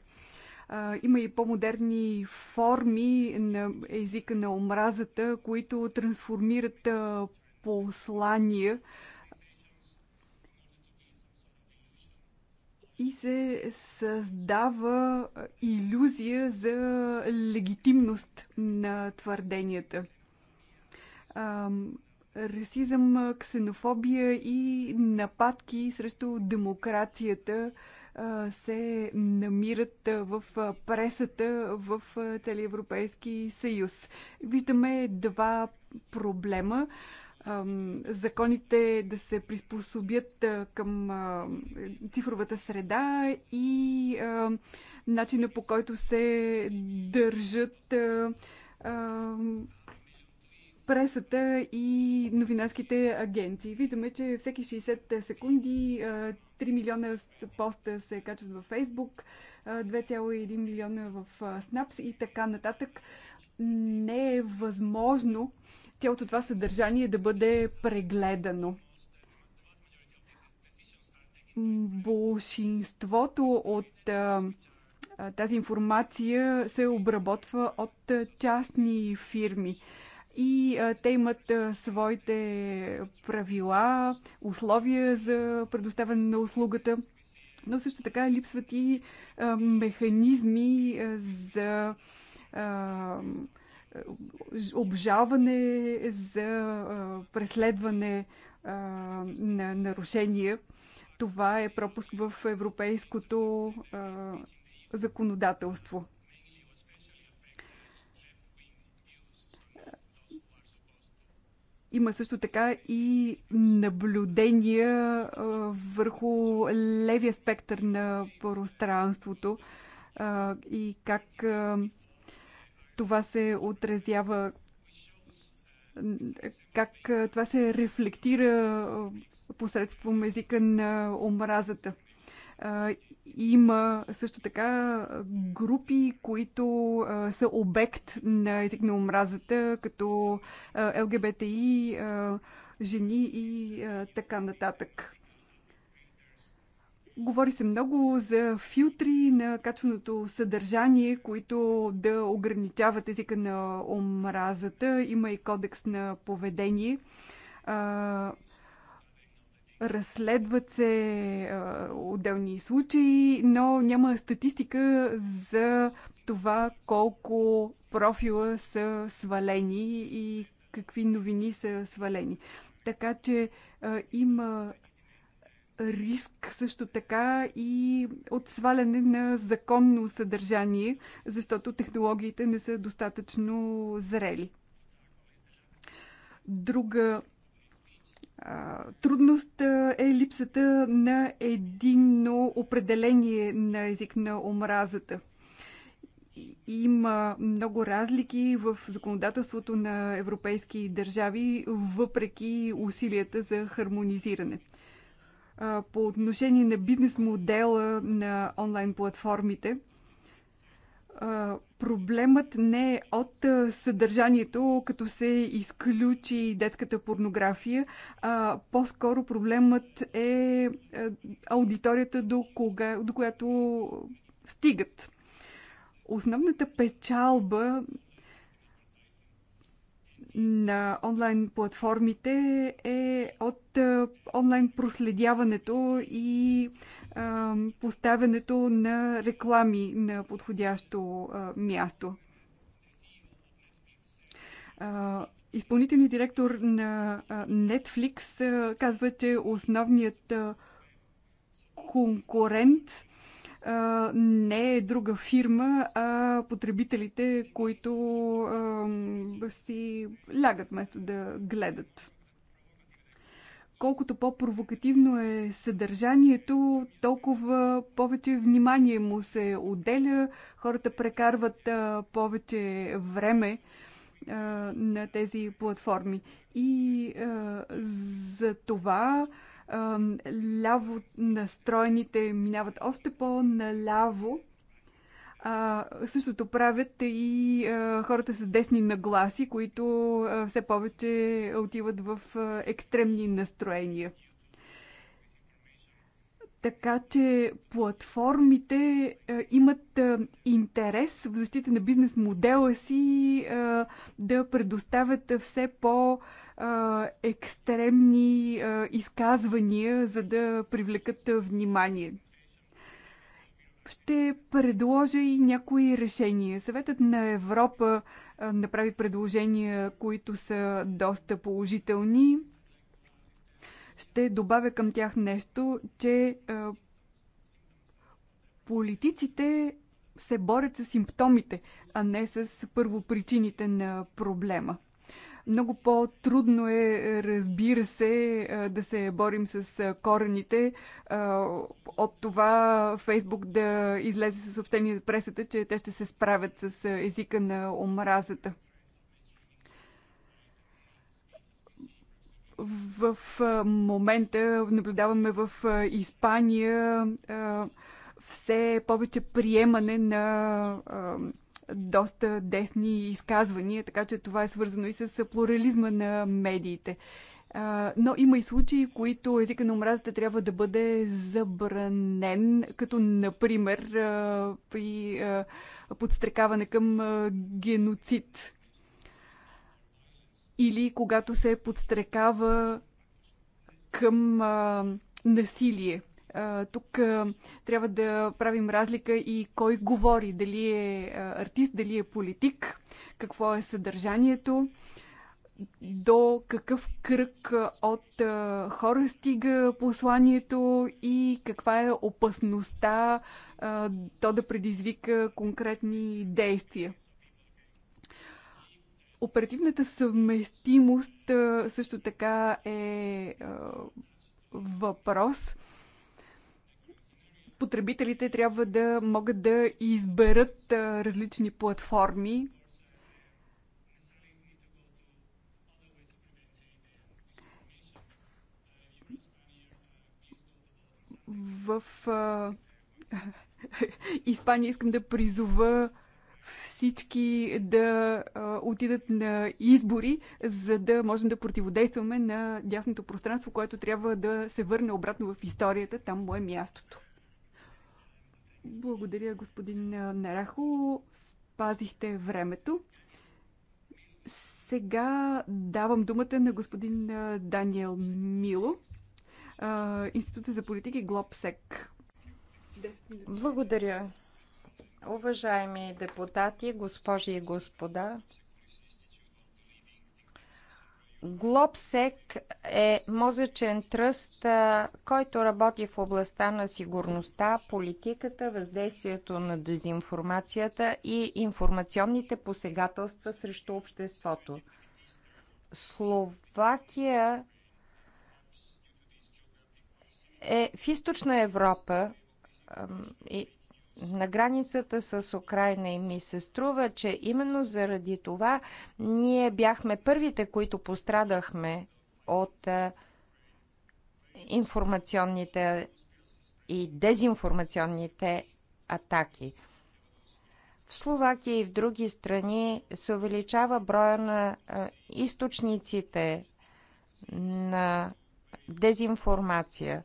Има и по-модерни форми на езика на омразата, които трансформират послания и се създава иллюзия за легитимност на твърденията расизъм, ксенофобия и нападки срещу демокрацията се намират в пресата в целия Европейски съюз. Виждаме два проблема. Законите да се приспособят към цифровата среда и начина по който се държат пресата и новинарските агенции. Виждаме, че всеки 60 секунди 3 милиона поста се качват във Фейсбук, 2,1 милиона в Снапс и така нататък. Не е възможно цялото това съдържание да бъде прегледано. Большинството от тази информация се обработва от частни фирми и а, те имат а, своите правила, условия за предоставяне на услугата, но също така липсват и а, механизми а, за а, обжалване, за а, преследване а, на нарушения. Това е пропуск в европейското а, законодателство. Има също така и наблюдения върху левия спектър на пространството и как това се отразява, как това се рефлектира посредством езика на омразата. Има също така групи, които са обект на език на омразата, като ЛГБТИ, жени и така нататък. Говори се много за филтри на качваното съдържание, които да ограничават езика на омразата. Има и кодекс на поведение. Разследват се а, отделни случаи, но няма статистика за това колко профила са свалени и какви новини са свалени. Така че а, има риск също така и от сваляне на законно съдържание, защото технологиите не са достатъчно зрели. Друга трудност е липсата на единно определение на език на омразата. Има много разлики в законодателството на европейски държави, въпреки усилията за хармонизиране. По отношение на бизнес модела на онлайн платформите – проблемът не е от съдържанието, като се изключи детската порнография, а по-скоро проблемът е аудиторията, до, кога, до която стигат. Основната печалба на онлайн платформите е от онлайн проследяването и поставянето на реклами на подходящо място. Изпълнителният директор на Netflix казва, че основният конкурент не е друга фирма, а потребителите, които си лягат вместо да гледат колкото по-провокативно е съдържанието, толкова повече внимание му се отделя. Хората прекарват а, повече време а, на тези платформи. И а, за това а, ляво настроените минават още по-наляво а, същото правят и а, хората с десни нагласи, които а, все повече отиват в а, екстремни настроения. Така че платформите а, имат а, интерес в защита на бизнес модела си а, да предоставят все по-екстремни изказвания, за да привлекат внимание. Ще предложа и някои решения. Съветът на Европа направи предложения, които са доста положителни. Ще добавя към тях нещо, че политиците се борят с симптомите, а не с първопричините на проблема. Много по-трудно е, разбира се, е, да се борим с е, корените е, от това Фейсбук да излезе със съобщение за пресата, че те ще се справят с езика на омразата. в момента наблюдаваме в Испания все повече приемане на доста десни изказвания, така че това е свързано и с плурализма на медиите. Но има и случаи, които езика на омразата трябва да бъде забранен, като например при подстрекаване към геноцид. Или когато се подстрекава към насилие тук а, трябва да правим разлика и кой говори, дали е а, артист, дали е политик, какво е съдържанието, до какъв кръг от а, хора стига посланието и каква е опасността а, то да предизвика конкретни действия. Оперативната съвместимост също така е въпрос потребителите трябва да могат да изберат различни платформи. В Испания искам да призова всички да а, отидат на избори, за да можем да противодействаме на дясното пространство, което трябва да се върне обратно в историята. Там му е мястото. Благодаря, господин Нарахо. Спазихте времето. Сега давам думата на господин Даниел Мило, Института за политики Глобсек. Благодаря. Уважаеми депутати, госпожи и господа, Глобсек е мозъчен тръст, който работи в областта на сигурността, политиката, въздействието на дезинформацията и информационните посегателства срещу обществото. Словакия е в източна Европа и на границата с Украина и ми се струва, че именно заради това ние бяхме първите, които пострадахме от информационните и дезинформационните атаки. В Словакия и в други страни се увеличава броя на източниците на дезинформация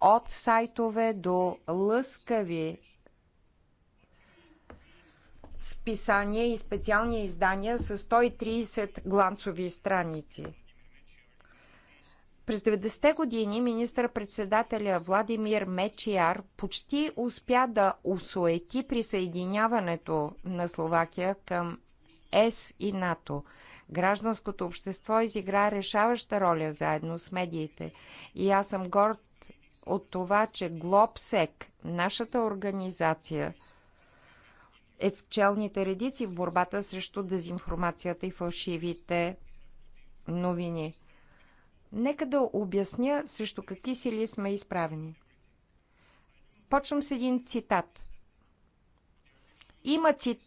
от сайтове до лъскави списания и специални издания с 130 гланцови страници. През 90-те години министър-председателя Владимир Мечияр почти успя да усуети присъединяването на Словакия към ЕС и НАТО. Гражданското общество изигра решаваща роля заедно с медиите. И аз съм горд от това, че Глобсек, нашата организация, е в челните редици в борбата срещу дезинформацията и фалшивите новини. Нека да обясня срещу какви сили сме изправени. Почвам с един цитат. Има цит...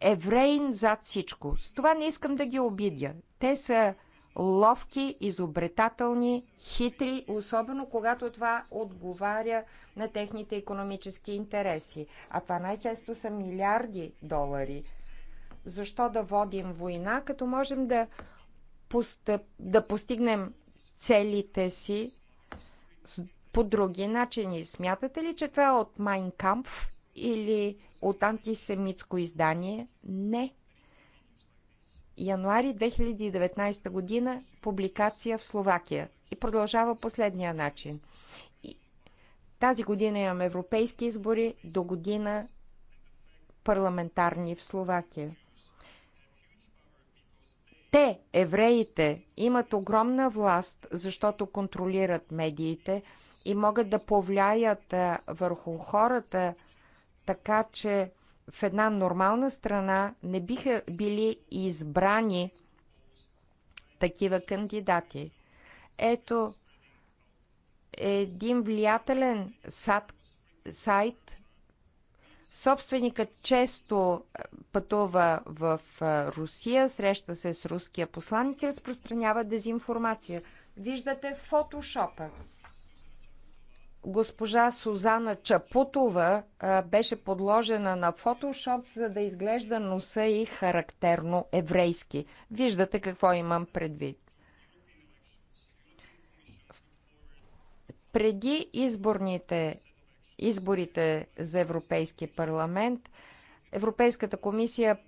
евреин зад всичко. С това не искам да ги обидя. Те са ловки, изобретателни, хитри, особено когато това отговаря на техните економически интереси. А това най-често са милиарди долари. Защо да водим война, като можем да, постъп, да постигнем целите си по други начини? Смятате ли, че това е от майнкамп или от антисемитско издание? Не януари 2019 година публикация в Словакия и продължава последния начин. И тази година имаме европейски избори, до година парламентарни в Словакия. Те, евреите, имат огромна власт, защото контролират медиите и могат да повлияят върху хората, така че в една нормална страна не биха били избрани такива кандидати. Ето един влиятелен сад, сайт. Собственикът често пътува в Русия, среща се с руския посланник и разпространява дезинформация. Виждате фотошопа госпожа Сузана Чапутова а, беше подложена на фотошоп, за да изглежда носа и характерно еврейски. Виждате какво имам предвид. Преди изборните, изборите за Европейски парламент, Европейската комисия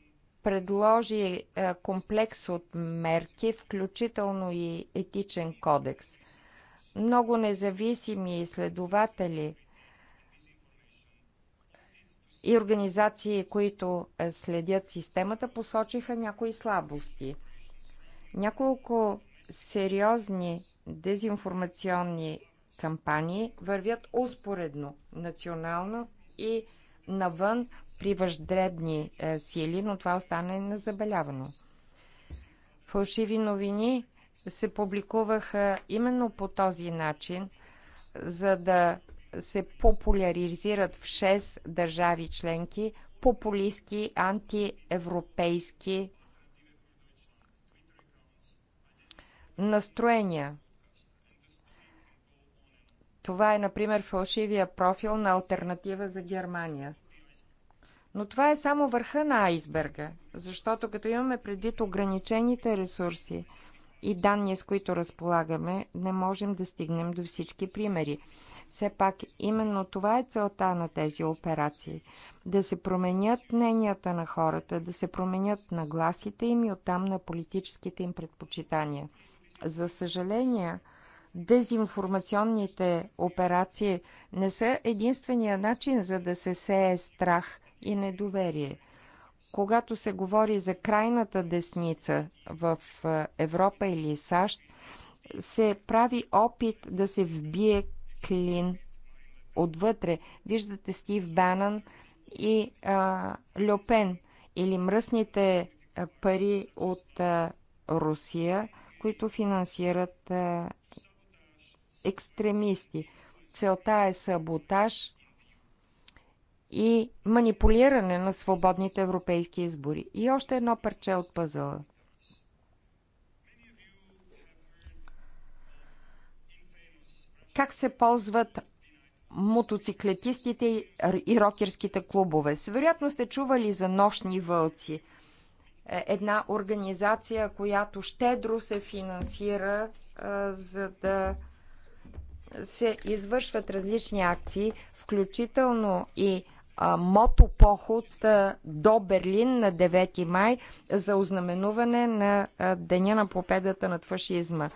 предложи комплекс от мерки, включително и етичен кодекс – много независими изследователи и организации, които е, следят системата, посочиха някои слабости. Няколко сериозни дезинформационни кампании вървят успоредно национално и навън при въждребни е, сили, но това остане незабелявано. Фалшиви новини се публикуваха именно по този начин, за да се популяризират в 6 държави членки популистски, антиевропейски настроения. Това е, например, фалшивия профил на альтернатива за Германия. Но това е само върха на айсберга, защото като имаме предвид ограничените ресурси – и данни, с които разполагаме, не можем да стигнем до всички примери. Все пак именно това е целта на тези операции да се променят мненията на хората, да се променят нагласите им и оттам на политическите им предпочитания. За съжаление, дезинформационните операции не са единствения начин за да се сее страх и недоверие когато се говори за крайната десница в Европа или САЩ, се прави опит да се вбие клин отвътре. Виждате Стив Банан и а, Люпен или мръсните пари от а, Русия, които финансират а, екстремисти. Целта е саботаж и манипулиране на свободните европейски избори. И още едно парче от пъзела. Как се ползват мотоциклетистите и рокерските клубове? Вероятно сте чували за нощни вълци. Е, една организация, която щедро се финансира, за да се извършват различни акции, включително и мотопоход до Берлин на 9 май за ознаменуване на Деня на победата над фашизма.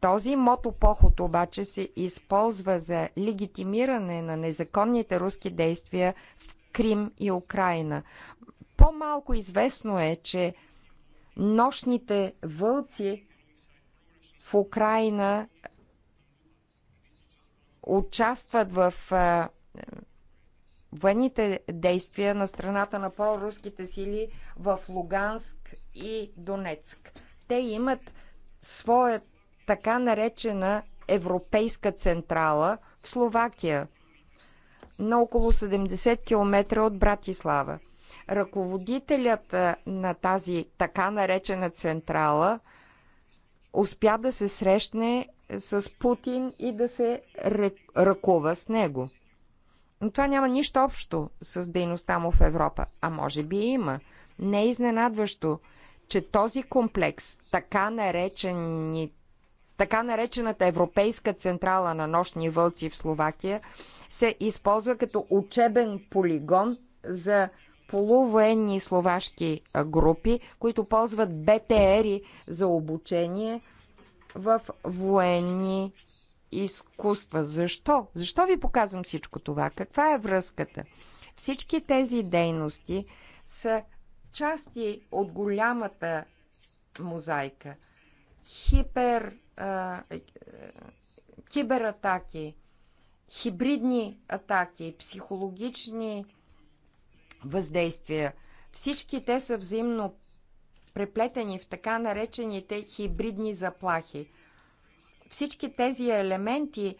Този мотопоход обаче се използва за легитимиране на незаконните руски действия в Крим и Украина. По-малко известно е, че нощните вълци в Украина участват в военните действия на страната на проруските сили в Луганск и Донецк. Те имат своя така наречена Европейска централа в Словакия, на около 70 км от Братислава. Ръководителят на тази така наречена централа успя да се срещне с Путин и да се ръкува с него. Но това няма нищо общо с дейността му в Европа. А може би има. Не е изненадващо, че този комплекс, така наречени, така наречената Европейска централа на нощни вълци в Словакия се използва като учебен полигон за полувоенни словашки групи, които ползват БТРи за обучение в военни изкуства. Защо? Защо ви показвам всичко това? Каква е връзката? Всички тези дейности са части от голямата мозайка. Хипер, а, е, кибератаки, хибридни атаки, психологични въздействия. Всички те са взаимно преплетени в така наречените хибридни заплахи – всички тези елементи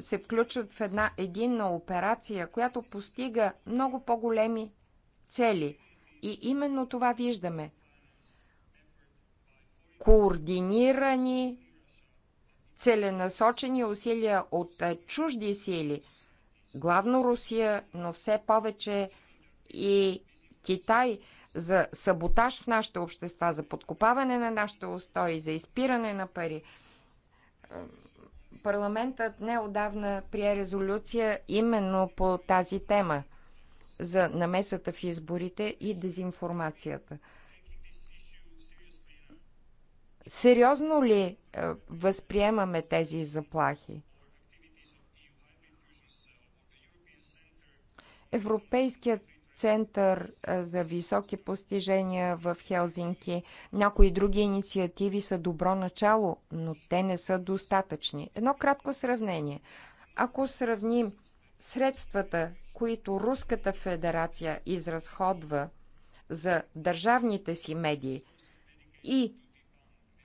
се включват в една единна операция, която постига много по-големи цели. И именно това виждаме. Координирани, целенасочени усилия от чужди сили, главно Русия, но все повече и Китай, за саботаж в нашите общества, за подкопаване на нашите устои, за изпиране на пари – Парламентът неодавна прие резолюция именно по тази тема за намесата в изборите и дезинформацията. Сериозно ли е, възприемаме тези заплахи? Европейският център за високи постижения в Хелзинки. Някои други инициативи са добро начало, но те не са достатъчни. Едно кратко сравнение. Ако сравним средствата, които Руската федерация изразходва за държавните си медии и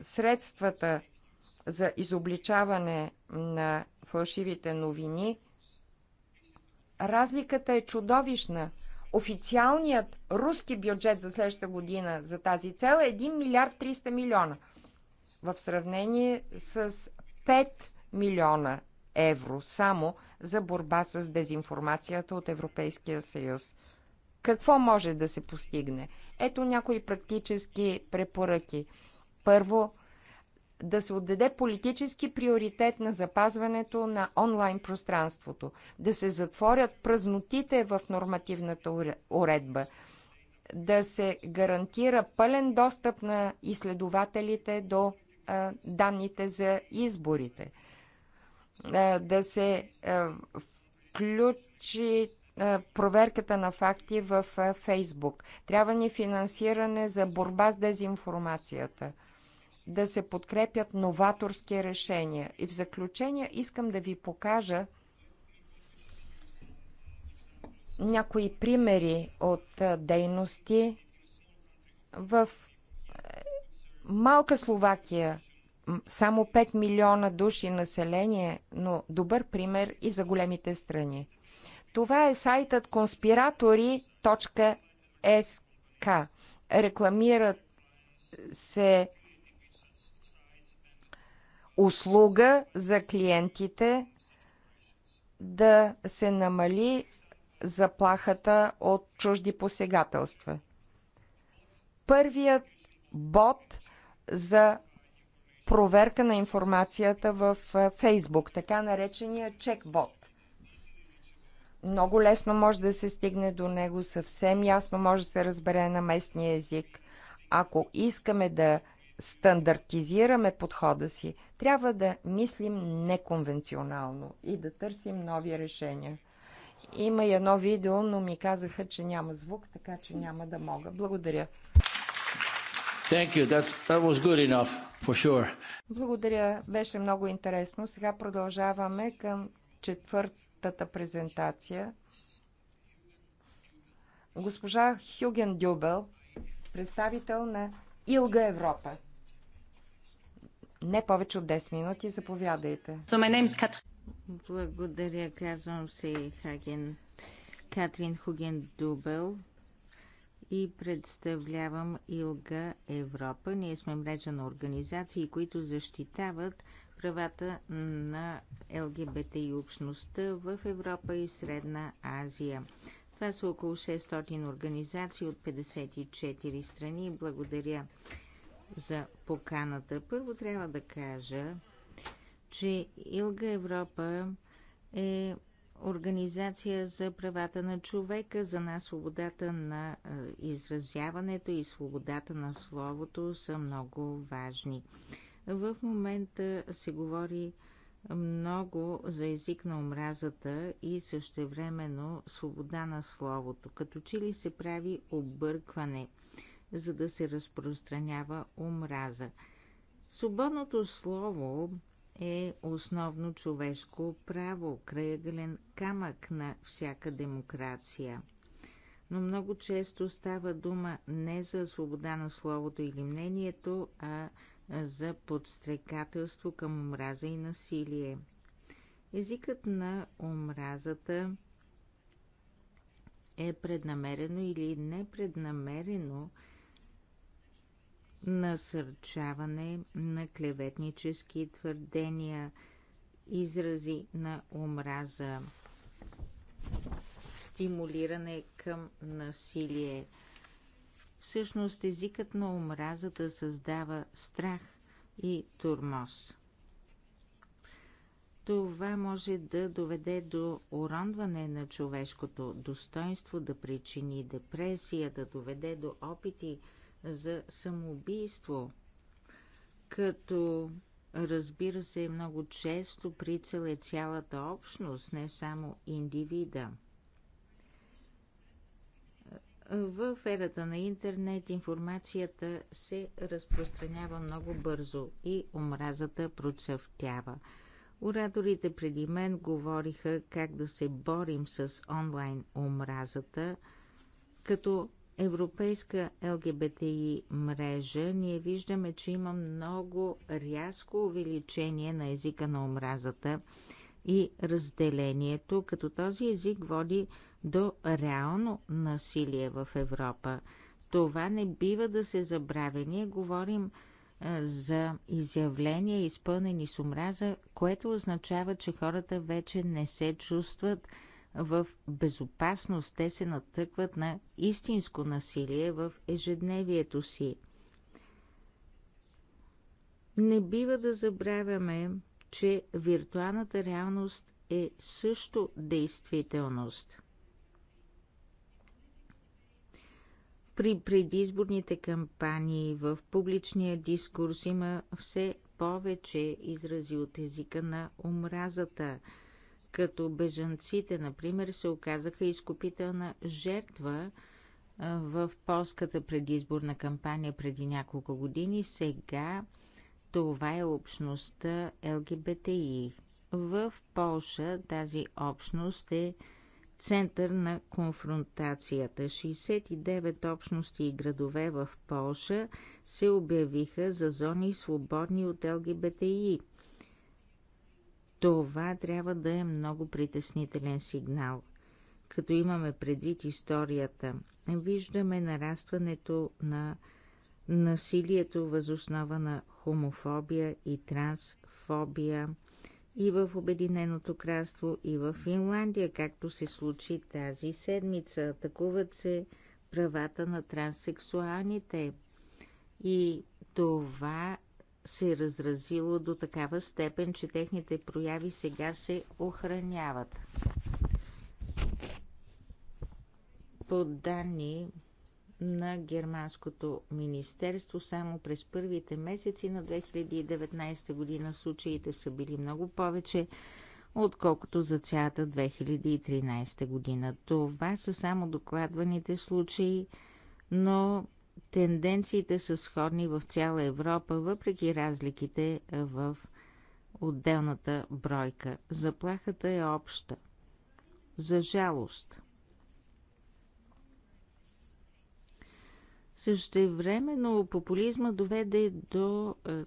средствата за изобличаване на фалшивите новини, разликата е чудовищна – официалният руски бюджет за следващата година за тази цел е 1 милиард 300 милиона. В сравнение с 5 милиона евро само за борба с дезинформацията от Европейския съюз. Какво може да се постигне? Ето някои практически препоръки. Първо, да се отдаде политически приоритет на запазването на онлайн пространството, да се затворят празнотите в нормативната уредба, да се гарантира пълен достъп на изследователите до а, данните за изборите, а, да се а, включи проверката на факти в Фейсбук. Трябва ни финансиране за борба с дезинформацията – да се подкрепят новаторски решения. И в заключение искам да ви покажа някои примери от дейности в малка Словакия, само 5 милиона души население, но добър пример и за големите страни. Това е сайтът conspiratori.sk. Рекламират се услуга за клиентите да се намали заплахата от чужди посегателства. Първият бот за проверка на информацията в е, Фейсбук, така наречения чекбот. Много лесно може да се стигне до него, съвсем ясно може да се разбере на местния език. Ако искаме да стандартизираме подхода си, трябва да мислим неконвенционално и да търсим нови решения. Има и едно видео, но ми казаха, че няма звук, така че няма да мога. Благодаря. Thank you. That's, that was good enough, for sure. Благодаря, беше много интересно. Сега продължаваме към четвъртата презентация. Госпожа Хюген Дюбел, представител на Илга Европа. Не повече от 10 минути, заповядайте. So my name is Katrin. Благодаря, казвам се Хаген. Катрин Хуген Дубел и представлявам Илга Европа. Ние сме мрежа на организации, които защитават правата на ЛГБТ и общността в Европа и Средна Азия. Това са около 600 организации от 54 страни. Благодаря за поканата. Първо трябва да кажа, че Илга Европа е Организация за правата на човека, за нас свободата на е, изразяването и свободата на словото са много важни. В момента се говори много за език на омразата и същевременно свобода на словото. Като че ли се прави объркване – за да се разпространява омраза. Свободното слово е основно човешко право, крайъгълен камък на всяка демокрация. Но много често става дума не за свобода на словото или мнението, а за подстрекателство към омраза и насилие. Езикът на омразата е преднамерено или непреднамерено насърчаване на клеветнически твърдения, изрази на омраза, стимулиране към насилие. Всъщност езикът на омразата създава страх и турмоз. Това може да доведе до уронване на човешкото достоинство, да причини депресия, да доведе до опити – за самоубийство. Като разбира се, много често прицел е цялата общност, не само индивида. В ерата на интернет информацията се разпространява много бързо и омразата процъфтява. Ораторите преди мен говориха как да се борим с онлайн омразата, като европейска ЛГБТИ мрежа ние виждаме, че има много рязко увеличение на езика на омразата и разделението, като този език води до реално насилие в Европа. Това не бива да се забравя. Ние говорим за изявления, изпълнени с омраза, което означава, че хората вече не се чувстват в безопасност. Те се натъкват на истинско насилие в ежедневието си. Не бива да забравяме, че виртуалната реалност е също действителност. При предизборните кампании в публичния дискурс има все повече изрази от езика на омразата – като бежанците, например, се оказаха изкупителна жертва в полската предизборна кампания преди няколко години. Сега това е общността ЛГБТИ. В Полша тази общност е център на конфронтацията. 69 общности и градове в Полша се обявиха за зони свободни от ЛГБТИ – това трябва да е много притеснителен сигнал. Като имаме предвид историята, виждаме нарастването на насилието възоснова на хомофобия и трансфобия и в Обединеното кралство, и в Финландия, както се случи тази седмица. Атакуват се правата на транссексуалните. И това се е разразило до такава степен, че техните прояви сега се охраняват. По данни на Германското министерство, само през първите месеци на 2019 година случаите са били много повече, отколкото за цялата 2013 година. Това са само докладваните случаи, но Тенденциите са сходни в цяла Европа, въпреки разликите в отделната бройка. Заплахата е обща. За жалост. Същевременно популизма доведе до е,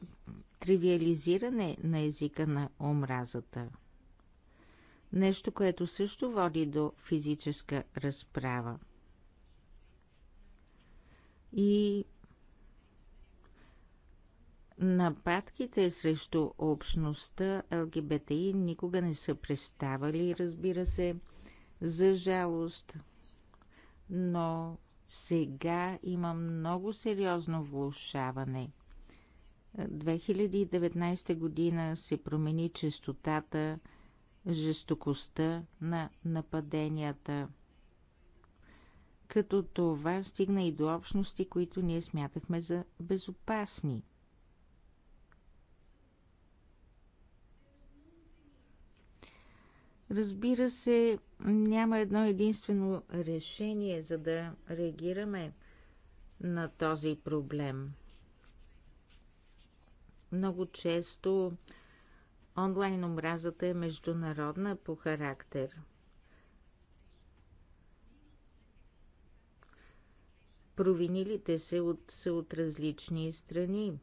тривиализиране на езика на омразата. Нещо, което също води до физическа разправа и Нападките срещу общността ЛГБТИ никога не са преставали, разбира се, за жалост, но сега има много сериозно влушаване. 2019 година се промени частотата, жестокостта на нападенията – като това стигна и до общности, които ние смятахме за безопасни. Разбира се, няма едно единствено решение, за да реагираме на този проблем. Много често онлайн омразата е международна по характер – провинилите се от, са от различни страни.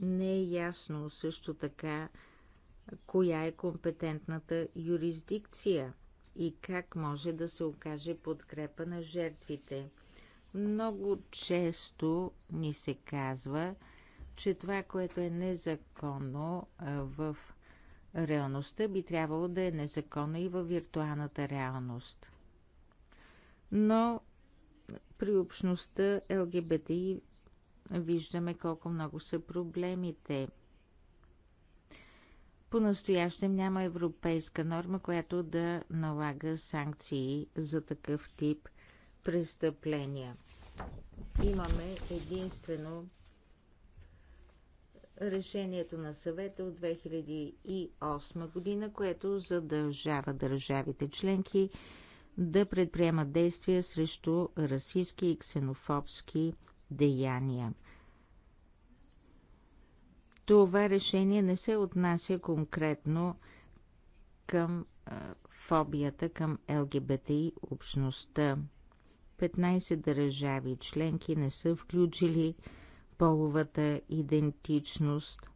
Не е ясно също така коя е компетентната юрисдикция и как може да се окаже подкрепа на жертвите. Много често ни се казва, че това, което е незаконно в реалността, би трябвало да е незаконно и в виртуалната реалност. Но при общността и виждаме колко много са проблемите. По-настоящем няма европейска норма, която да налага санкции за такъв тип престъпления. Имаме единствено решението на съвета от 2008 година, което задължава държавите членки да предприемат действия срещу расистски и ксенофобски деяния. Това решение не се отнася конкретно към фобията към ЛГБТИ общността. 15 държави членки не са включили половата идентичност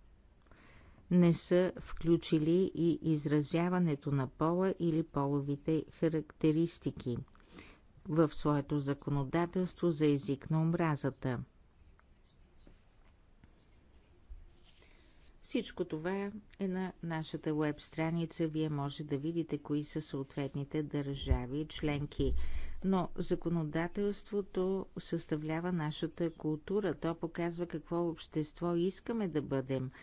не са включили и изразяването на пола или половите характеристики в своето законодателство за език на омразата. Всичко това е на нашата веб страница. Вие може да видите кои са съответните държави и членки. Но законодателството съставлява нашата култура. То показва какво общество искаме да бъдем –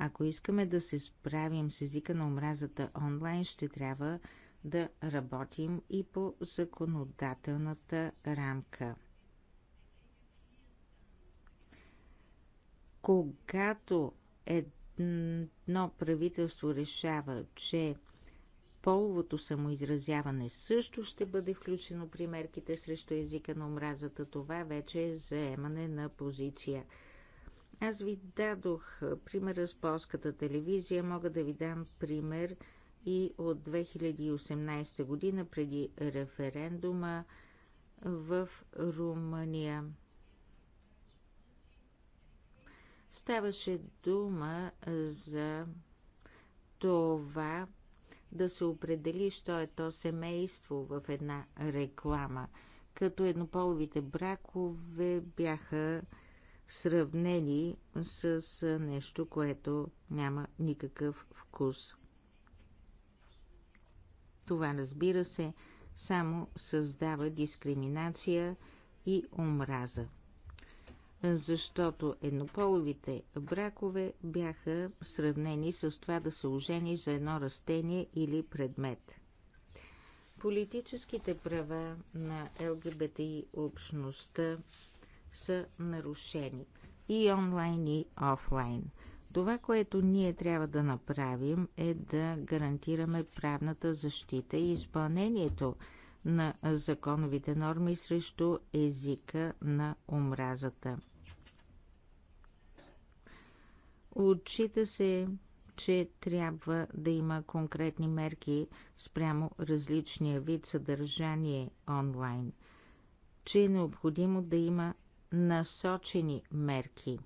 ако искаме да се справим с езика на омразата онлайн, ще трябва да работим и по законодателната рамка. Когато едно правителство решава, че половото самоизразяване също ще бъде включено при мерките срещу езика на омразата, това вече е заемане на позиция – аз ви дадох примера с полската телевизия, мога да ви дам пример и от 2018 година преди референдума в Румъния. Ставаше дума за това да се определи, що е то семейство в една реклама, като еднополовите бракове бяха сравнени с нещо, което няма никакъв вкус. Това, разбира се, само създава дискриминация и омраза. Защото еднополовите бракове бяха сравнени с това да се ожени за едно растение или предмет. Политическите права на ЛГБТИ общността са нарушени и онлайн и офлайн. Това, което ние трябва да направим е да гарантираме правната защита и изпълнението на законовите норми срещу езика на омразата. Отчита се, че трябва да има конкретни мерки спрямо различния вид съдържание онлайн, че е необходимо да има насочени мерки.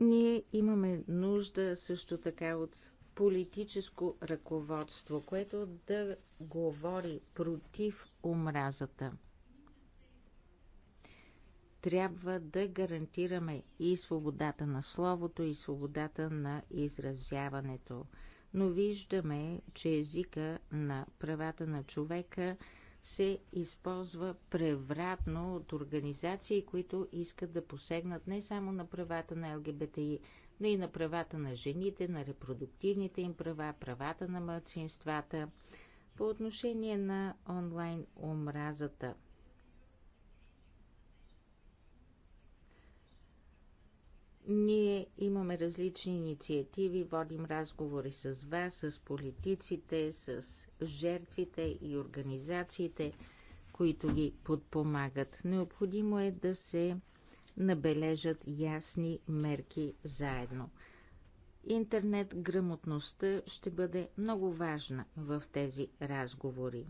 Ние имаме нужда също така от политическо ръководство, което да говори против омразата. Трябва да гарантираме и свободата на словото, и свободата на изразяването. Но виждаме, че езика на правата на човека – се използва превратно от организации, които искат да посегнат не само на правата на ЛГБТИ, но и на правата на жените, на репродуктивните им права, правата на младсинствата. По отношение на онлайн омразата – Ние имаме различни инициативи, водим разговори с вас, с политиците, с жертвите и организациите, които ги подпомагат. Необходимо е да се набележат ясни мерки заедно. Интернет грамотността ще бъде много важна в тези разговори.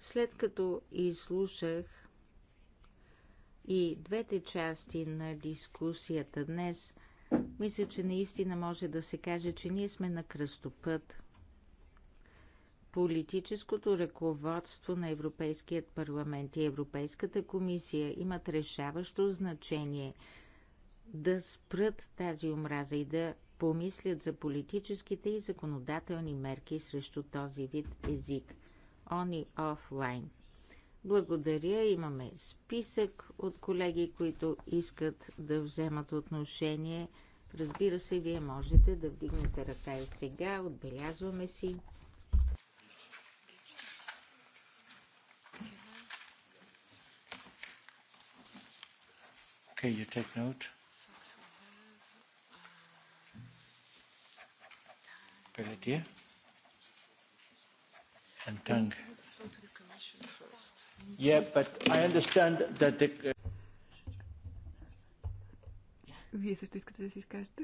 След като изслушах и двете части на дискусията днес, мисля, че наистина може да се каже, че ние сме на кръстопът. Политическото ръководство на Европейският парламент и Европейската комисия имат решаващо значение да спрат тази омраза и да помислят за политическите и законодателни мерки срещу този вид език. Они офлайн – благодаря. Имаме списък от колеги, които искат да вземат отношение. Разбира се, вие можете да вдигнете ръка и сега. Отбелязваме си. Okay, you take note. Pelletier and Tang. Mm-hmm. Вие също искате да се изкажете?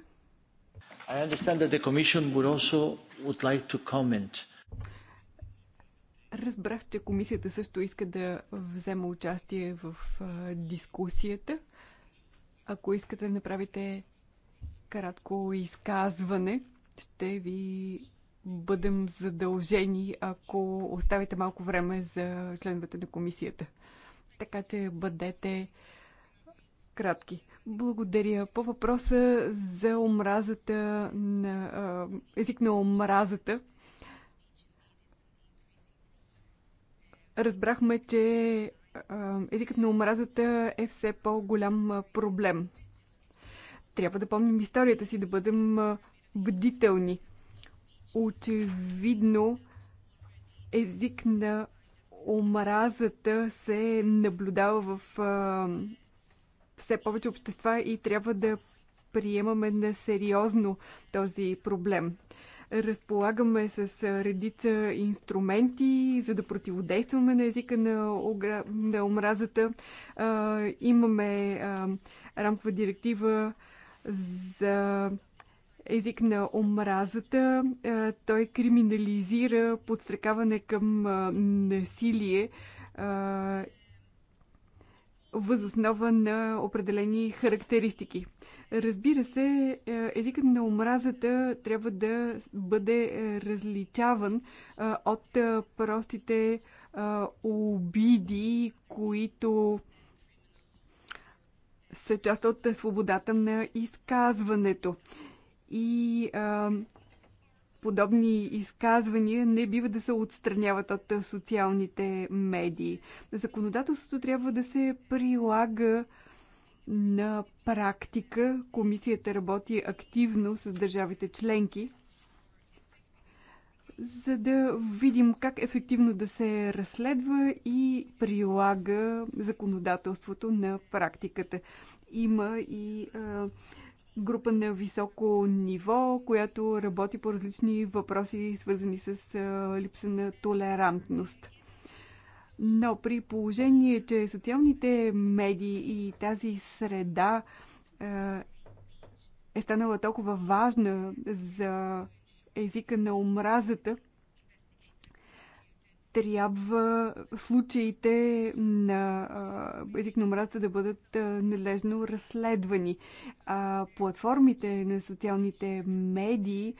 I understand that the commission would also would like to comment. Разбрах, че комисията също иска да взема участие в дискусията. Ако искате да направите кратко изказване, ще ви бъдем задължени, ако оставите малко време за членовете на комисията. Така че бъдете кратки. Благодаря. По въпроса за омразата на а, език на омразата. Разбрахме, че а, езикът на омразата е все по-голям проблем. Трябва да помним историята си, да бъдем бдителни. Очевидно, език на омразата се наблюдава в а, все повече общества и трябва да приемаме на сериозно този проблем. Разполагаме с редица инструменти, за да противодействаме на езика на, огра... на омразата. А, имаме а, рамкова директива за език на омразата. Той криминализира подстрекаване към насилие възоснова на определени характеристики. Разбира се, езикът на омразата трябва да бъде различаван от простите обиди, които са част от свободата на изказването и а, подобни изказвания не бива да се отстраняват от социалните медии. Законодателството трябва да се прилага на практика. Комисията работи активно с държавите членки, за да видим как ефективно да се разследва и прилага законодателството на практиката. Има и а, група на високо ниво, която работи по различни въпроси, свързани с липса на толерантност. Но при положение, че социалните медии и тази среда е станала толкова важна за езика на омразата, трябва случаите на език на омразата да бъдат надлежно разследвани. А платформите на социалните медии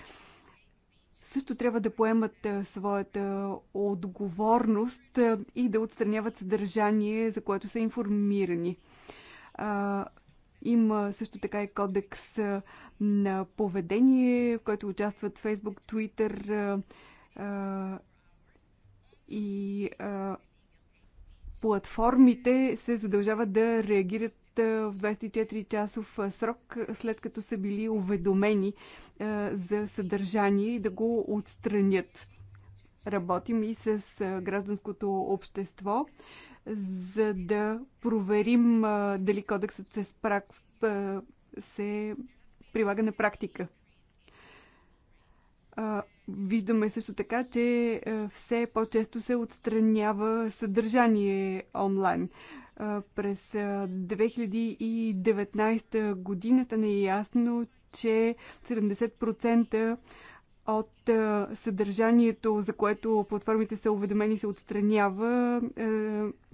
също трябва да поемат своята отговорност и да отстраняват съдържание, за което са информирани. Има също така и кодекс на поведение, в който участват Facebook, Twitter, и а, платформите се задължават да реагират в 24-часов срок, след като са били уведомени а, за съдържание и да го отстранят. Работим и с гражданското общество, за да проверим а, дали кодексът се, спрак, а, се прилага на практика. Виждаме също така, че е, все по-често се отстранява съдържание онлайн. Е, през 2019 е, година е ясно, че 70% от съдържанието, за което платформите са уведомени, се отстранява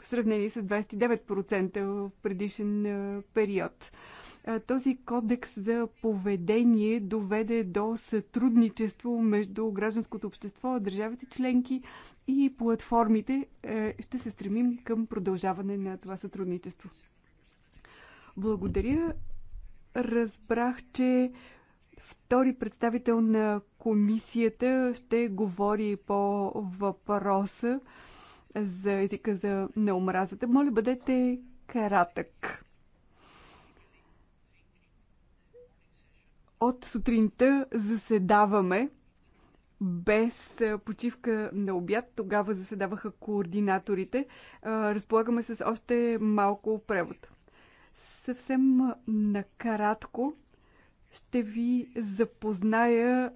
в сравнение с 29% в предишен период. Този кодекс за поведение доведе до сътрудничество между гражданското общество, държавите членки и платформите. Е, ще се стремим към продължаване на това сътрудничество. Благодаря. Разбрах, че втори представител на комисията ще говори по въпроса за езика за, неомразата. Моля, бъдете кратък. От сутринта заседаваме без почивка на обяд. Тогава заседаваха координаторите. Разполагаме с още малко превод. Съвсем накратко ще ви запозная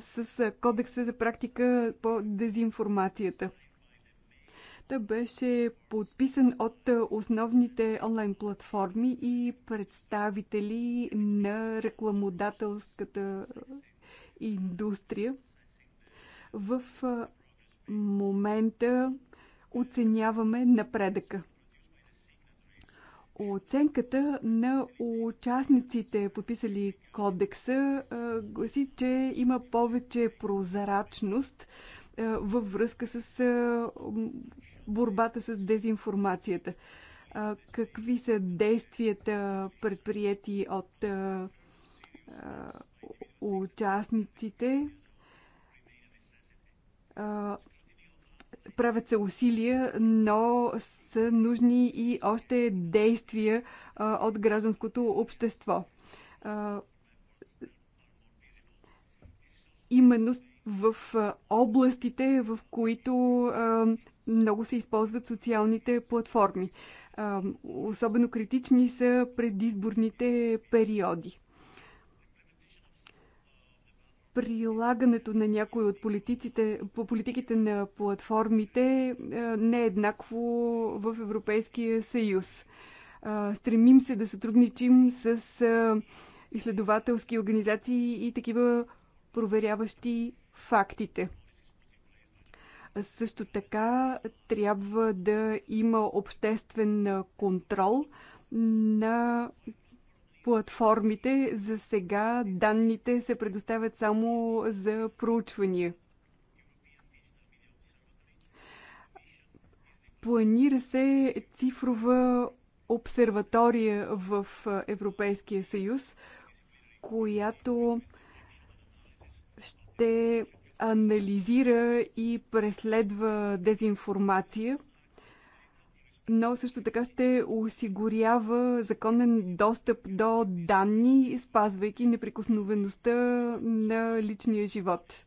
с кодекса за практика по дезинформацията – проекта беше подписан от е, основните онлайн платформи и представители на рекламодателската е, индустрия. В е, момента оценяваме напредъка. Оценката на участниците, подписали кодекса, гласи, че има повече прозрачност във връзка с борбата с дезинформацията. Какви са действията предприяти от участниците? правят се усилия, но са нужни и още действия от гражданското общество. именно в областите, в които много се използват социалните платформи. Особено критични са предизборните периоди. Прилагането на някои от политиците, по политиките на платформите не е еднакво в Европейския съюз. Стремим се да сътрудничим с изследователски организации и такива проверяващи фактите. Също така трябва да има обществен контрол на платформите. За сега данните се предоставят само за проучвания. Планира се цифрова обсерватория в Европейския съюз, която те анализира и преследва дезинформация, но също така ще осигурява законен достъп до данни, спазвайки неприкосновеността на личния живот.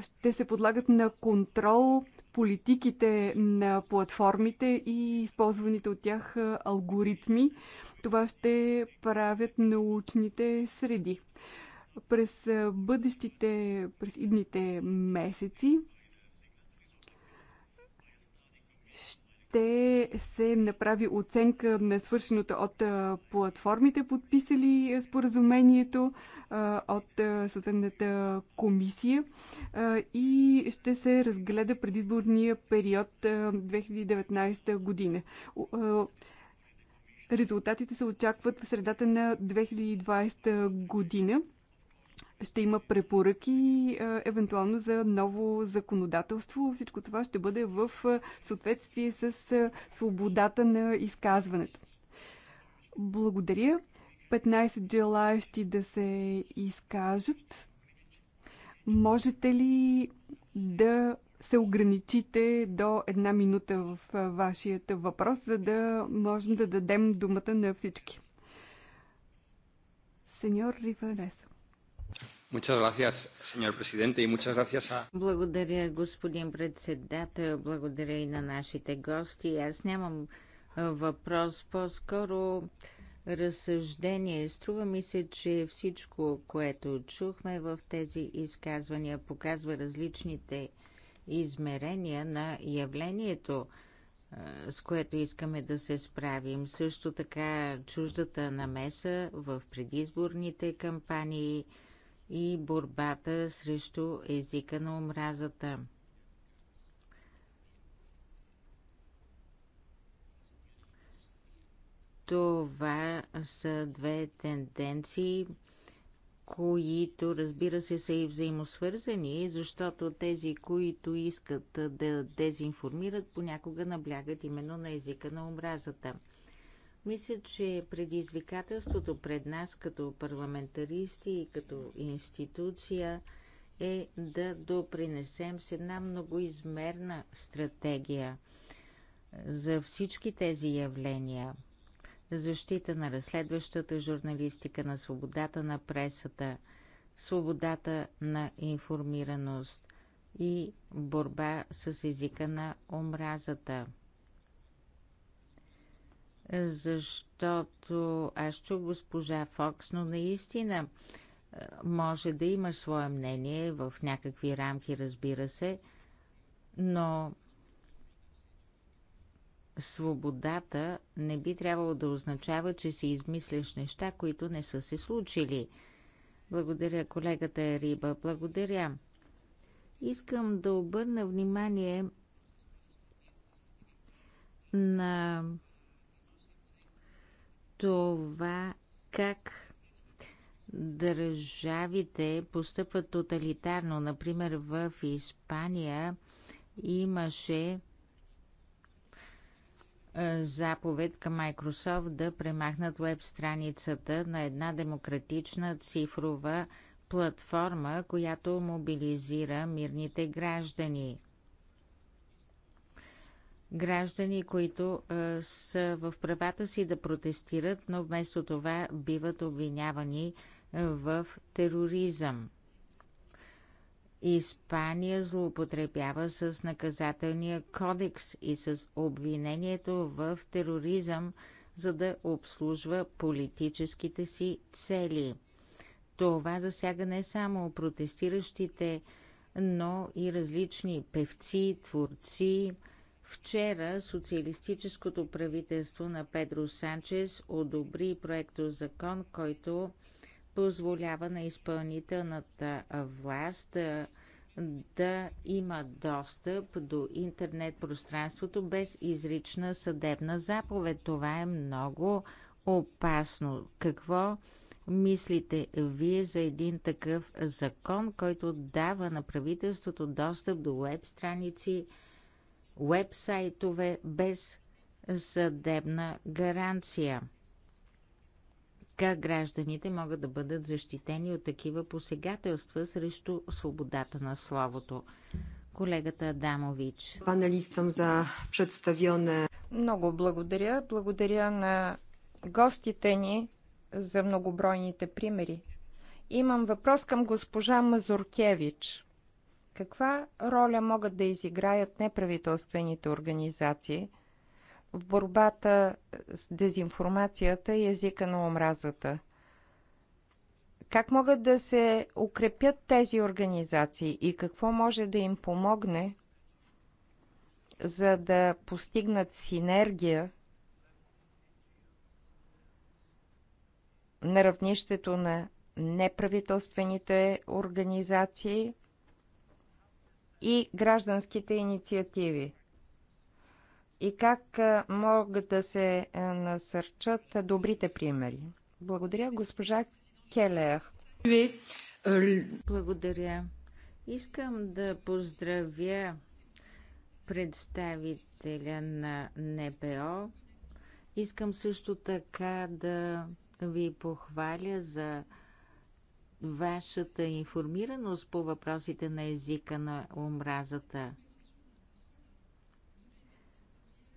Ще се подлагат на контрол политиките на платформите и използваните от тях алгоритми. Това ще правят научните среди. През бъдещите, през идните месеци ще се направи оценка на свършеното от платформите, подписали споразумението от съответната комисия и ще се разгледа предизборния период 2019 година. Резултатите се очакват в средата на 2020 година ще има препоръки, е, евентуално за ново законодателство. Всичко това ще бъде в е, съответствие с е, свободата на изказването. Благодаря. 15 желаящи да се изкажат. Можете ли да се ограничите до една минута в вашия въпрос, за да можем да дадем думата на всички? Сеньор Ривареса. Благодаря, господин председател. Благодаря и на нашите гости. Аз нямам въпрос, по-скоро разсъждение. Струва ми се, че всичко, което чухме в тези изказвания, показва различните измерения на явлението, с което искаме да се справим. Също така чуждата намеса в предизборните кампании – и борбата срещу езика на омразата. Това са две тенденции, които разбира се са и взаимосвързани, защото тези, които искат да дезинформират, понякога наблягат именно на езика на омразата – мисля, че предизвикателството пред нас като парламентаристи и като институция е да допринесем с една многоизмерна стратегия за всички тези явления. Защита на разследващата журналистика, на свободата на пресата, свободата на информираност и борба с езика на омразата – защото аз чух госпожа Фокс, но наистина е, може да има свое мнение в някакви рамки, разбира се, но свободата не би трябвало да означава, че си измисляш неща, които не са се случили. Благодаря, колегата е Риба. Благодаря. Искам да обърна внимание на това как държавите постъпват тоталитарно. Например, в Испания имаше заповед към Microsoft да премахнат веб страницата на една демократична цифрова платформа, която мобилизира мирните граждани граждани, които а, са в правата си да протестират, но вместо това биват обвинявани в тероризъм. Испания злоупотребява с наказателния кодекс и с обвинението в тероризъм, за да обслужва политическите си цели. Това засяга не само протестиращите, но и различни певци, творци, Вчера социалистическото правителство на Педро Санчес одобри проекто закон, който позволява на изпълнителната власт да има достъп до интернет пространството без изрична съдебна заповед. Това е много опасно. Какво мислите вие за един такъв закон, който дава на правителството достъп до веб страници, вебсайтове без съдебна гаранция. Как гражданите могат да бъдат защитени от такива посегателства срещу свободата на словото? Колегата Адамович. Панелистам за представяне. Много благодаря. Благодаря на гостите ни за многобройните примери. Имам въпрос към госпожа Мазуркевич. Каква роля могат да изиграят неправителствените организации в борбата с дезинформацията и езика на омразата? Как могат да се укрепят тези организации и какво може да им помогне, за да постигнат синергия на равнището на неправителствените организации – и гражданските инициативи? И как могат да се насърчат добрите примери? Благодаря, госпожа Келер. Благодаря. Искам да поздравя представителя на НПО. Искам също така да ви похваля за вашата информираност по въпросите на езика на омразата.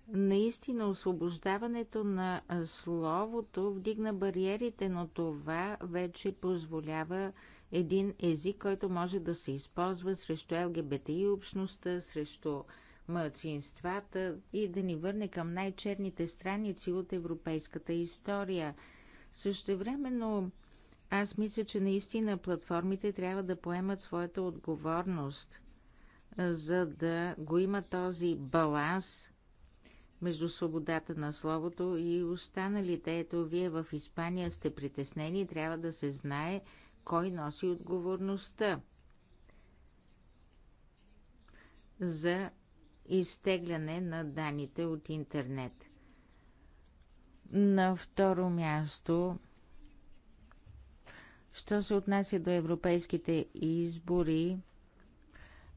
Наистина освобождаването на словото вдигна бариерите, но това вече позволява един език, който може да се използва срещу ЛГБТ и общността, срещу мълцинствата и да ни върне към най-черните страници от европейската история. Същевременно времено аз мисля, че наистина платформите трябва да поемат своята отговорност, за да го има този баланс между свободата на словото и останалите. Ето, вие в Испания сте притеснени и трябва да се знае кой носи отговорността за изтегляне на данните от интернет. На второ място Що се отнася до европейските избори,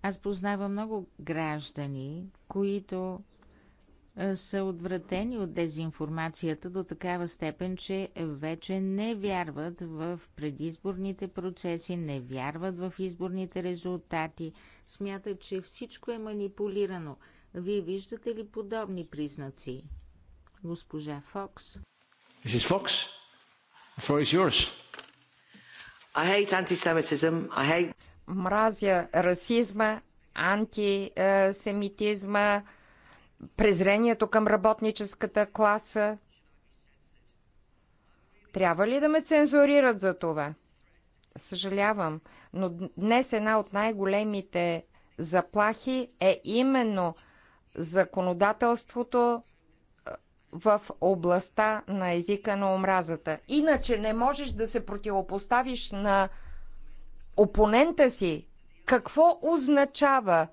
аз познавам много граждани, които са отвратени от дезинформацията до такава степен, че вече не вярват в предизборните процеси, не вярват в изборните резултати, смятат, че всичко е манипулирано. Вие виждате ли подобни признаци? Госпожа Фокс. Фокс, the floor is yours. Hate... Мразя расизма, антисемитизма, презрението към работническата класа. Трябва ли да ме цензурират за това? Съжалявам, но днес една от най-големите заплахи е именно законодателството в областта на езика на омразата. Иначе не можеш да се противопоставиш на опонента си. Какво означава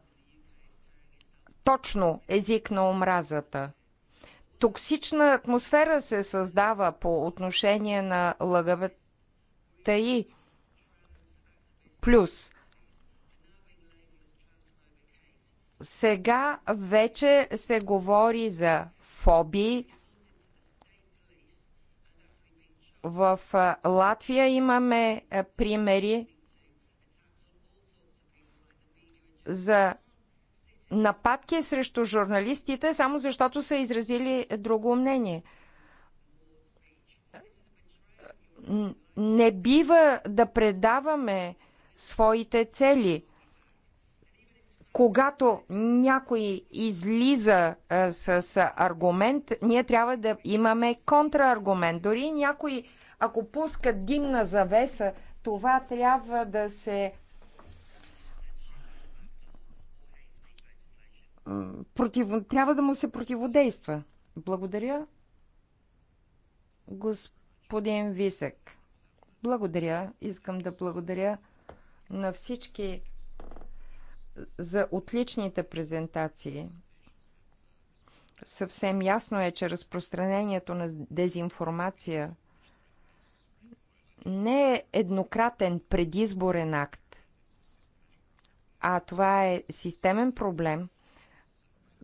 точно език на омразата? Токсична атмосфера се създава по отношение на лъгавата и Плюс – сега вече се говори за фобии. В Латвия имаме примери за нападки срещу журналистите, само защото са изразили друго мнение. Не бива да предаваме своите цели – когато някой излиза а, с, с аргумент, ние трябва да имаме контрааргумент. Дори някой, ако пуска димна завеса, това трябва да се против... трябва да му се противодейства. Благодаря, господин Висек. Благодаря. Искам да благодаря на всички за отличните презентации. Съвсем ясно е, че разпространението на дезинформация не е еднократен предизборен акт, а това е системен проблем,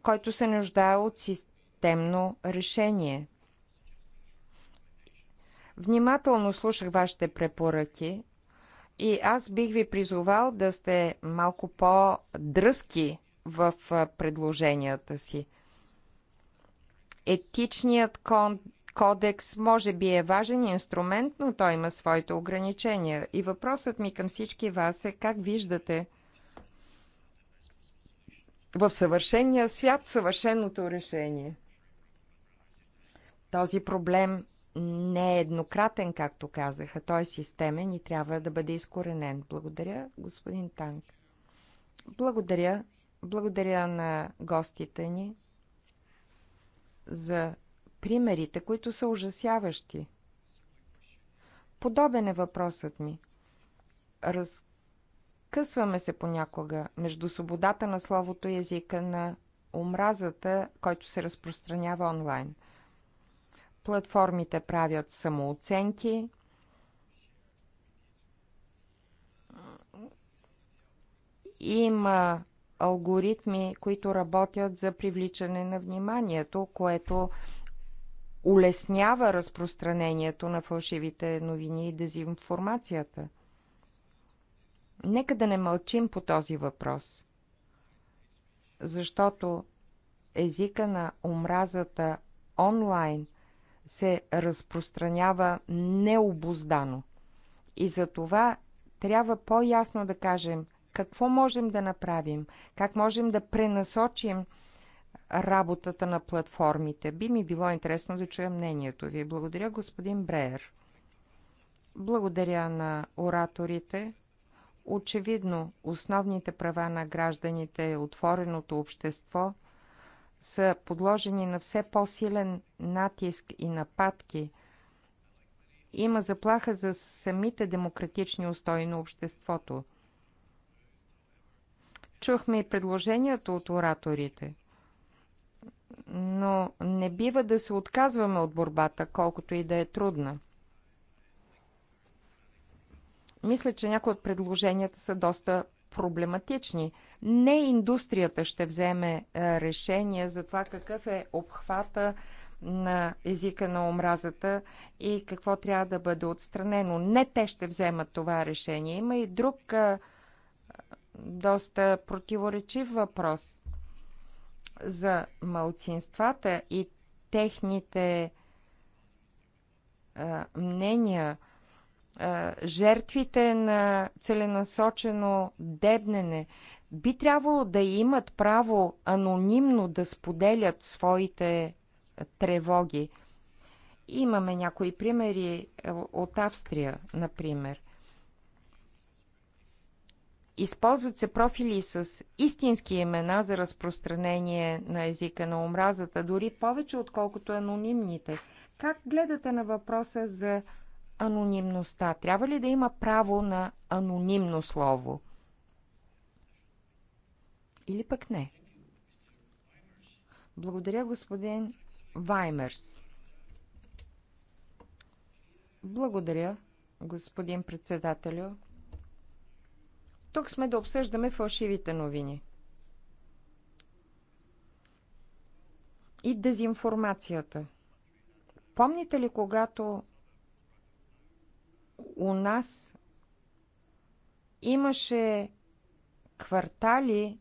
който се нуждае от системно решение. Внимателно слушах вашите препоръки – и аз бих ви призовал да сте малко по-дръзки в предложенията си. Етичният кодекс може би е важен инструмент, но той има своите ограничения. И въпросът ми към всички вас е как виждате в съвършения свят съвършеното решение. Този проблем не е еднократен, както казаха. Той е системен и трябва да бъде изкоренен. Благодаря, господин Танк. Благодаря. Благодаря на гостите ни за примерите, които са ужасяващи. Подобен е въпросът ми. Разкъсваме се понякога между свободата на словото и езика на омразата, който се разпространява онлайн – Платформите правят самооценки. Има алгоритми, които работят за привличане на вниманието, което улеснява разпространението на фалшивите новини и дезинформацията. Нека да не мълчим по този въпрос, защото езика на омразата онлайн се разпространява необуздано. И за това трябва по-ясно да кажем какво можем да направим, как можем да пренасочим работата на платформите. Би ми било интересно да чуя мнението ви. Благодаря, господин Бреер. Благодаря на ораторите. Очевидно, основните права на гражданите, отвореното общество – са подложени на все по-силен натиск и нападки. Има заплаха за самите демократични устои на обществото. Чухме и предложението от ораторите. Но не бива да се отказваме от борбата, колкото и да е трудна. Мисля, че някои от предложенията са доста проблематични. Не индустрията ще вземе е, решение за това какъв е обхвата на езика на омразата и какво трябва да бъде отстранено. Не те ще вземат това решение. Има и друг е, доста противоречив въпрос за малцинствата и техните е, мнения – жертвите на целенасочено дебнене би трябвало да имат право анонимно да споделят своите тревоги. Имаме някои примери е, от Австрия, например. Използват се профили с истински имена за разпространение на езика на омразата, дори повече отколкото анонимните. Как гледате на въпроса за анонимността? Трябва ли да има право на анонимно слово? Или пък не? Благодаря, господин Ваймерс. Благодаря, господин председателю. Тук сме да обсъждаме фалшивите новини. И дезинформацията. Помните ли, когато у нас имаше квартали,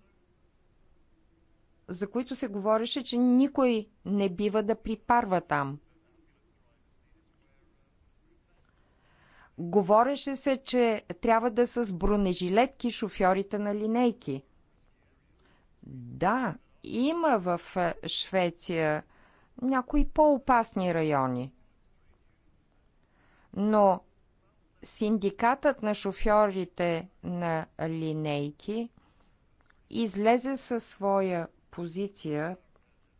за които се говореше, че никой не бива да припарва там. Говореше се, че трябва да са с бронежилетки шофьорите на линейки. Да, има в е, Швеция някои по-опасни райони. Но Синдикатът на шофьорите на линейки излезе със своя позиция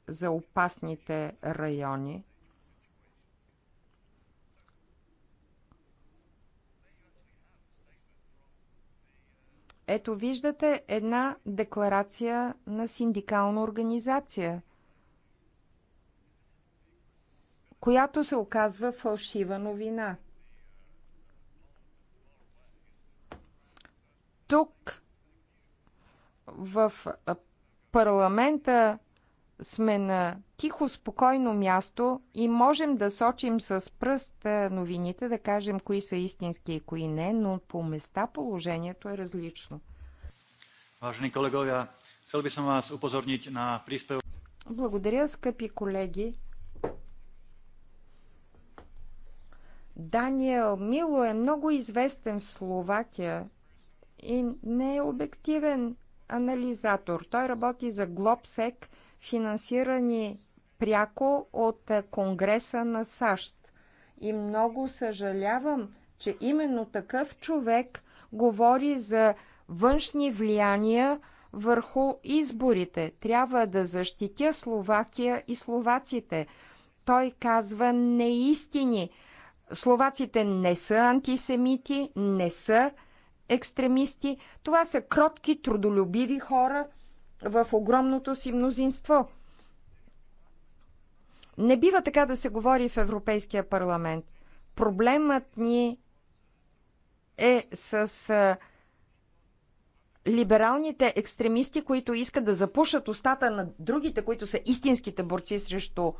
за опасните райони. Ето виждате една декларация на синдикална организация, която се оказва фалшива новина – Тук в парламента сме на тихо, спокойно място и можем да сочим с пръст новините, да кажем кои са истински и кои не, но по места положението е различно. Важни колеги, сел би съм вас упозорнить на приспев... Благодаря, скъпи колеги. Даниел Мило е много известен в Словакия и не е обективен анализатор. Той работи за Глобсек, финансирани пряко от е, Конгреса на САЩ. И много съжалявам, че именно такъв човек говори за външни влияния върху изборите. Трябва да защитя Словакия и словаците. Той казва неистини. Словаците не са антисемити, не са екстремисти. Това са кротки, трудолюбиви хора в огромното си мнозинство. Не бива така да се говори в Европейския парламент. Проблемът ни е с либералните екстремисти, които искат да запушат устата на другите, които са истинските борци срещу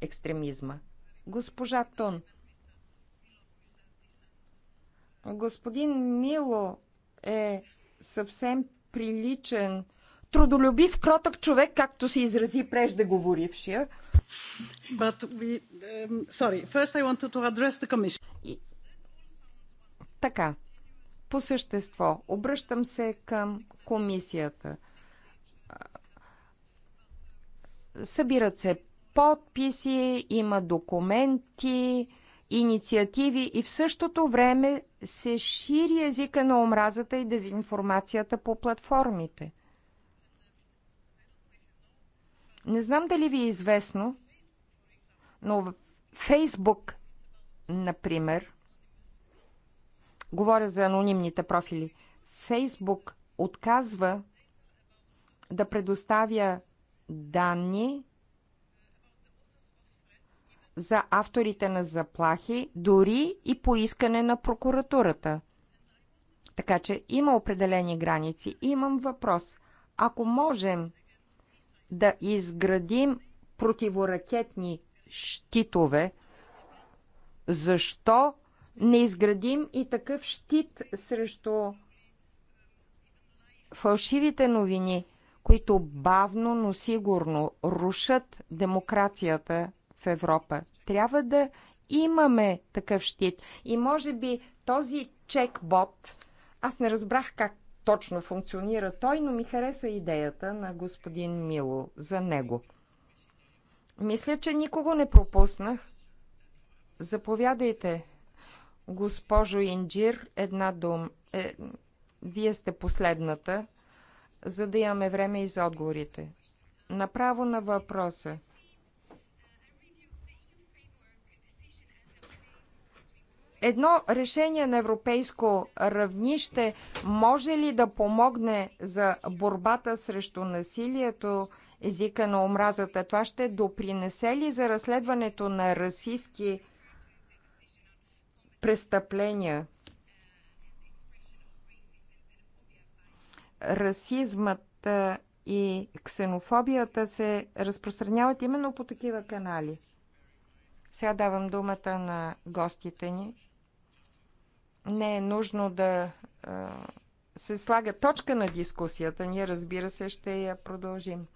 екстремизма. Госпожа Тон. Господин Мило е съвсем приличен, трудолюбив, кротък човек, както се изрази преждеговорившия. But we, um, sorry, first I wanted to address the commission. И... Така, по същество, обръщам се към комисията. Събират се подписи, има документи, инициативи и в същото време се шири езика на омразата и дезинформацията по платформите. Не знам дали ви е известно, но в Фейсбук, например, говоря за анонимните профили, Фейсбук отказва да предоставя данни за авторите на заплахи, дори и по искане на прокуратурата. Така че има определени граници. И имам въпрос. Ако можем да изградим противоракетни щитове, защо не изградим и такъв щит срещу фалшивите новини, които бавно, но сигурно рушат демокрацията в Европа трябва да имаме такъв щит. И може би този чекбот, аз не разбрах как точно функционира той, но ми хареса идеята на господин Мило за него. Мисля, че никого не пропуснах. Заповядайте, госпожо Инджир, една дума, Е, вие сте последната, за да имаме време и за отговорите. Направо на въпроса. Едно решение на европейско равнище може ли да помогне за борбата срещу насилието, езика на омразата? Това ще допринесе ли за разследването на расистски престъпления? Расизмът и ксенофобията се разпространяват именно по такива канали. Сега давам думата на гостите ни не е нужно да се слага точка на дискусията. Ние, разбира се, ще я продължим.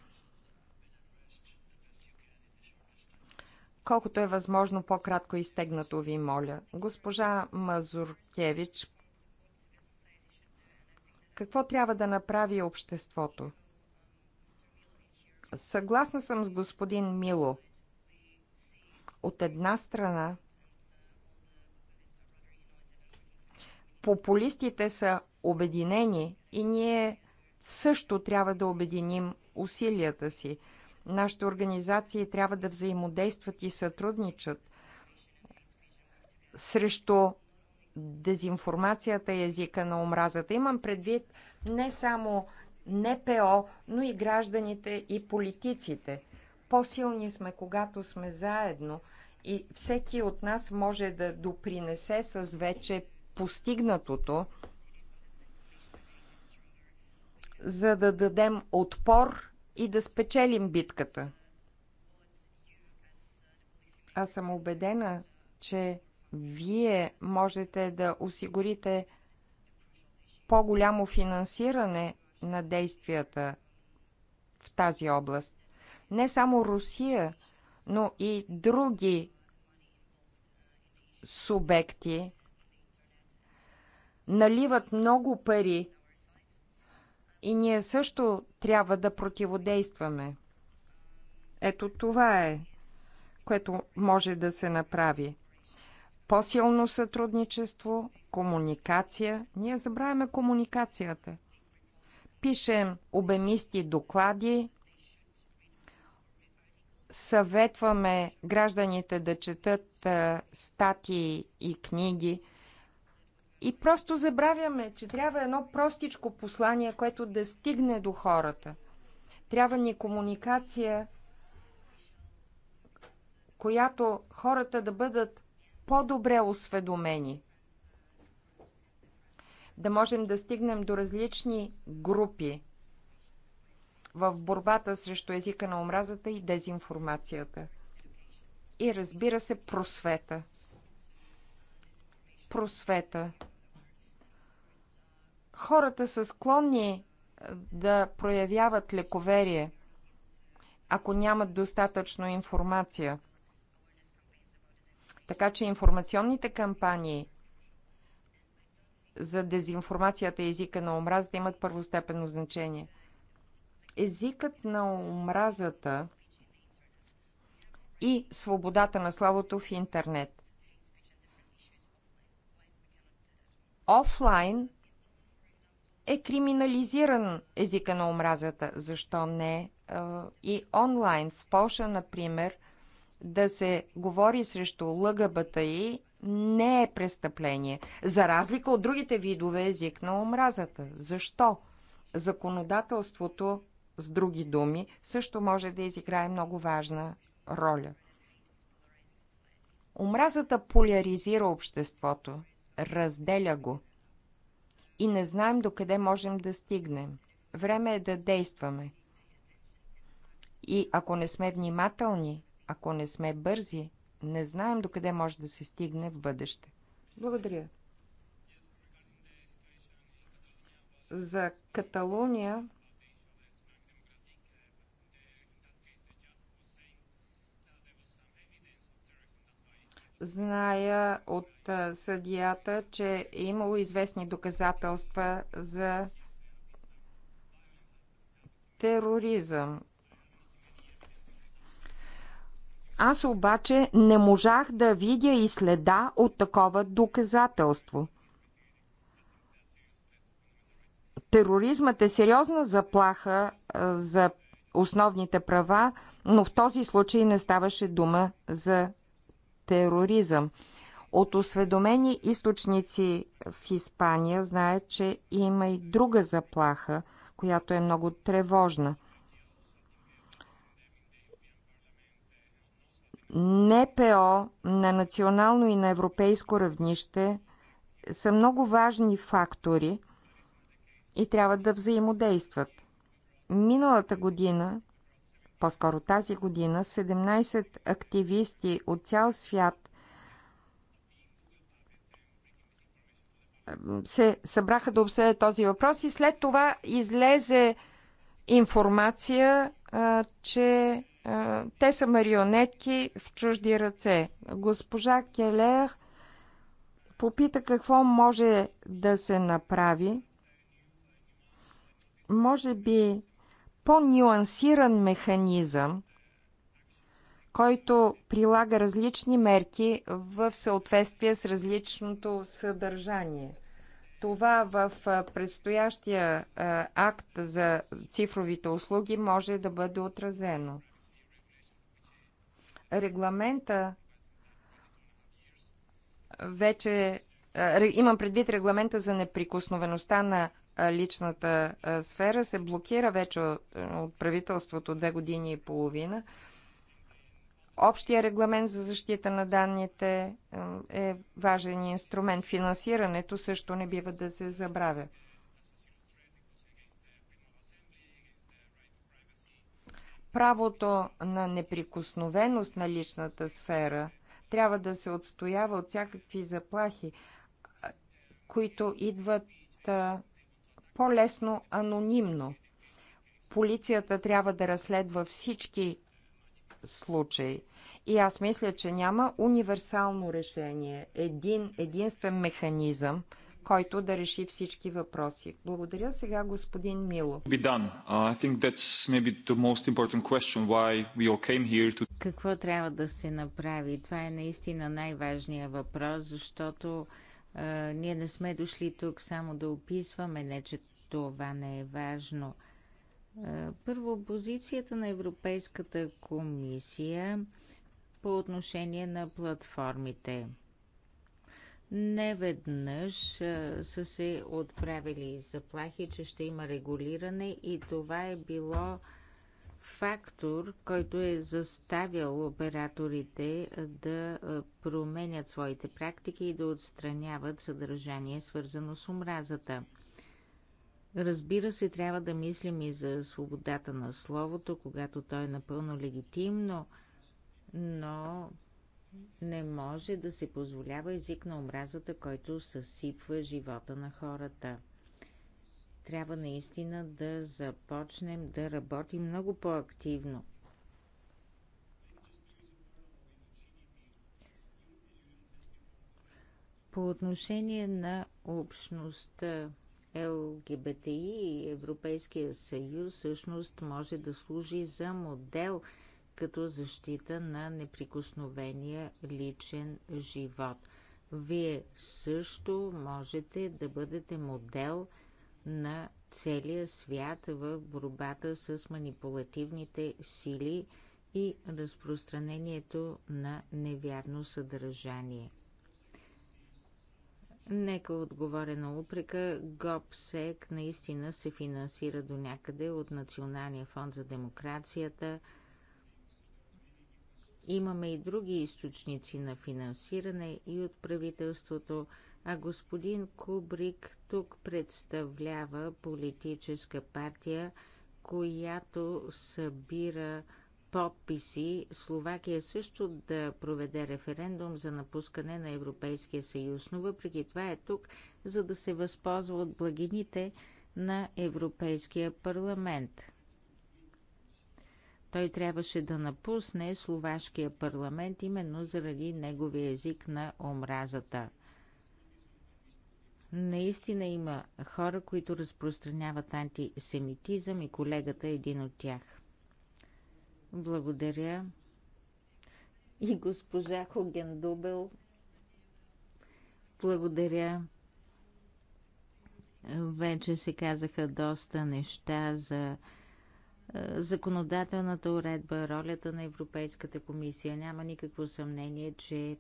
Колкото е възможно по-кратко изтегнато ви моля. Госпожа Мазуркевич, какво трябва да направи обществото? Съгласна съм с господин Мило. От една страна, Популистите са обединени и ние също трябва да обединим усилията си. Нашите организации трябва да взаимодействат и сътрудничат срещу дезинформацията и езика на омразата. Имам предвид не само НПО, но и гражданите и политиците. По-силни сме, когато сме заедно и всеки от нас може да допринесе с вече постигнатото, за да дадем отпор и да спечелим битката. Аз съм убедена, че вие можете да осигурите по-голямо финансиране на действията в тази област. Не само Русия, но и други субекти – наливат много пари и ние също трябва да противодействаме. Ето това е, което може да се направи. По-силно сътрудничество, комуникация. Ние забравяме комуникацията. Пишем обемисти доклади, съветваме гражданите да четат статии и книги – и просто забравяме, че трябва едно простичко послание, което да стигне до хората. Трябва ни комуникация, която хората да бъдат по-добре осведомени. Да можем да стигнем до различни групи в борбата срещу езика на омразата и дезинформацията. И разбира се, просвета. Просвета хората са склонни е, да проявяват лековерие, ако нямат достатъчно информация. Така че информационните кампании за дезинформацията и езика на омразата имат първостепенно значение. Езикът на омразата и свободата на славото в интернет. Офлайн е криминализиран езика на омразата. Защо не? Е, и онлайн, в Польша, например, да се говори срещу лъгъбата и не е престъпление, за разлика от другите видове език на омразата. Защо? Законодателството, с други думи, също може да изиграе много важна роля. Омразата поляризира обществото, разделя го – и не знаем докъде можем да стигнем. Време е да действаме. И ако не сме внимателни, ако не сме бързи, не знаем докъде може да се стигне в бъдеще. Благодаря. За Каталуния Зная от съдията, че е имало известни доказателства за тероризъм. Аз обаче не можах да видя и следа от такова доказателство. Тероризмът е сериозна заплаха за основните права, но в този случай не ставаше дума за тероризъм. От осведомени източници в Испания знаят, че има и друга заплаха, която е много тревожна. НПО на национално и на европейско равнище са много важни фактори и трябва да взаимодействат. Миналата година по-скоро тази година, 17 активисти от цял свят се събраха да обсъдят този въпрос и след това излезе информация, че те са марионетки в чужди ръце. Госпожа Келер попита какво може да се направи. Може би по-нюансиран механизъм, който прилага различни мерки в съответствие с различното съдържание. Това в предстоящия акт за цифровите услуги може да бъде отразено. Регламента вече имам предвид регламента за неприкосновеността на личната сфера се блокира вече от правителството две години и половина. Общия регламент за защита на данните е важен инструмент. Финансирането също не бива да се забравя. Правото на неприкосновеност на личната сфера трябва да се отстоява от всякакви заплахи, които идват по-лесно анонимно. Полицията трябва да разследва всички случаи. И аз мисля, че няма универсално решение, един единствен механизъм, който да реши всички въпроси. Благодаря сега господин Мило. Uh, Какво трябва да се направи? Това е наистина най-важният въпрос, защото ние не сме дошли тук само да описваме, не че това не е важно. Първо, позицията на Европейската комисия по отношение на платформите. Неведнъж са се отправили заплахи, че ще има регулиране и това е било фактор, който е заставял операторите да променят своите практики и да отстраняват съдържание, свързано с омразата. Разбира се, трябва да мислим и за свободата на словото, когато то е напълно легитимно, но не може да се позволява език на омразата, който съсипва живота на хората трябва наистина да започнем да работим много по-активно. По отношение на общността ЛГБТИ и Европейския съюз всъщност може да служи за модел като защита на неприкосновения личен живот. Вие също можете да бъдете модел – на целия свят в борбата с манипулативните сили и разпространението на невярно съдържание. Нека отговоря на упрека. ГОПСЕК наистина се финансира до някъде от Националния фонд за демокрацията. Имаме и други източници на финансиране и от правителството – а господин Кубрик тук представлява политическа партия, която събира подписи Словакия също да проведе референдум за напускане на Европейския съюз, но въпреки това е тук, за да се възползва от благините на Европейския парламент. Той трябваше да напусне Словашкия парламент именно заради неговия език на омразата – Наистина има хора, които разпространяват антисемитизъм и колегата е един от тях. Благодаря. И госпожа Хоген Дубел. Благодаря. Вече се казаха доста неща за законодателната уредба, ролята на Европейската комисия. Няма никакво съмнение, че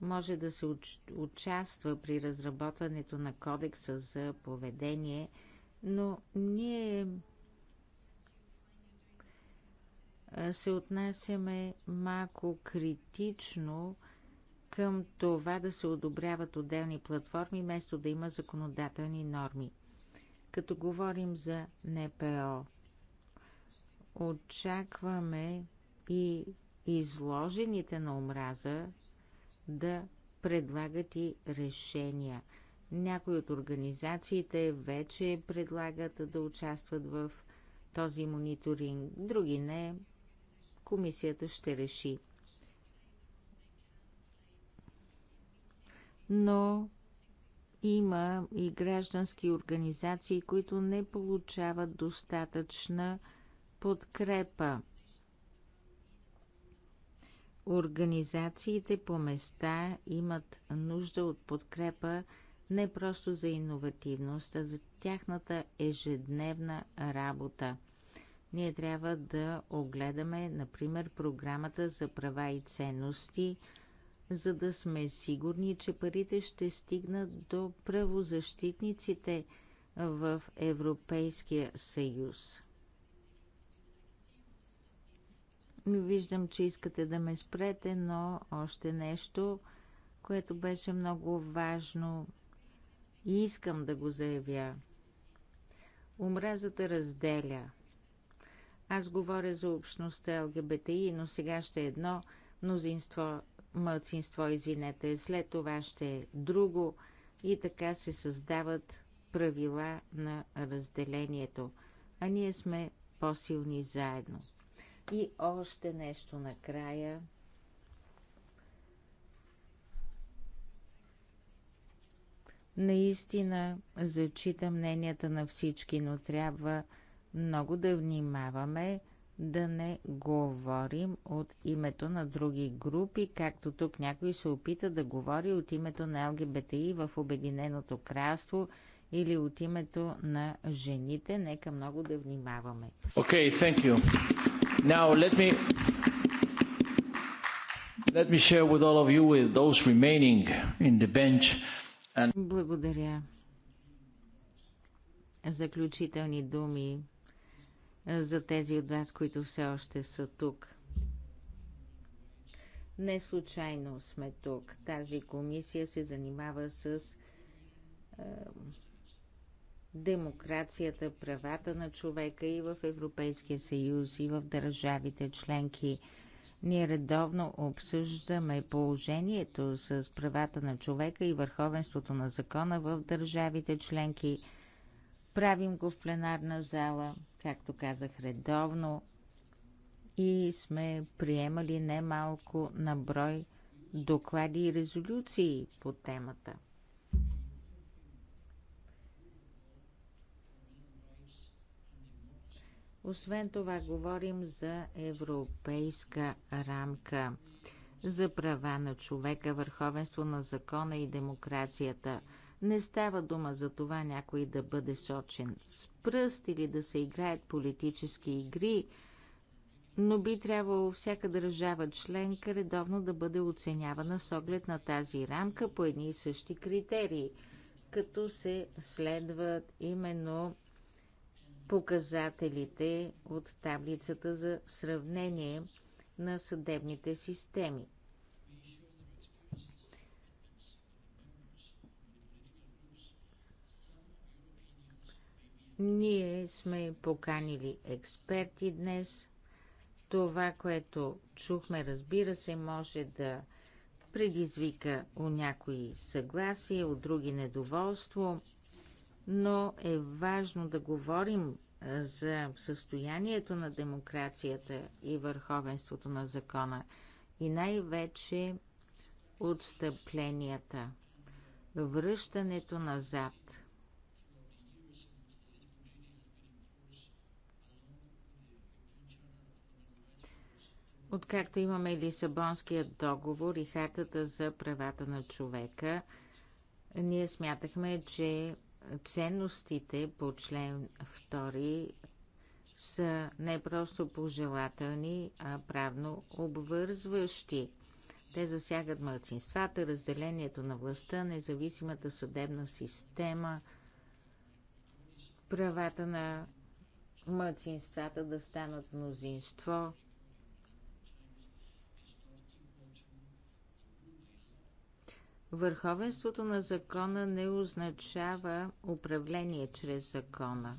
може да се участва при разработването на кодекса за поведение, но ние се отнасяме малко критично към това да се одобряват отделни платформи, вместо да има законодателни норми. Като говорим за НПО, очакваме и изложените на омраза да предлагат и решения. Някои от организациите вече предлагат да участват в този мониторинг, други не. Комисията ще реши. Но има и граждански организации, които не получават достатъчна подкрепа. Организациите по места имат нужда от подкрепа не просто за иновативност, а за тяхната ежедневна работа. Ние трябва да огледаме, например, програмата за права и ценности, за да сме сигурни, че парите ще стигнат до правозащитниците в Европейския съюз. Виждам, че искате да ме спрете, но още нещо, което беше много важно и искам да го заявя. Омразата разделя. Аз говоря за общността ЛГБТИ, но сега ще е едно мнозинство, мълцинство, извинете, след това ще е друго и така се създават правила на разделението, а ние сме по-силни заедно. И още нещо накрая. Наистина зачита мненията на всички, но трябва много да внимаваме да не говорим от името на други групи, както тук някой се опита да говори от името на ЛГБТИ в Обединеното кралство или от името на жените. Нека много да внимаваме. Okay, thank you. Now, let me let me share with all of you, with those remaining in the bench, and. Благодаря. Заключителни думи е, за тези от вас, които все още са тук. Не случайно сме тук. Тази комисия се занимава с е, демокрацията, правата на човека и в Европейския съюз, и в държавите членки. Ние редовно обсъждаме положението с правата на човека и върховенството на закона в държавите членки. Правим го в пленарна зала, както казах, редовно и сме приемали немалко на брой доклади и резолюции по темата. Освен това, говорим за европейска рамка за права на човека, върховенство на закона и демокрацията. Не става дума за това някой да бъде сочен с пръст или да се играят политически игри, но би трябвало всяка държава членка редовно да бъде оценявана с оглед на тази рамка по едни и същи критерии, като се следват именно показателите от таблицата за сравнение на съдебните системи. Ние сме поканили експерти днес. Това, което чухме, разбира се, може да предизвика у някои съгласие, у други недоволство – но е важно да говорим за състоянието на демокрацията и върховенството на закона и най-вече отстъпленията, връщането назад. Откакто имаме Лисабонския договор и хартата за правата на човека, ние смятахме, че ценностите по член 2 са не просто пожелателни, а правно обвързващи. Те засягат младсинствата, разделението на властта, независимата съдебна система, правата на младсинствата да станат мнозинство – Върховенството на закона не означава управление чрез закона.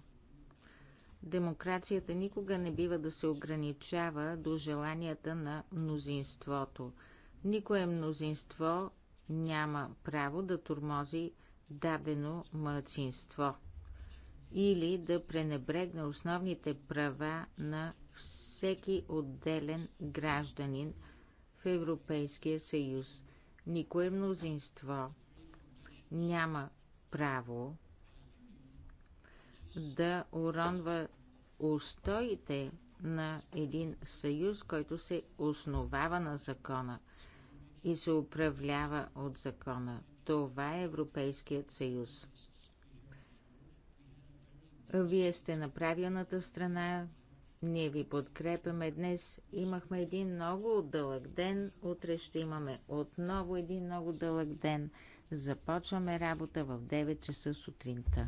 Демокрацията никога не бива да се ограничава до желанията на мнозинството. Никое мнозинство няма право да турмози дадено мълцинство или да пренебрегне основните права на всеки отделен гражданин в Европейския съюз никое мнозинство няма право да уронва устоите на един съюз, който се основава на закона и се управлява от закона. Това е Европейският съюз. Вие сте на правилната страна ние ви подкрепяме днес. Имахме един много дълъг ден. Утре ще имаме отново един много дълъг ден. Започваме работа в 9 часа сутринта.